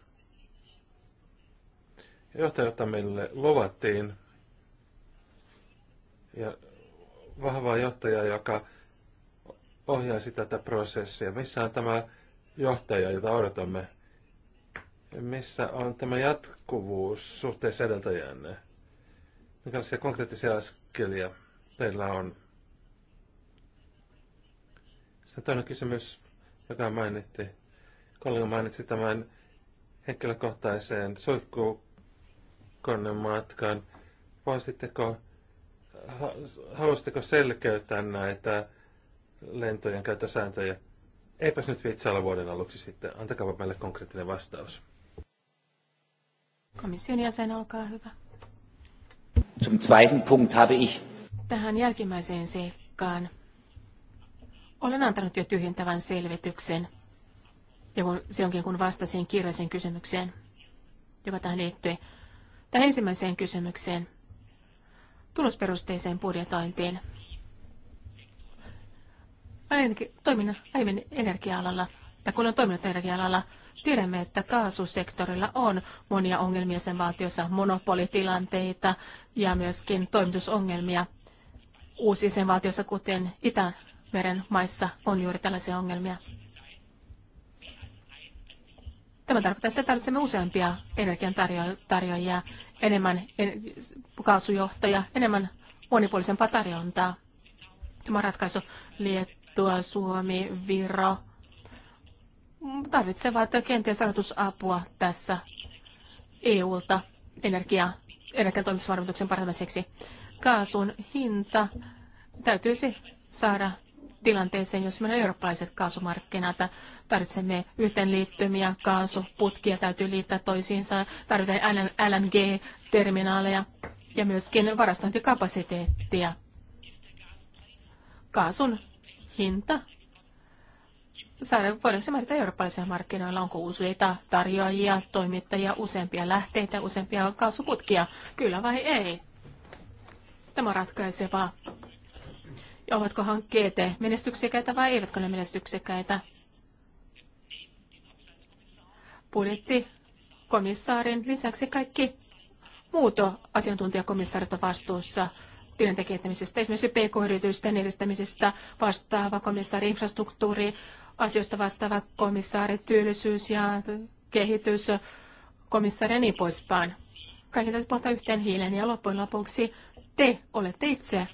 Johtajuutta meille luvattiin ja vahvaa johtajaa, joka ohjaisi tätä prosessia. Missä on tämä johtaja, jota odotamme? Missä on tämä jatkuvuus suhteessa edeltäjänne? Minkälaisia konkreettisia askelia teillä on? Sitten toinen kysymys, joka mainittiin. Kollega mainitsi tämän henkilökohtaiseen suikkukonnen matkan. Voisitteko haluaisitteko selkeyttää näitä lentojen käyttösääntöjä? Eipäs nyt vitsailla vuoden aluksi sitten. Antakaa meille konkreettinen vastaus. Komission jäsen, olkaa hyvä. Zum zweiten Punkt habe ich. Tähän jälkimmäiseen seikkaan. Olen antanut jo tyhjentävän selvityksen. Ja kun, silloinkin kun vastasin kirjallisen kysymykseen, joka tähän liittyi. Tähän ensimmäiseen kysymykseen tulosperusteiseen budjetointiin. toiminnan aiemmin energia-alalla, tai kun on toiminut energia-alalla, tiedämme, että kaasusektorilla on monia ongelmia sen valtiossa, monopolitilanteita ja myöskin toimitusongelmia sen valtiossa, kuten Itämeren maissa on juuri tällaisia ongelmia. Tämä tarkoittaa sitä, että tarvitsemme useampia energiantarjoajia. tarjoajia enemmän kaasujohtaja, enemmän monipuolisempaa tarjontaa. Tämä ratkaisu Liettua, Suomi, Viro tarvitsevat kenties rahoitusapua tässä EU-ta energia, energiatoimitusvarmituksen parantamiseksi. Kaasun hinta täytyisi saada tilanteeseen, jos meillä on eurooppalaiset kaasumarkkinat. Tarvitsemme yhteenliittymiä, kaasuputkia täytyy liittää toisiinsa, tarvitaan LNG-terminaaleja ja myöskin varastointikapasiteettia. Kaasun hinta saada, voidaanko se määrittää eurooppalaisilla markkinoilla, onko useita tarjoajia, toimittajia, useampia lähteitä, useampia kaasuputkia, kyllä vai ei? Tämä on ratkaisevaa ja ovatko hankkeet menestyksekäitä vai eivätkö ne menestyksekäitä. Budjetti komissaarin lisäksi kaikki muut asiantuntijakomissaarit ovat vastuussa tilanteen kehittämisestä, esimerkiksi PK-yritysten edistämisestä vastaava komissaari, infrastruktuuri, asioista vastaava komissaari, työllisyys ja kehitys, komissaari ja niin poispäin. Kaikki täytyy pohtaa yhteen hiileen ja loppujen lopuksi te olette itse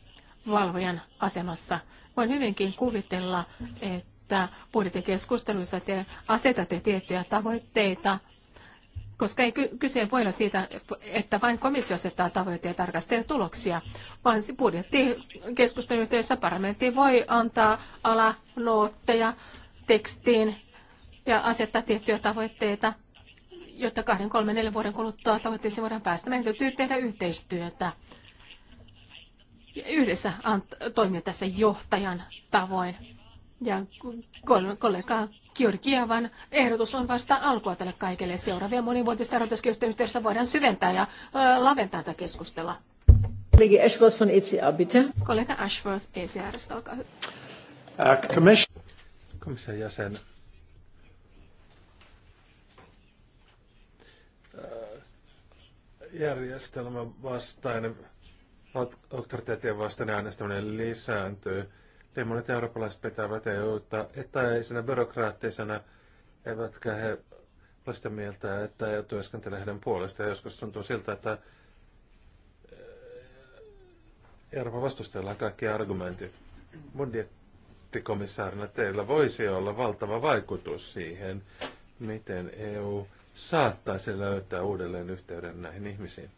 valvojan asemassa. Voin hyvinkin kuvitella, että keskusteluissa te asetatte tiettyjä tavoitteita, koska ei kyse voi olla siitä, että vain komissio asettaa tavoitteita ja tarkastelee tuloksia, vaan budjettikeskustelun yhteydessä parlamentti voi antaa alanootteja tekstiin ja asettaa tiettyjä tavoitteita, jotta kahden, kolmen, neljän vuoden kuluttua tavoitteisiin voidaan päästä. Meidän täytyy tehdä yhteistyötä yhdessä toimia tässä johtajan tavoin. Ja kollega Georgievan ehdotus on vasta alkua tälle kaikelle. Seuraavia monivuotista rahoituskehyksen yhteydessä voidaan syventää ja laventaa tätä keskustelua. Kollega Ashworth von ECR, bitte. Kollega Ashworth ECR, olkaa hyvä. Uh, commission. Komission jäsen. Äh, Järjestelmä vastainen auktoriteettien vastainen äänestäminen lisääntyy. Niin monet eurooppalaiset pitävät EUta etäisenä, byrokraattisena, eivätkä he ole sitä mieltä, että EU työskentelee heidän puolestaan. Joskus tuntuu siltä, että eh, Euroopan vastustellaan kaikki argumentit. Budjettikomissaarina teillä voisi olla valtava vaikutus siihen, miten EU saattaisi löytää uudelleen yhteyden näihin ihmisiin.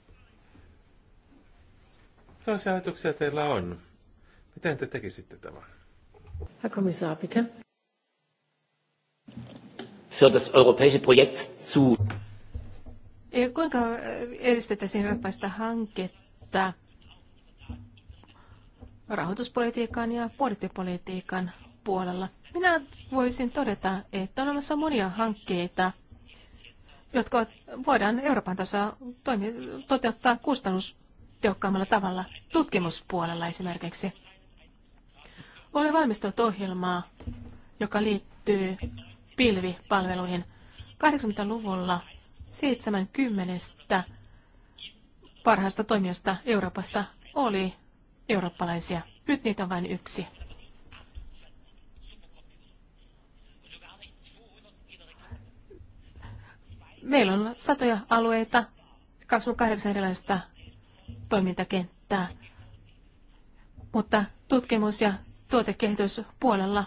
Millaisia ajatuksia teillä on. Miten te tekisitte tämän? Herr Kommissar, bitte. Für das europäische Projekt zu. Kuinka äh, edistettäisiin eurooppaista hanketta rahoituspolitiikan ja budjettipolitiikan puolella? Minä voisin todeta, että on olemassa monia hankkeita, jotka voidaan Euroopan tasolla toteuttaa kustannus tehokkaammalla tavalla tutkimuspuolella esimerkiksi. Olen valmistanut ohjelmaa, joka liittyy pilvipalveluihin. 80-luvulla 70 parhaasta toimijasta Euroopassa oli eurooppalaisia. Nyt niitä on vain yksi. Meillä on satoja alueita, 28 erilaista toimintakenttää. Mutta tutkimus- ja tuotekehityspuolella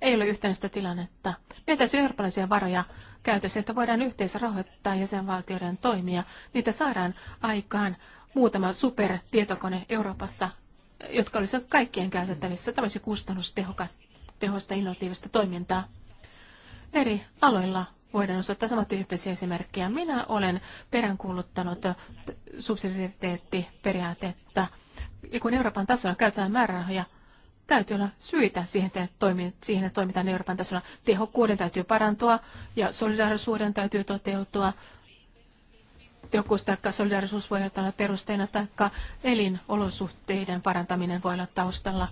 ei ole yhtenäistä tilannetta. Meidän täytyy eurooppalaisia varoja käytössä, että voidaan rahoittaa jäsenvaltioiden toimia. Niitä saadaan aikaan muutama supertietokone Euroopassa, jotka olisivat kaikkien käytettävissä. Tämä olisi kustannustehosta innovatiivista toimintaa. Eri aloilla voidaan osoittaa tyyppisiä esimerkkejä. Minä olen peräänkuuluttanut subsidiariteettiperiaatetta. Ja kun Euroopan tasolla käytetään määrärahoja, täytyy olla syitä siihen, siihen, että toimitaan Euroopan tasolla. Tehokkuuden täytyy parantua ja solidaarisuuden täytyy toteutua. Tehokkuus tai solidaarisuus voi olla perusteena, tai elinolosuhteiden parantaminen voi olla taustalla.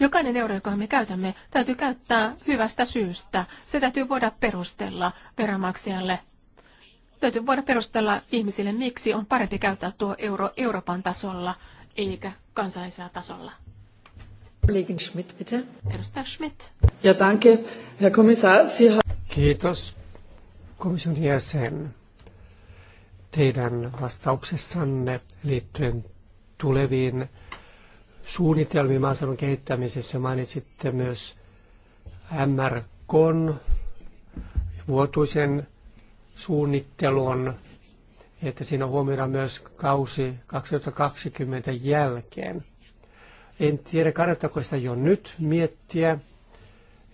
Jokainen euro, joka me käytämme, täytyy käyttää hyvästä syystä. Se täytyy voida perustella veronmaksajalle. Täytyy voida perustella ihmisille, miksi on parempi käyttää tuo euro Euroopan tasolla eikä kansallisella tasolla. Kollegin Schmidt, bitte. Edustaja Schmidt. Ja danke, Herr Kommissar. Sie ha- Kiitos, komission jäsen. Teidän vastauksessanne liittyen tuleviin suunnitelmiin maaseudun kehittämisessä. Mainitsitte myös MRKon vuotuisen suunnittelun, että siinä huomioidaan myös kausi 2020 jälkeen. En tiedä, kannattaako sitä jo nyt miettiä,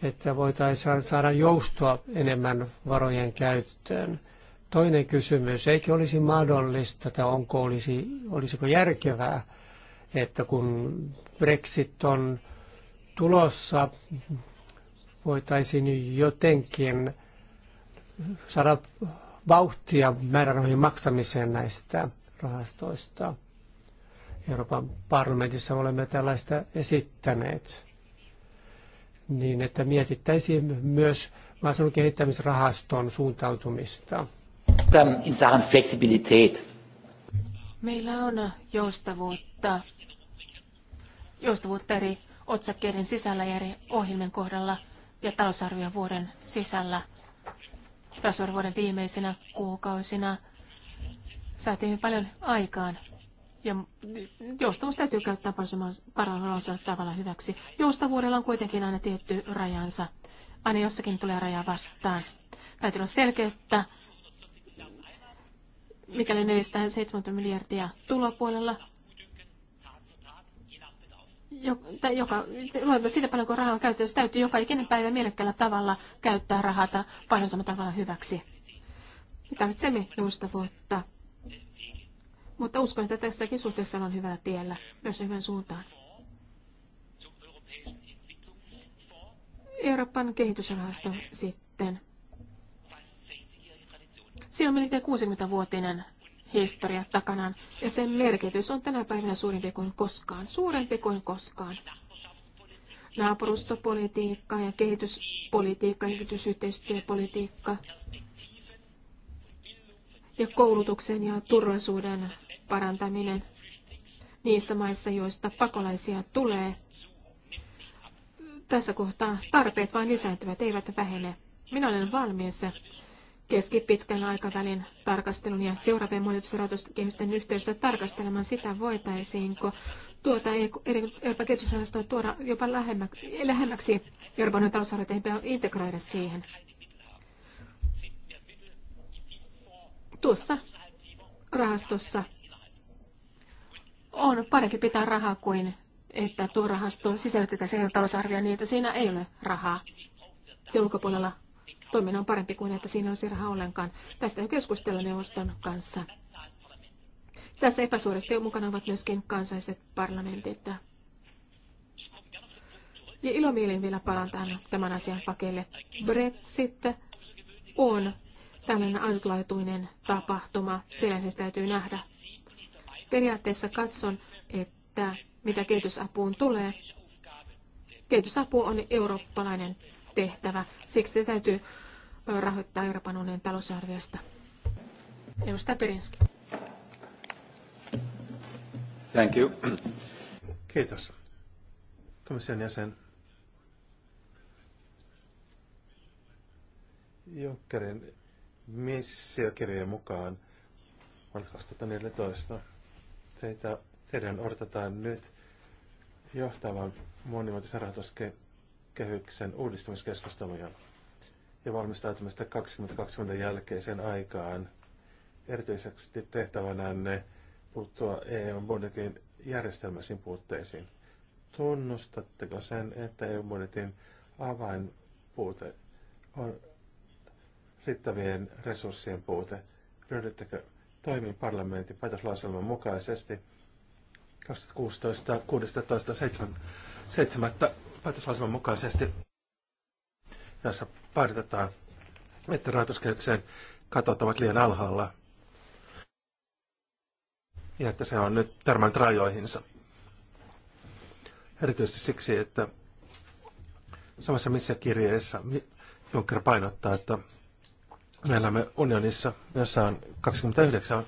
että voitaisiin saada joustoa enemmän varojen käyttöön. Toinen kysymys, eikö olisi mahdollista tai onko olisi, olisiko järkevää että kun Brexit on tulossa, voitaisiin jotenkin saada vauhtia määrärahojen maksamiseen näistä rahastoista. Euroopan parlamentissa olemme tällaista esittäneet, niin että mietittäisiin myös maaseudun kehittämisrahaston suuntautumista. In Meillä on joustavuutta joustavuutta eri otsakkeiden sisällä ja eri ohjelmien kohdalla ja talousarvion vuoden sisällä. Talousarvion vuoden viimeisenä kuukausina saatiin paljon aikaan ja joustavuus täytyy käyttää parhaalla tavalla hyväksi. Joustavuudella on kuitenkin aina tietty rajansa. Aina jossakin tulee raja vastaan. Täytyy olla selkeyttä, mikäli 470 miljardia tulopuolella joka, sitä paljon kuin rahaa on käytössä, täytyy joka ikinen päivä mielekkäällä tavalla käyttää tai parhaimmalla tavalla hyväksi. Me tarvitsemme joustavuutta. Mutta uskon, että tässäkin suhteessa on hyvällä tiellä, myös hyvän suuntaan. Euroopan kehitysrahasto sitten. Siinä on melkein 60-vuotinen historia takanaan, ja sen merkitys on tänä päivänä suurempi kuin koskaan, suurempi kuin koskaan. Naapurustopolitiikka ja kehityspolitiikka, kehitysyhteistyöpolitiikka ja koulutuksen ja turvallisuuden parantaminen niissä maissa, joista pakolaisia tulee. Tässä kohtaa tarpeet vain lisääntyvät, eivät vähene. Minä olen valmis keskipitkän aikavälin tarkastelun ja seuraavien monitusrahoituskehysten yhteydessä tarkastelemaan sitä, voitaisiinko tuota e Euroopan kehitysrahastoa tuoda jopa lähemmäksi, lähemmäksi Euroopan talousarvioita ja integroida siihen. Tuossa rahastossa on parempi pitää rahaa kuin että tuo rahasto sisällytetään siihen talousarvioon niin, että siinä ei ole rahaa. Sen ulkopuolella toiminnan on parempi kuin, että siinä olisi rahaa ollenkaan. Tästä keskustella neuvoston kanssa. Tässä epäsuorasti mukana ovat myöskin kansalliset parlamentit. Ja ilomielin vielä palaan tämän asian pakelle. Brexit on tällainen ainutlaatuinen tapahtuma, siellä siis täytyy nähdä. Periaatteessa katson, että mitä kehitysapuun tulee, kehitysapu on eurooppalainen tehtävä. Siksi te täytyy rahoittaa Euroopan unionin talousarviosta. Edustaja Perinski. Thank you. Kiitos. Komission jäsen. Junckerin missiokirjeen mukaan vuonna 2014 teitä, teidän odotetaan nyt johtavan monimuotoisen rahoituskehityksen kehyksen uudistamiskeskusteluja ja valmistautumista 2020 jälkeiseen aikaan. Erityisesti tehtävänänne puuttua EU-budjetin järjestelmäisiin puutteisiin. Tunnustatteko sen, että EU-budjetin avainpuute on riittävien resurssien puute? Ryhdyttekö toimiin parlamentin päätöslauselman mukaisesti 2016 16, 7, 7 päätöslauselman mukaisesti, jossa päätetään, että rahoituskehyksen katot ovat liian alhaalla ja että se on nyt törmännyt rajoihinsa. Erityisesti siksi, että samassa missä kirjeessä Juncker painottaa, että me elämme unionissa, jossa on 29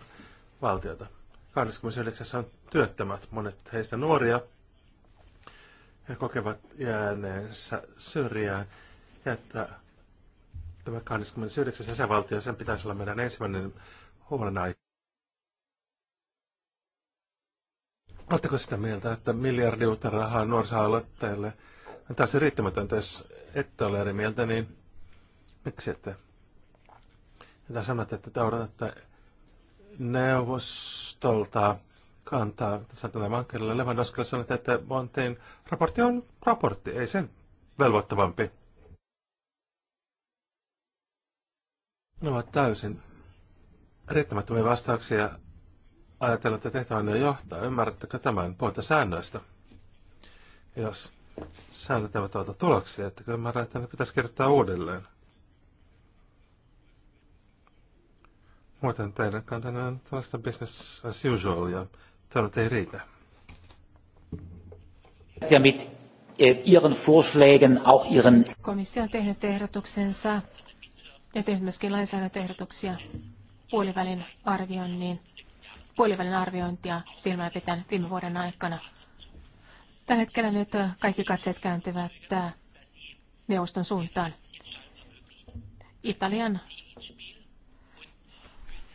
valtiota. 29 on työttömät, monet heistä nuoria – he kokevat jääneensä syrjään. Ja että tämä 29. jäsenvaltio, sen pitäisi olla meidän ensimmäinen huolenaihe. Oletteko sitä mieltä, että miljardi uutta rahaa nuorisoaloitteille on täysin riittämätöntä, jos ette ole eri mieltä, niin miksi ette? Ja sanotte, että te odotatte neuvostolta kantaa. Tässä tulee Mankerille Lewandowskille sanoa, että Montein raportti on raportti, ei sen velvoittavampi. Ne ovat täysin riittämättömiä vastauksia ajatella, että tehtävänne johtaa. Ymmärrättekö tämän puolta säännöistä? Jos säännöt eivät tuota tuloksia, että mä että ne pitäisi kirjoittaa uudelleen. Muuten teidän kantanne on tällaista business as usual ja Talot ei riitä. Eh, Komissio on tehnyt ehdotuksensa ja tehnyt myöskin lainsäädäntöehdotuksia puolivälin arvioinnin, puolivälin arviointia silmällä pitäen viime vuoden aikana. Tällä hetkellä nyt eh, kaikki katseet kääntyvät eh, neuvoston suuntaan. Italian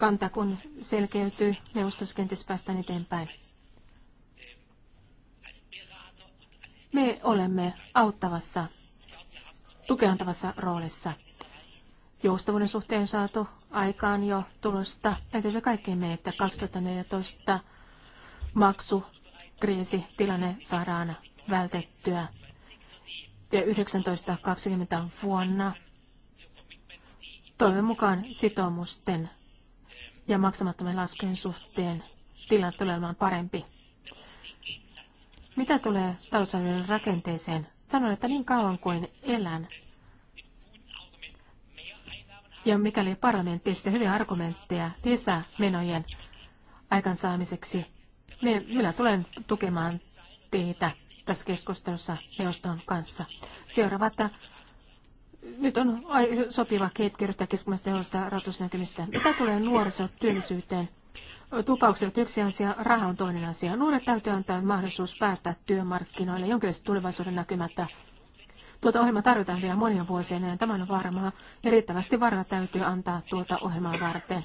kanta, kun selkeytyy neuvostossa kenties päästään eteenpäin. Me olemme auttavassa, tukeantavassa roolissa. Joustavuuden suhteen saatu aikaan jo tulosta. Täytyy kaikkeen me, että 2014 maksukriisitilanne saadaan vältettyä. Ja 1920 vuonna toivon mukaan sitoumusten ja maksamattomien laskujen suhteen tilanne tulee olemaan parempi. Mitä tulee talousarvion rakenteeseen? Sanon, että niin kauan kuin elän, ja mikäli parlamentti esittää hyviä argumentteja menojen aikansaamiseksi, me, minä tulen tukemaan teitä tässä keskustelussa neuvoston kanssa. Seuraavat nyt on sopiva hetki yrittää keskustelua rahoitusnäkymistä. Mitä tulee nuorisotyöllisyyteen? Tupaukset ovat yksi asia, raha on toinen asia. Nuoret täytyy antaa mahdollisuus päästä työmarkkinoille, jonkinlaiset tulevaisuuden näkymättä. Tuota ohjelmaa tarvitaan vielä monia vuosia ennen, tämä on varmaa, Erittävästi riittävästi varaa täytyy antaa tuota ohjelmaa varten.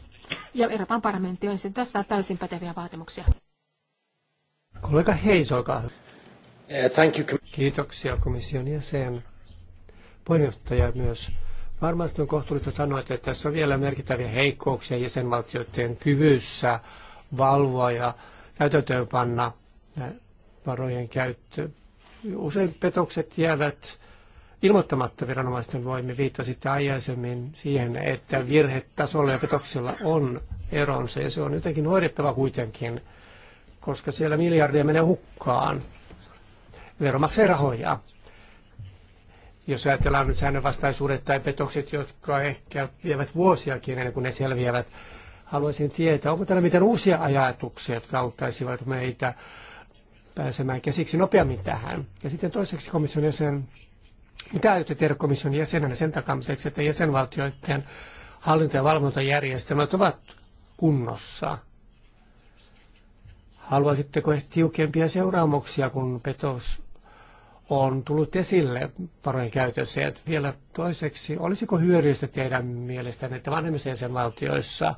Ja Euroopan parlamentti on tässä täysin päteviä vaatimuksia. Kollega Heis, olkaa hyvä. Eh, thank you. Kiitoksia komission jäsen puheenjohtaja myös. Varmasti on kohtuullista sanoa, että tässä on vielä merkittäviä heikkouksia jäsenvaltioiden kyvyssä valvoa ja täytäntöönpanna varojen käyttö. Usein petokset jäävät ilmoittamatta viranomaisten voimin. Viittasitte aiemmin siihen, että virhetasolla ja petoksilla on eronsa ja se on jotenkin hoidettava kuitenkin, koska siellä miljardeja menee hukkaan veronmaksajien rahoja. Jos ajatellaan säännönvastaisuudet tai petokset, jotka ehkä vievät vuosiakin ennen kuin ne selviävät, haluaisin tietää, onko täällä mitään uusia ajatuksia, jotka auttaisivat meitä pääsemään käsiksi nopeammin tähän. Ja sitten toiseksi komission jäsen, mitä aiotte tehdä komission jäsenenä sen takamiseksi, että jäsenvaltioiden hallinto- ja valvontajärjestelmät ovat kunnossa? Haluaisitteko tiukempia seuraamuksia, kun petos on tullut esille varojen käytössä. Ja vielä toiseksi, olisiko hyödyllistä teidän mielestänne, että vanhemmissa jäsenvaltioissa,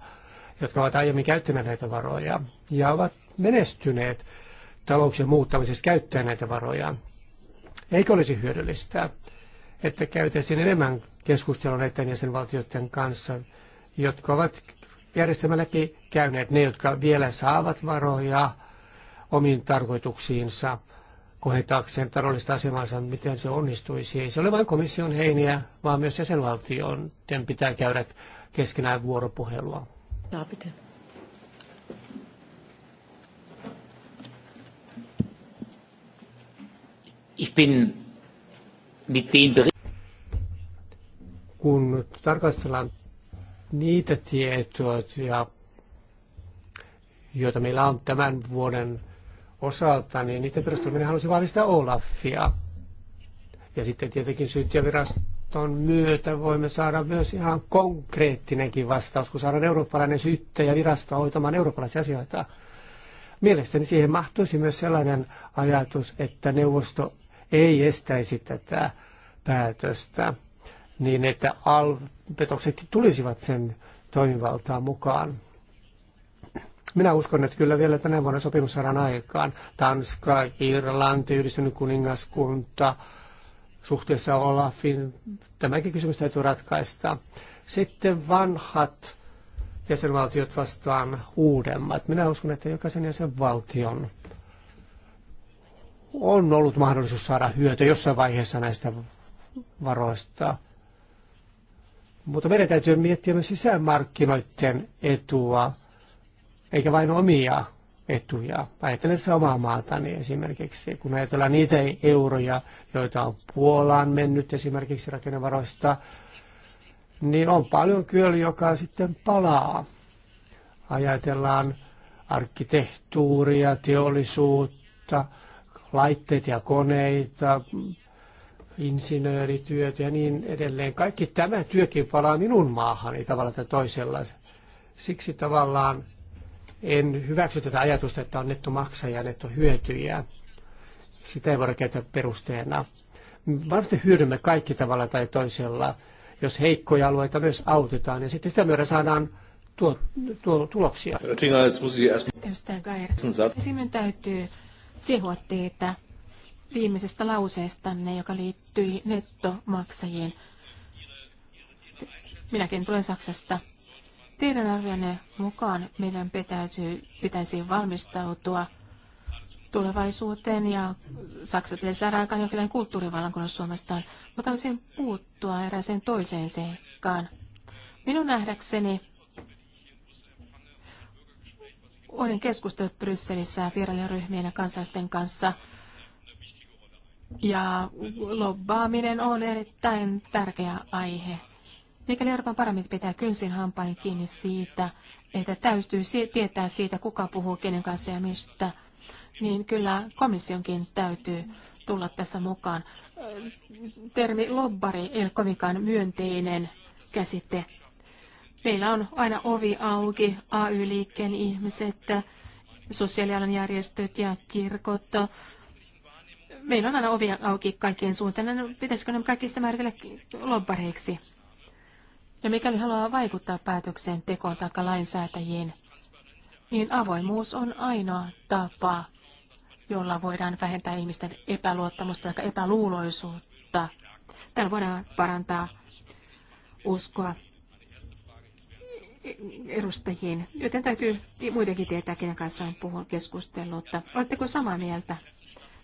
jotka ovat aiemmin käyttäneet näitä varoja ja ovat menestyneet talouksien muuttamisessa käyttää näitä varoja, eikö olisi hyödyllistä, että käytäisiin enemmän keskustelua näiden jäsenvaltioiden kanssa, jotka ovat läpi käyneet, ne jotka vielä saavat varoja omiin tarkoituksiinsa – kohentaakseen taloudellista asemansa, miten se onnistuisi. Ei se ole vain komission heiniä, vaan myös jäsenvaltion pitää käydä keskenään vuoropuhelua. Ja, Ich bin mit den kun tarkastellaan niitä tietoja, joita meillä on tämän vuoden osalta, niin niiden perustaminen halusi vahvistaa Olafia. Ja sitten tietenkin syyttäjäviraston myötä voimme saada myös ihan konkreettinenkin vastaus, kun saadaan eurooppalainen syyttäjävirasto hoitamaan eurooppalaisia asioita. Mielestäni siihen mahtuisi myös sellainen ajatus, että neuvosto ei estäisi tätä päätöstä niin, että alv-petoksetkin tulisivat sen toimivaltaan mukaan. Minä uskon, että kyllä vielä tänä vuonna sopimus saadaan aikaan. Tanska, Irlanti, yhdistynyt kuningaskunta, suhteessa Olafin, tämäkin kysymys täytyy ratkaista. Sitten vanhat jäsenvaltiot vastaan uudemmat. Minä uskon, että jokaisen jäsenvaltion on ollut mahdollisuus saada hyötyä jossain vaiheessa näistä varoista. Mutta meidän täytyy miettiä myös sisämarkkinoiden etua eikä vain omia etuja. Ajattelen samaa omaa maatani esimerkiksi, kun ajatellaan niitä euroja, joita on Puolaan mennyt esimerkiksi rakennevaroista, niin on paljon kyllä, joka sitten palaa. Ajatellaan arkkitehtuuria, teollisuutta, laitteet ja koneita, insinöörityöt ja niin edelleen. Kaikki tämä työkin palaa minun maahani tavalla tai toisella. Siksi tavallaan en hyväksy tätä ajatusta, että on nettomaksaja, nettohyötyjä. Sitä ei voida käyttää perusteena. Varmasti hyödymme kaikki tavalla tai toisella, jos heikkoja alueita myös autetaan, ja sitten sitä myötä saadaan tuo, tuo, tuloksia. Edustaja täytyy kehua teitä viimeisestä lauseestanne, joka liittyi nettomaksajiin. Minäkin tulen Saksasta. Teidän arvionne mukaan meidän pitäisi, pitäisi valmistautua tulevaisuuteen ja Saksa pitäisi saada aikaan jonkinlainen Suomesta, Suomestaan, mutta olisin puuttua erääseen toiseen seikkaan. Minun nähdäkseni olen keskustellut Brysselissä vierailijaryhmien ja kansalaisten kanssa ja lobbaaminen on erittäin tärkeä aihe. Mikäli Euroopan parlamentti pitää kynsin hampain kiinni siitä, että täytyy tietää siitä, kuka puhuu kenen kanssa ja mistä, niin kyllä komissionkin täytyy tulla tässä mukaan. Termi lobbari ei ole kovinkaan myönteinen käsite. Meillä on aina ovi auki, AY-liikkeen ihmiset, sosiaalialan järjestöt ja kirkot. Meillä on aina ovi auki kaikkien suuntaan. Pitäisikö nämä kaikki sitä määritellä lobbareiksi? Ja mikäli haluaa vaikuttaa päätökseen tekoon tai lainsäätäjiin, niin avoimuus on ainoa tapa, jolla voidaan vähentää ihmisten epäluottamusta tai epäluuloisuutta. Täällä voidaan parantaa uskoa edustajiin, joten täytyy muidenkin tietää, kenen kanssa on puhunut keskustellut. Oletteko samaa mieltä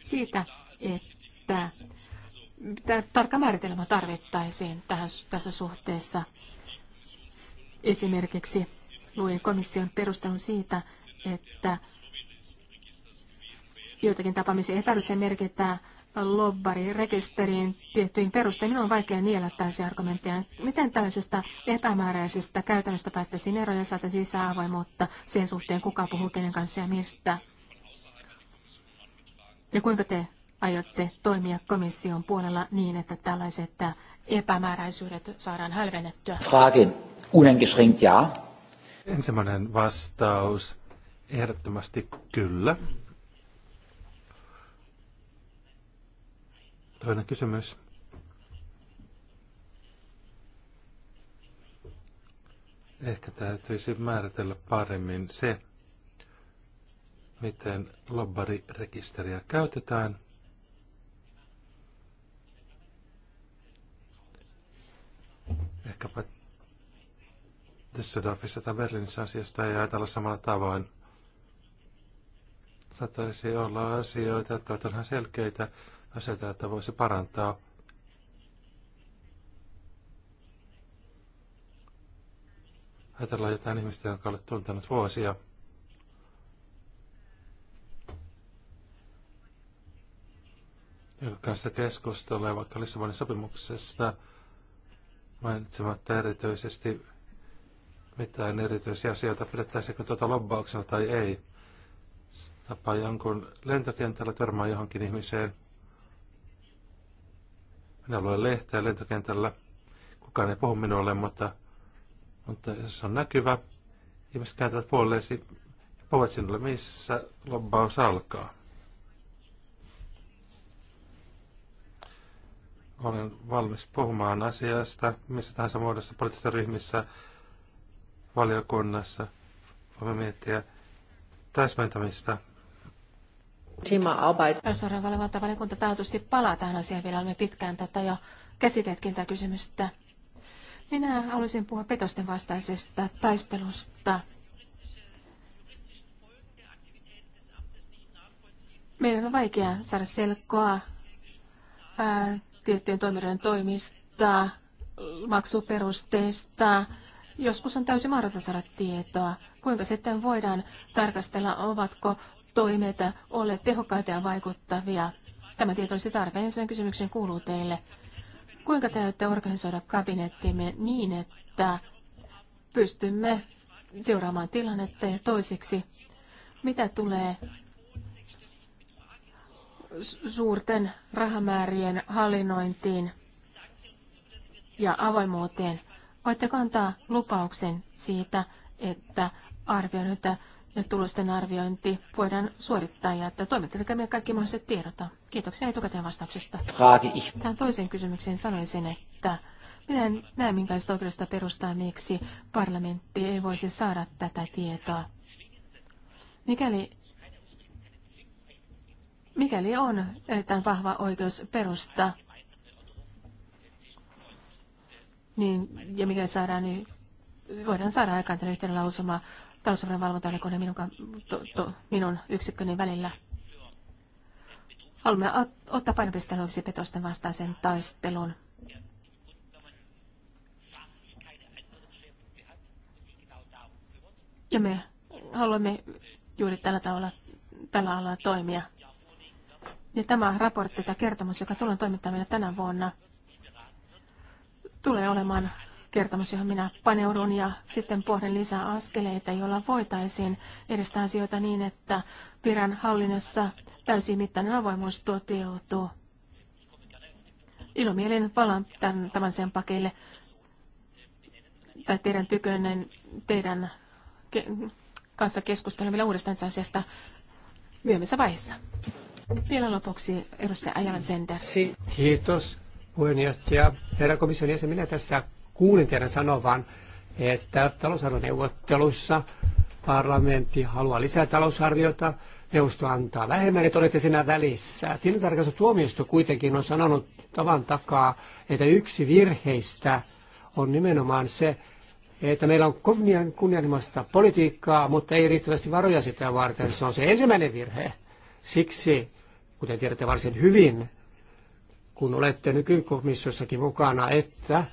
siitä, että tarkka määritelmä tarvittaisiin tähän, tässä suhteessa. Esimerkiksi luin komission perustelun siitä, että joitakin tapaamisia ei tarvitse merkitä lobbarirekisteriin tiettyihin perustein. Minun on vaikea niellä tällaisia argumentteja. Miten tällaisesta epämääräisestä käytännöstä päästäisiin eroon ja saataisiin lisää avoimuutta sen suhteen, kuka puhuu kenen kanssa ja mistä? Ja kuinka te aiotte toimia komission puolella niin, että tällaiset epämääräisyydet saadaan hälvennettyä? Frage. Uneingeschränkt ja. Ensimmäinen vastaus. Ehdottomasti kyllä. Toinen kysymys. Ehkä täytyisi määritellä paremmin se, miten lobbarirekisteriä käytetään Ehkäpä Düsseldorfissa tai Berliinissä asiasta ei ajatella samalla tavoin. Saattaisi olla asioita, jotka ovat ihan selkeitä asioita, että voisi parantaa. Ajatellaan jotain ihmistä, jonka olet tuntenut vuosia. Jonka kanssa keskustelee vaikka Lissabonin sopimuksesta – mainitsematta erityisesti mitään erityisiä asioita, pidettäisikö tuota lobbauksena tai ei. Tapaa jonkun lentokentällä, törmää johonkin ihmiseen. Minä luen lehteä lentokentällä. Kukaan ei puhu minulle, mutta, mutta jos on näkyvä, ihmiset kääntävät puoleesi ja puhuvat sinulle, missä lobbaus alkaa. olen valmis puhumaan asiasta missä tahansa muodossa poliittisissa ryhmissä, valiokunnassa. Voimme miettiä täsmentämistä. Seuraava valiokunta taatusti palaa tähän asiaan vielä. Olemme pitkään tätä jo käsitelleetkin tätä kysymystä. Minä haluaisin puhua petosten vastaisesta taistelusta. Meidän on vaikea saada selkoa tiettyjen toimijoiden toimista, maksuperusteista. Joskus on täysin mahdotonta saada tietoa. Kuinka sitten voidaan tarkastella, ovatko toimet olleet tehokkaita ja vaikuttavia? Tämä tieto olisi tarve. Ensimmäinen kysymyksen kuuluu teille. Kuinka täytyy organisoida kabinettimme niin, että pystymme seuraamaan tilannetta ja toiseksi, mitä tulee suurten rahamäärien hallinnointiin ja avoimuuteen. Voitte kantaa lupauksen siitä, että arvioinnit ja tulosten arviointi voidaan suorittaa ja että toimittakaa meidän kaikki mahdolliset tiedot. Kiitoksia etukäteen vastauksesta. Tähän toiseen kysymykseen sanoisin, että minä en näe minkälaista oikeudesta perustaa, miksi parlamentti ei voisi saada tätä tietoa. Mikäli mikäli on erittäin vahva oikeus perusta, niin, ja mikäli saadaan, niin voidaan saada aikaan tämän yhteinen lausumaan talousarvion valvontavaliokunnan minun, to, to, minun yksikköni välillä. Haluamme ottaa painopisteen osaksi petosten vastaisen taistelun. Ja me haluamme juuri tällä tavalla tällä alalla toimia. Ja tämä raportti tai kertomus, joka tulee toimittamaan tänä vuonna, tulee olemaan kertomus, johon minä paneudun ja sitten pohden lisää askeleita, joilla voitaisiin edistää asioita niin, että viran täysin mittainen avoimuus toteutuu. Ilomielin palaan tämän, tämän sen pakeille tai teidän tykönen teidän ke- kanssa keskustelemme uudestaan asiasta myöhemmissä vaiheissa. Vielä lopuksi edustaja Ajan Sender. Kiitos puheenjohtaja. Herra komission jäsen, minä tässä kuulin teidän sanovan, että talousarvoneuvotteluissa parlamentti haluaa lisää talousarviota, neuvosto antaa vähemmän, että olette siinä välissä. tuomioistu kuitenkin on sanonut tavan takaa, että yksi virheistä on nimenomaan se, että meillä on kunnian, kunnianhimoista politiikkaa, mutta ei riittävästi varoja sitä varten. Se on se ensimmäinen virhe. Siksi kuten tiedätte varsin hyvin, kun olette nykykomissiossakin mukana, että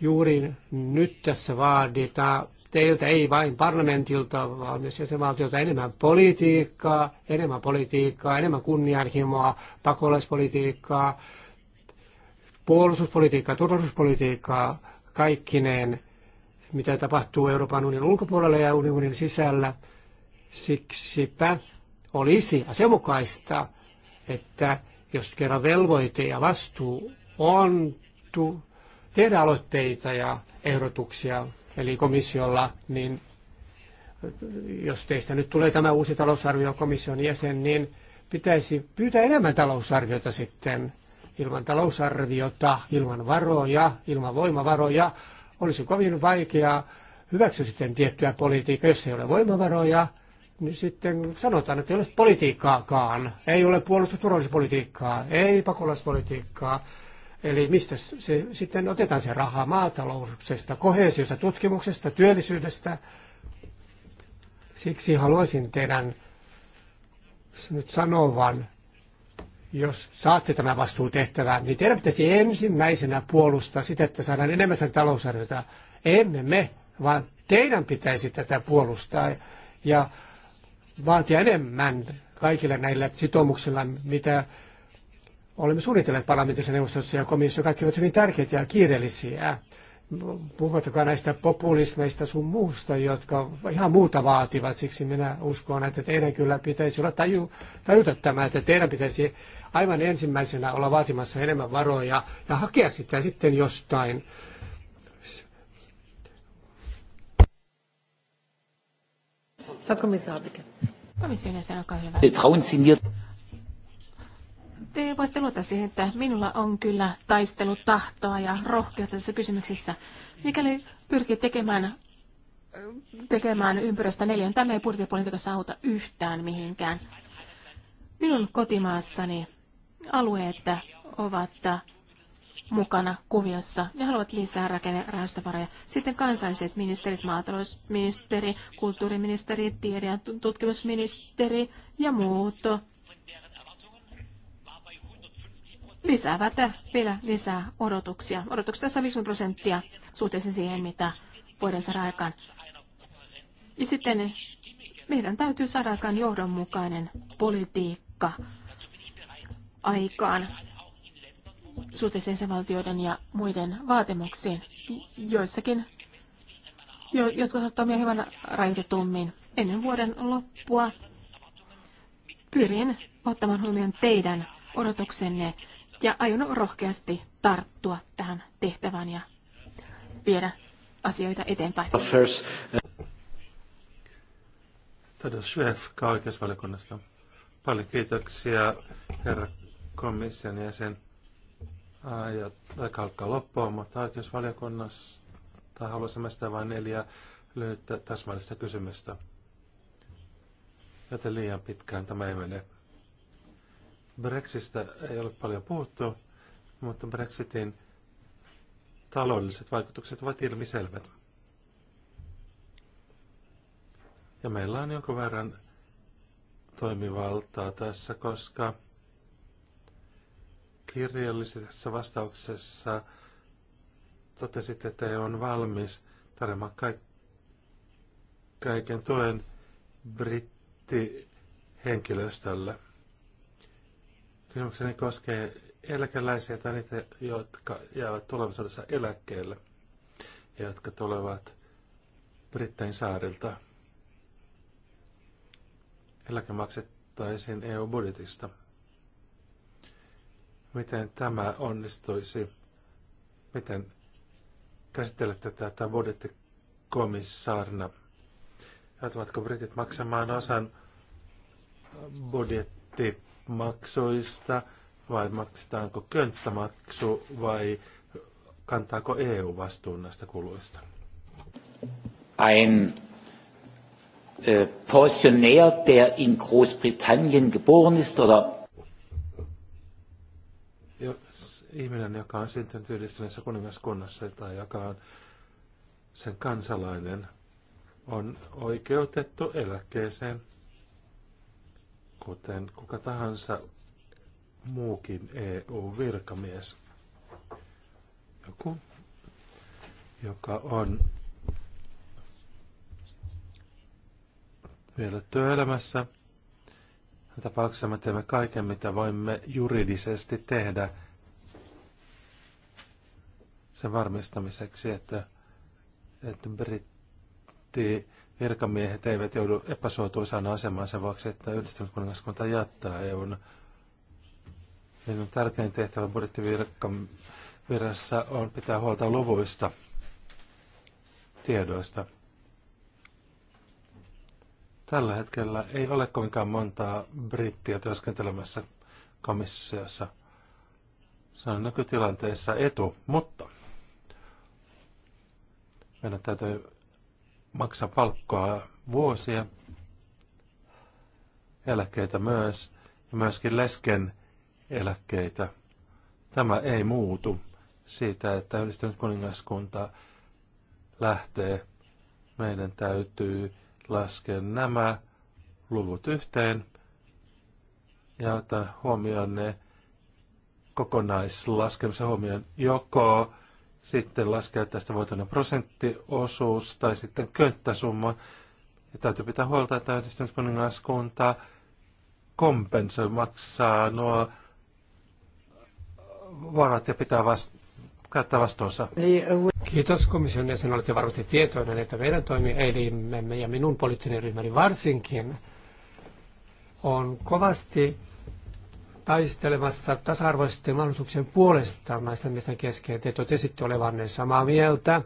juuri nyt tässä vaaditaan teiltä ei vain parlamentilta, vaan myös jäsenvaltiolta enemmän politiikkaa, enemmän politiikkaa, enemmän kunnianhimoa, pakolaispolitiikkaa, puolustuspolitiikkaa, turvallisuuspolitiikkaa, kaikkineen, mitä tapahtuu Euroopan unionin ulkopuolella ja unionin sisällä. Siksipä olisi asianmukaista, että jos kerran velvoite ja vastuu on tu, tehdä aloitteita ja ehdotuksia, eli komissiolla, niin jos teistä nyt tulee tämä uusi talousarvio komission jäsen, niin pitäisi pyytää enemmän talousarviota sitten. Ilman talousarviota, ilman varoja, ilman voimavaroja olisi kovin vaikeaa hyväksyä sitten tiettyä politiikkaa, jos ei ole voimavaroja, niin sitten sanotaan, että ei ole politiikkaakaan, ei ole puolustusturvallisuuspolitiikkaa, ei pakolaispolitiikkaa. Eli mistä se, sitten otetaan se raha maatalouksesta, kohesiosta, tutkimuksesta, työllisyydestä. Siksi haluaisin teidän nyt sanovan, jos saatte tämän vastuutehtävän, niin teidän pitäisi ensimmäisenä puolustaa sitä, että saadaan enemmän sen talousarviota. Emme me, vaan teidän pitäisi tätä puolustaa. Ja vaatia enemmän kaikille näillä sitoumuksilla, mitä olemme suunnitelleet parlamentissa, neuvostossa ja komissio. Kaikki ovat hyvin tärkeitä ja kiireellisiä. Puhutakaa näistä populismeista sun muusta, jotka ihan muuta vaativat. Siksi minä uskon, että teidän kyllä pitäisi olla taju, tajuta tämä, että teidän pitäisi aivan ensimmäisenä olla vaatimassa enemmän varoja ja hakea sitä sitten jostain Herr Kommissar, bitte. Komission jäsen, olkaa hyvä. Trauen Sie mir te voitte luottaa siihen, että minulla on kyllä taistelutahtoa ja rohkeutta tässä kysymyksessä. Mikäli pyrkii tekemään, tekemään ympyrästä neljän, tämä ei budjettipolitiikassa auta yhtään mihinkään. Minun kotimaassani alueet ovat mukana kuviossa ja haluavat lisää rakennerahastovaroja. Sitten kansalliset ministerit, maatalousministeri, kulttuuriministeri, tiede- ja tutkimusministeri ja muut lisäävät vielä lisää odotuksia. Odotukset 50 prosenttia suhteessa siihen, mitä voidaan saada aikaan. Ja sitten meidän täytyy saada aikaan johdonmukainen politiikka aikaan suhteeseen valtioiden ja muiden vaatimuksiin. Joissakin, jo, jotka saattaa hieman rajoitetummin. Ennen vuoden loppua pyrin ottamaan huomioon teidän odotuksenne ja aion rohkeasti tarttua tähän tehtävään ja viedä asioita eteenpäin. Affairs. Eh, Schweff, Schwefka Paljon kiitoksia, herra komission jäsen. Ja aika alkaa loppua, mutta oikeusvaliokunnasta haluaisimme sitä vain neljä lyhyttä täsmällistä kysymystä. Joten liian pitkään tämä ei mene. Brexistä ei ole paljon puhuttu, mutta Brexitin taloudelliset vaikutukset ovat ilmiselvät. Ja meillä on jonkun verran toimivaltaa tässä, koska kirjallisessa vastauksessa totesitte, että ei on valmis tarjoamaan kaiken tuen brittihenkilöstölle. Kysymykseni koskee eläkeläisiä tai niitä, jotka jäävät tulevaisuudessa eläkkeelle ja jotka tulevat Brittein saarilta. Eläke maksettaisiin EU-budjetista miten tämä onnistuisi, miten käsittelet tätä komissaarina. Joutuvatko britit maksamaan osan budjettimaksuista vai maksetaanko könttämaksu vai kantaako EU vastuun näistä kuluista? Ein äh, Pensionär, der in Großbritannien geboren ist oder jos ihminen, joka on syntynyt yhdistyneessä kuningaskunnassa tai joka on sen kansalainen, on oikeutettu eläkkeeseen, kuten kuka tahansa muukin EU-virkamies. Joku, joka on vielä työelämässä, tapauksessa me teemme kaiken, mitä voimme juridisesti tehdä sen varmistamiseksi, että, että britti virkamiehet eivät joudu epäsuotuisaan asemaan sen vuoksi, että yhdistynyt kuningaskunta jättää EUn. Minun niin tärkein tehtävä budjettivirassa on pitää huolta luvuista, tiedoista. Tällä hetkellä ei ole kovinkaan montaa brittiä työskentelemässä komissiossa. Se on nykytilanteessa etu, mutta meidän täytyy maksaa palkkoa vuosia, eläkkeitä myös ja myöskin lesken eläkkeitä. Tämä ei muutu siitä, että yhdistynyt kuningaskunta lähtee. Meidän täytyy lasken nämä luvut yhteen ja otan huomioon ne kokonaislaskemisen huomioon joko sitten laskea tästä voitona prosenttiosuus tai sitten könttäsumma. Ja täytyy pitää huolta, että yhdistymiskuningaskunta kompensoi maksaa nuo varat ja pitää vast- kattaa vastuunsa. Kiitos komission jäsen. Olette varmasti tietoinen, että meidän toimielimemme ja minun poliittinen ryhmäni varsinkin on kovasti taistelemassa tasa-arvoisten mahdollisuuksien puolesta naisten miesten kesken. Te totesitte olevanne samaa mieltä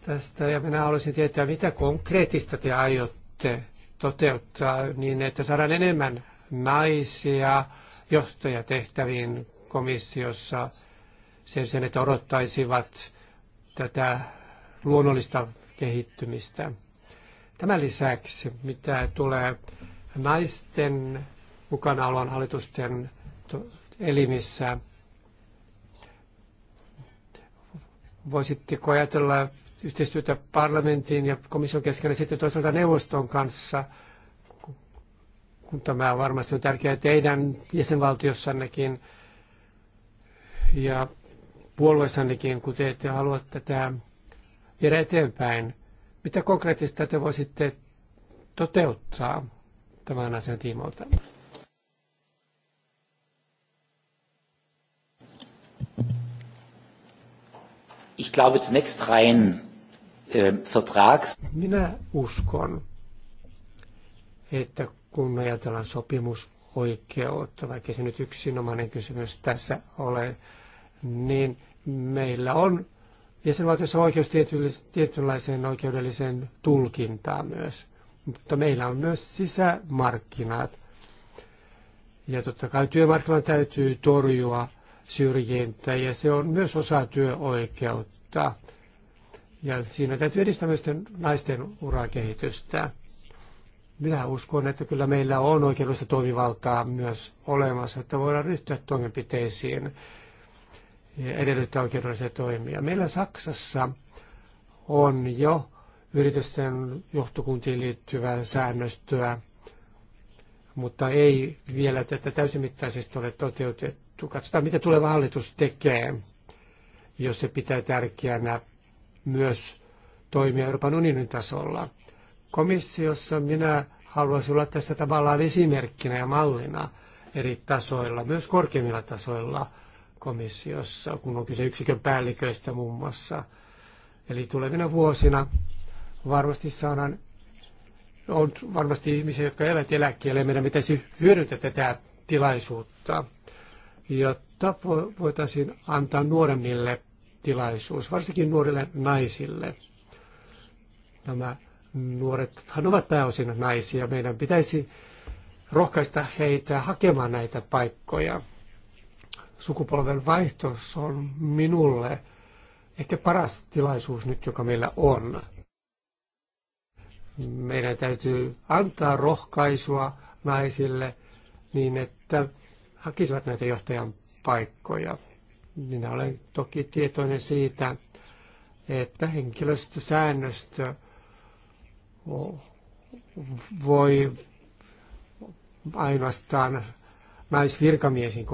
tästä ja minä haluaisin tietää, mitä konkreettista te aiotte toteuttaa niin, että saadaan enemmän naisia johtajatehtäviin komissiossa sen sen, että odottaisivat tätä luonnollista kehittymistä. Tämän lisäksi, mitä tulee naisten mukanaoloon hallitusten elimissä, voisitteko ajatella yhteistyötä parlamentin ja komission kesken ja sitten toisaalta neuvoston kanssa, kun tämä varmasti on tärkeää teidän jäsenvaltiossannekin. Ja puolueessannekin, kun te ette halua tätä viedä eteenpäin. Mitä konkreettista te voisitte toteuttaa tämän asian tiimoilta? Ich glaube zunächst rein äh, vertrags. Minä uskon, että kun ajatellaan sopimusoikeutta, vaikka se nyt yksinomainen kysymys tässä ole, niin – meillä on jäsenvaltiossa oikeus tietynlaiseen oikeudelliseen tulkintaan myös. Mutta meillä on myös sisämarkkinat. Ja totta kai työmarkkinoilla täytyy torjua syrjintää ja se on myös osa työoikeutta. Ja siinä täytyy edistää myös naisten urakehitystä. Minä uskon, että kyllä meillä on oikeudellista toimivaltaa myös olemassa, että voidaan ryhtyä toimenpiteisiin edellyttää oikeudellisia toimia. Meillä Saksassa on jo yritysten johtokuntiin liittyvää säännöstöä, mutta ei vielä tätä täysimittaisesti ole toteutettu. Katsotaan, mitä tuleva hallitus tekee, jos se pitää tärkeänä myös toimia Euroopan unionin tasolla. Komissiossa minä haluaisin olla tässä tavallaan esimerkkinä ja mallina eri tasoilla, myös korkeimmilla tasoilla – komissiossa, kun on kyse yksikön päälliköistä muun muassa. Eli tulevina vuosina varmasti saadaan, on varmasti ihmisiä, jotka elävät eläkkeelle, meidän pitäisi hyödyntää tätä tilaisuutta, jotta voitaisiin antaa nuoremmille tilaisuus, varsinkin nuorille naisille. Nämä nuoret ovat pääosin naisia. Meidän pitäisi rohkaista heitä hakemaan näitä paikkoja sukupolven vaihto on minulle ehkä paras tilaisuus nyt, joka meillä on. Meidän täytyy antaa rohkaisua naisille niin, että hakisivat näitä johtajan paikkoja. Minä olen toki tietoinen siitä, että henkilöstösäännöstö voi ainoastaan naisvirkamiesiin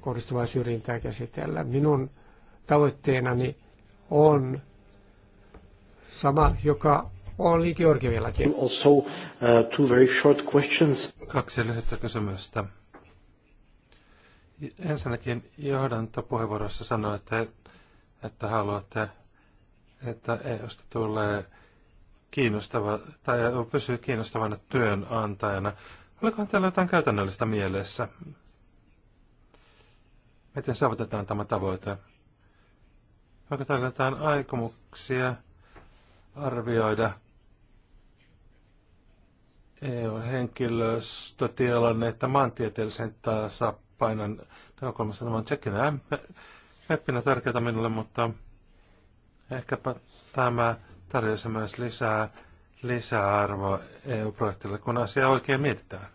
kohdistuvaa syrjintää käsitellä. Minun tavoitteenani on sama, joka oli Georgievillakin. Also, uh, two very short questions. Kaksi lyhyttä kysymystä. Ensinnäkin johdantopuheenvuorossa sanoitte, että haluatte, että EUsta tulee kiinnostava tai pysyy kiinnostavana työnantajana. Olikohan täällä jotain käytännöllistä mielessä? Miten saavutetaan tämä tavoite? Onko täällä jotain aikomuksia arvioida EU-henkilöstötilannetta maantieteellisen tasapainon näkökulmasta? Tämä on tsekkinä meppinä tärkeää minulle, mutta ehkäpä tämä tarjosi myös lisää lisäarvo EU-projektille, kun asiaa oikein mietitään?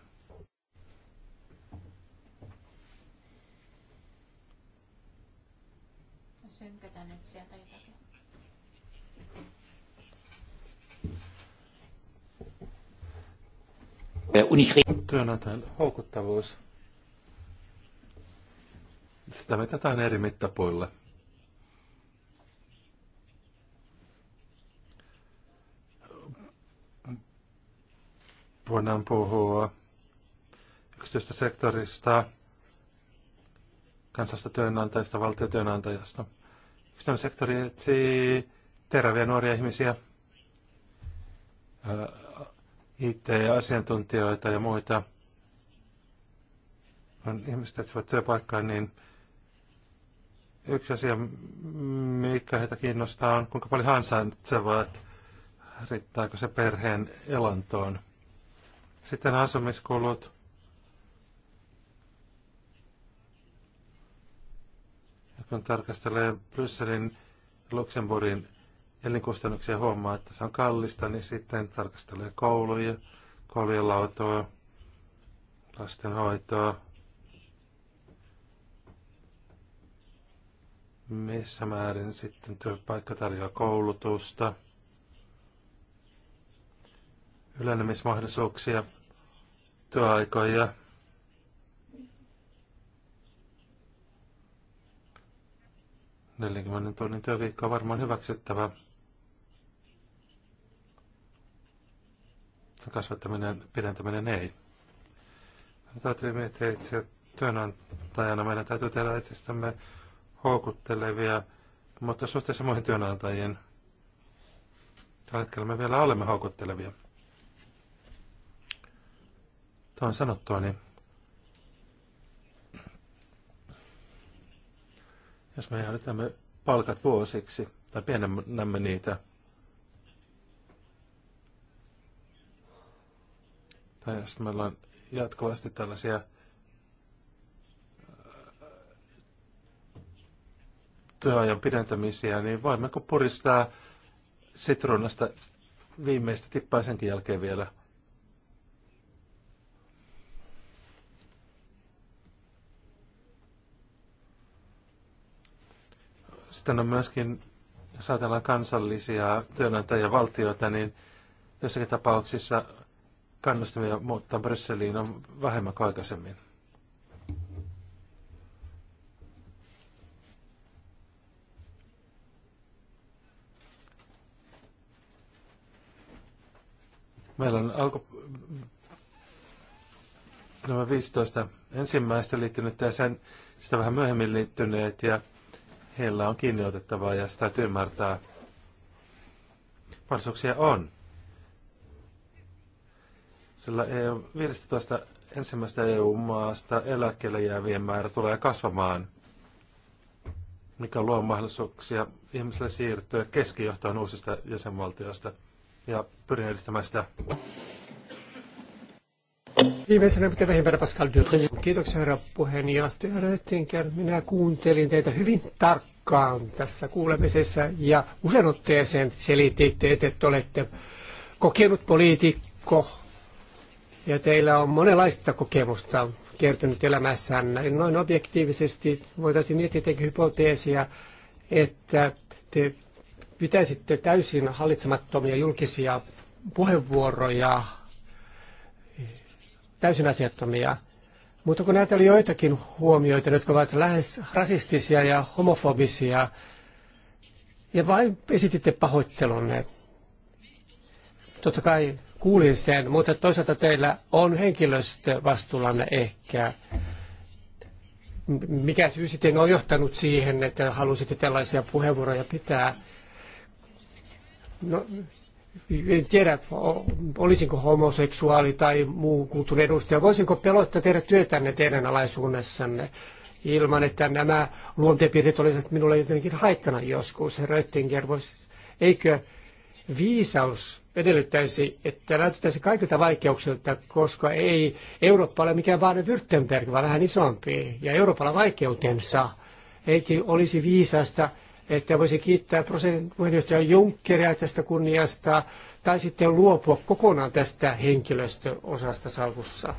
Työnantajan houkuttavuus. Sitä mitataan eri mittapuille. voidaan puhua yksityistä sektorista, kansasta työnantajasta, valtiotyönantajasta. Yksityinen sektori etsii teräviä nuoria ihmisiä, IT-asiantuntijoita ja muita. on ihmiset etsivät työpaikkaa, niin yksi asia, mikä heitä kiinnostaa, on kuinka paljon että riittääkö se perheen elantoon. Sitten asumiskulut. Kun tarkastelee Brysselin Luxemburgin elinkustannuksia huomaa, että se on kallista, niin sitten tarkastelee kouluja, koulujen lautoa, lastenhoitoa, missä määrin sitten työpaikka tarjoaa koulutusta – ylenemismahdollisuuksia, työaikoja. Neljänkymmenen tunnin työviikko on varmaan hyväksyttävä. Kasvattaminen, pidentäminen ei. Me täytyy miettiä itse työnantajana. Meidän täytyy tehdä itsestämme houkuttelevia, mutta suhteessa muihin työnantajiin. Tällä hetkellä me vielä olemme houkuttelevia. Tuon sanottua, niin jos me jäädytämme palkat vuosiksi tai pienennämme niitä, tai jos meillä on jatkuvasti tällaisia äh, työajan pidentämisiä, niin voimmeko puristaa sitruunasta viimeistä tippaisenkin jälkeen vielä – Sitten on myöskin, jos ajatellaan kansallisia työnantajavaltioita, niin jossakin tapauksissa kannustamia muuttaa Brysseliin on vähemmän kuin aikaisemmin. Meillä on alku... nämä 15 ensimmäistä liittynyt ja sen, sitä vähän myöhemmin liittyneet ja heillä on kiinni otettavaa ja sitä ymmärtää. Mahdollisuuksia on. Sillä 15 e ensimmäistä EU-maasta eläkkeelle jäävien määrä tulee kasvamaan, mikä luo mahdollisuuksia ihmisille siirtyä keskijohtoon uusista jäsenvaltioista ja pyrin edistämään sitä. Viimeisenä pitää vähintään Pascal Dury. Kiitoksia herra puheenjohtaja Röttinger. Minä kuuntelin teitä hyvin tarkkaan tässä kuulemisessa ja usein otteeseen selititte, että olette kokenut poliitikko ja teillä on monenlaista kokemusta kertynyt elämässään. Noin objektiivisesti voitaisiin miettiä hypoteesia, että te pitäisitte täysin hallitsemattomia julkisia puheenvuoroja täysin asiattomia. Mutta kun näitä oli joitakin huomioita, jotka ovat lähes rasistisia ja homofobisia, ja vain esititte pahoittelunne. Totta kai kuulin sen, mutta toisaalta teillä on henkilöstö vastuullanne ehkä. Mikä syy sitten on johtanut siihen, että halusitte tällaisia puheenvuoroja pitää? No, en tiedä, olisinko homoseksuaali tai muun kulttuurin edustaja, voisinko pelottaa tehdä työtänne teidän alaisuudessanne ilman, että nämä luonteenpiirteet olisivat minulle jotenkin haittana joskus. Röttinger voisi, eikö viisaus edellyttäisi, että vältyttäisi kaikilta vaikeuksilta, koska ei Eurooppa ole mikään vaan Württemberg, vaan vähän isompi, ja Euroopalla vaikeutensa. eikö olisi viisasta että voisi kiittää puheenjohtaja Junckeria tästä kunniasta tai sitten luopua kokonaan tästä henkilöstöosasta salkussa.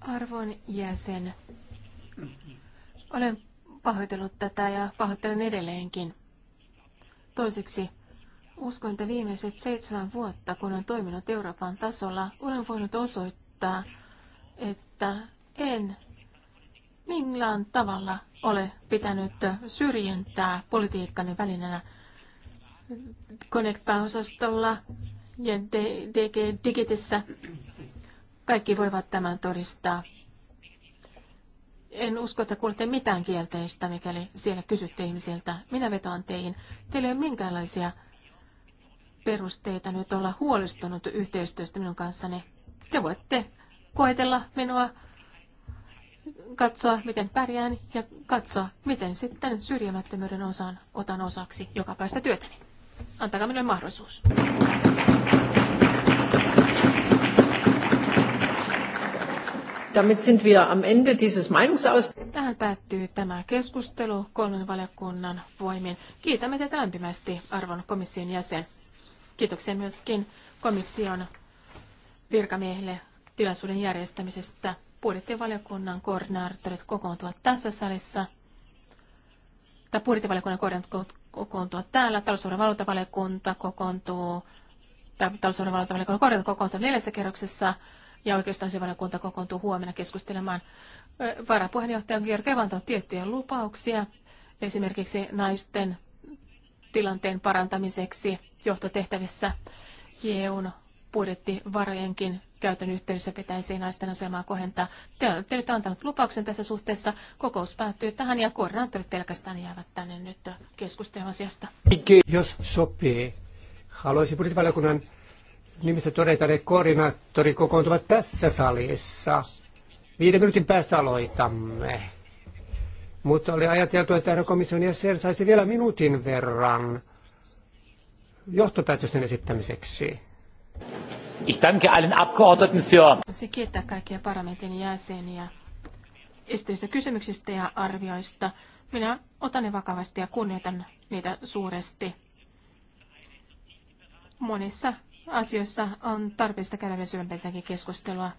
Arvon jäsen, olen pahoitellut tätä ja pahoittelen edelleenkin. Toiseksi, Uskon, että viimeiset seitsemän vuotta, kun olen toiminut Euroopan tasolla, olen voinut osoittaa, että en millään tavalla ole pitänyt syrjintää politiikkani välinenä Connect-pääosastolla ja DG Digitissä kaikki voivat tämän todistaa. En usko, että kuulette mitään kielteistä, mikäli siellä kysytte ihmisiltä. Minä vetoan teihin. Teillä ei ole minkäänlaisia perusteita nyt olla huolestunut yhteistyöstä minun kanssani. Te voitte koetella minua, katsoa miten pärjään ja katsoa miten sitten syrjimättömyyden osaan otan osaksi joka päästä työtäni. Antakaa minulle mahdollisuus. Damit sind wir am Ende dieses Meinungsaus. Tähän päättyy tämä keskustelu kolmen valiokunnan voimin. Kiitämme teitä lämpimästi, arvon komission jäsen. Kiitoksia myöskin komission virkamiehille tilaisuuden järjestämisestä. Budjettivaliokunnan koordinaattorit kokoontuvat tässä salissa, tai budjettivaliokunnan koordinaattorit kokoontuvat täällä, taloussuuden valvontavaliokunta kokoontuu, tai taloussuuden valvontavaliokunnan koordinaattorit kokoontuvat neljässä kerroksessa, ja oikeustanssivaliokunta kokoontuu huomenna keskustelemaan. Varapuheenjohtaja Georg Evant on tiettyjä lupauksia, esimerkiksi naisten tilanteen parantamiseksi johtotehtävissä. EUn budjettivarojenkin käytön yhteydessä pitäisi naisten asemaa kohentaa. Te olette nyt antanut lupauksen tässä suhteessa. Kokous päättyy tähän ja koordinaattorit pelkästään jäävät tänne nyt keskustelun asiasta. Jos sopii, haluaisin budjettivaliokunnan nimissä todeta, että koordinaattorit kokoontuvat tässä salissa. Viiden minuutin päästä aloitamme. Mutta oli ajateltu, että herra komission jäsen saisi vielä minuutin verran johtopäätösten esittämiseksi. Ich danke allen Abgeordneten für... Se kiittää kaikkia parlamentin jäseniä esityistä kysymyksistä ja arvioista. Minä otan ne vakavasti ja kunnioitan niitä suuresti. Monissa asioissa on tarpeesta käydä syvempiäkin keskustelua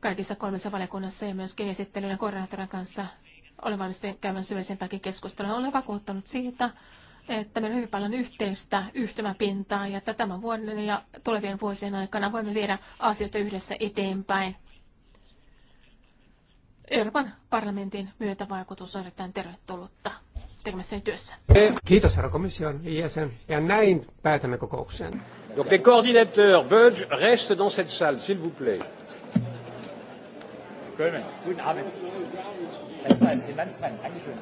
kaikissa kolmessa valiokunnassa ja myöskin esittelyn ja koordinaattorin kanssa olen valmis käymään syvällisempääkin keskustelua. Olen vakuuttanut siitä, että meillä on hyvin paljon yhteistä yhtymäpintaa ja että tämän vuoden ja tulevien vuosien aikana voimme viedä asioita yhdessä eteenpäin. Euroopan parlamentin myötävaikutus on erittäin tervetullutta tekemässä työssä. Kiitos herra komission jäsen. Ja näin päätämme kokouksen. Donc les coordinateurs Budge restent dans cette salle, s'il vous plaît. Kölner. Guten Abend. Das war Finanzmann. Dankeschön.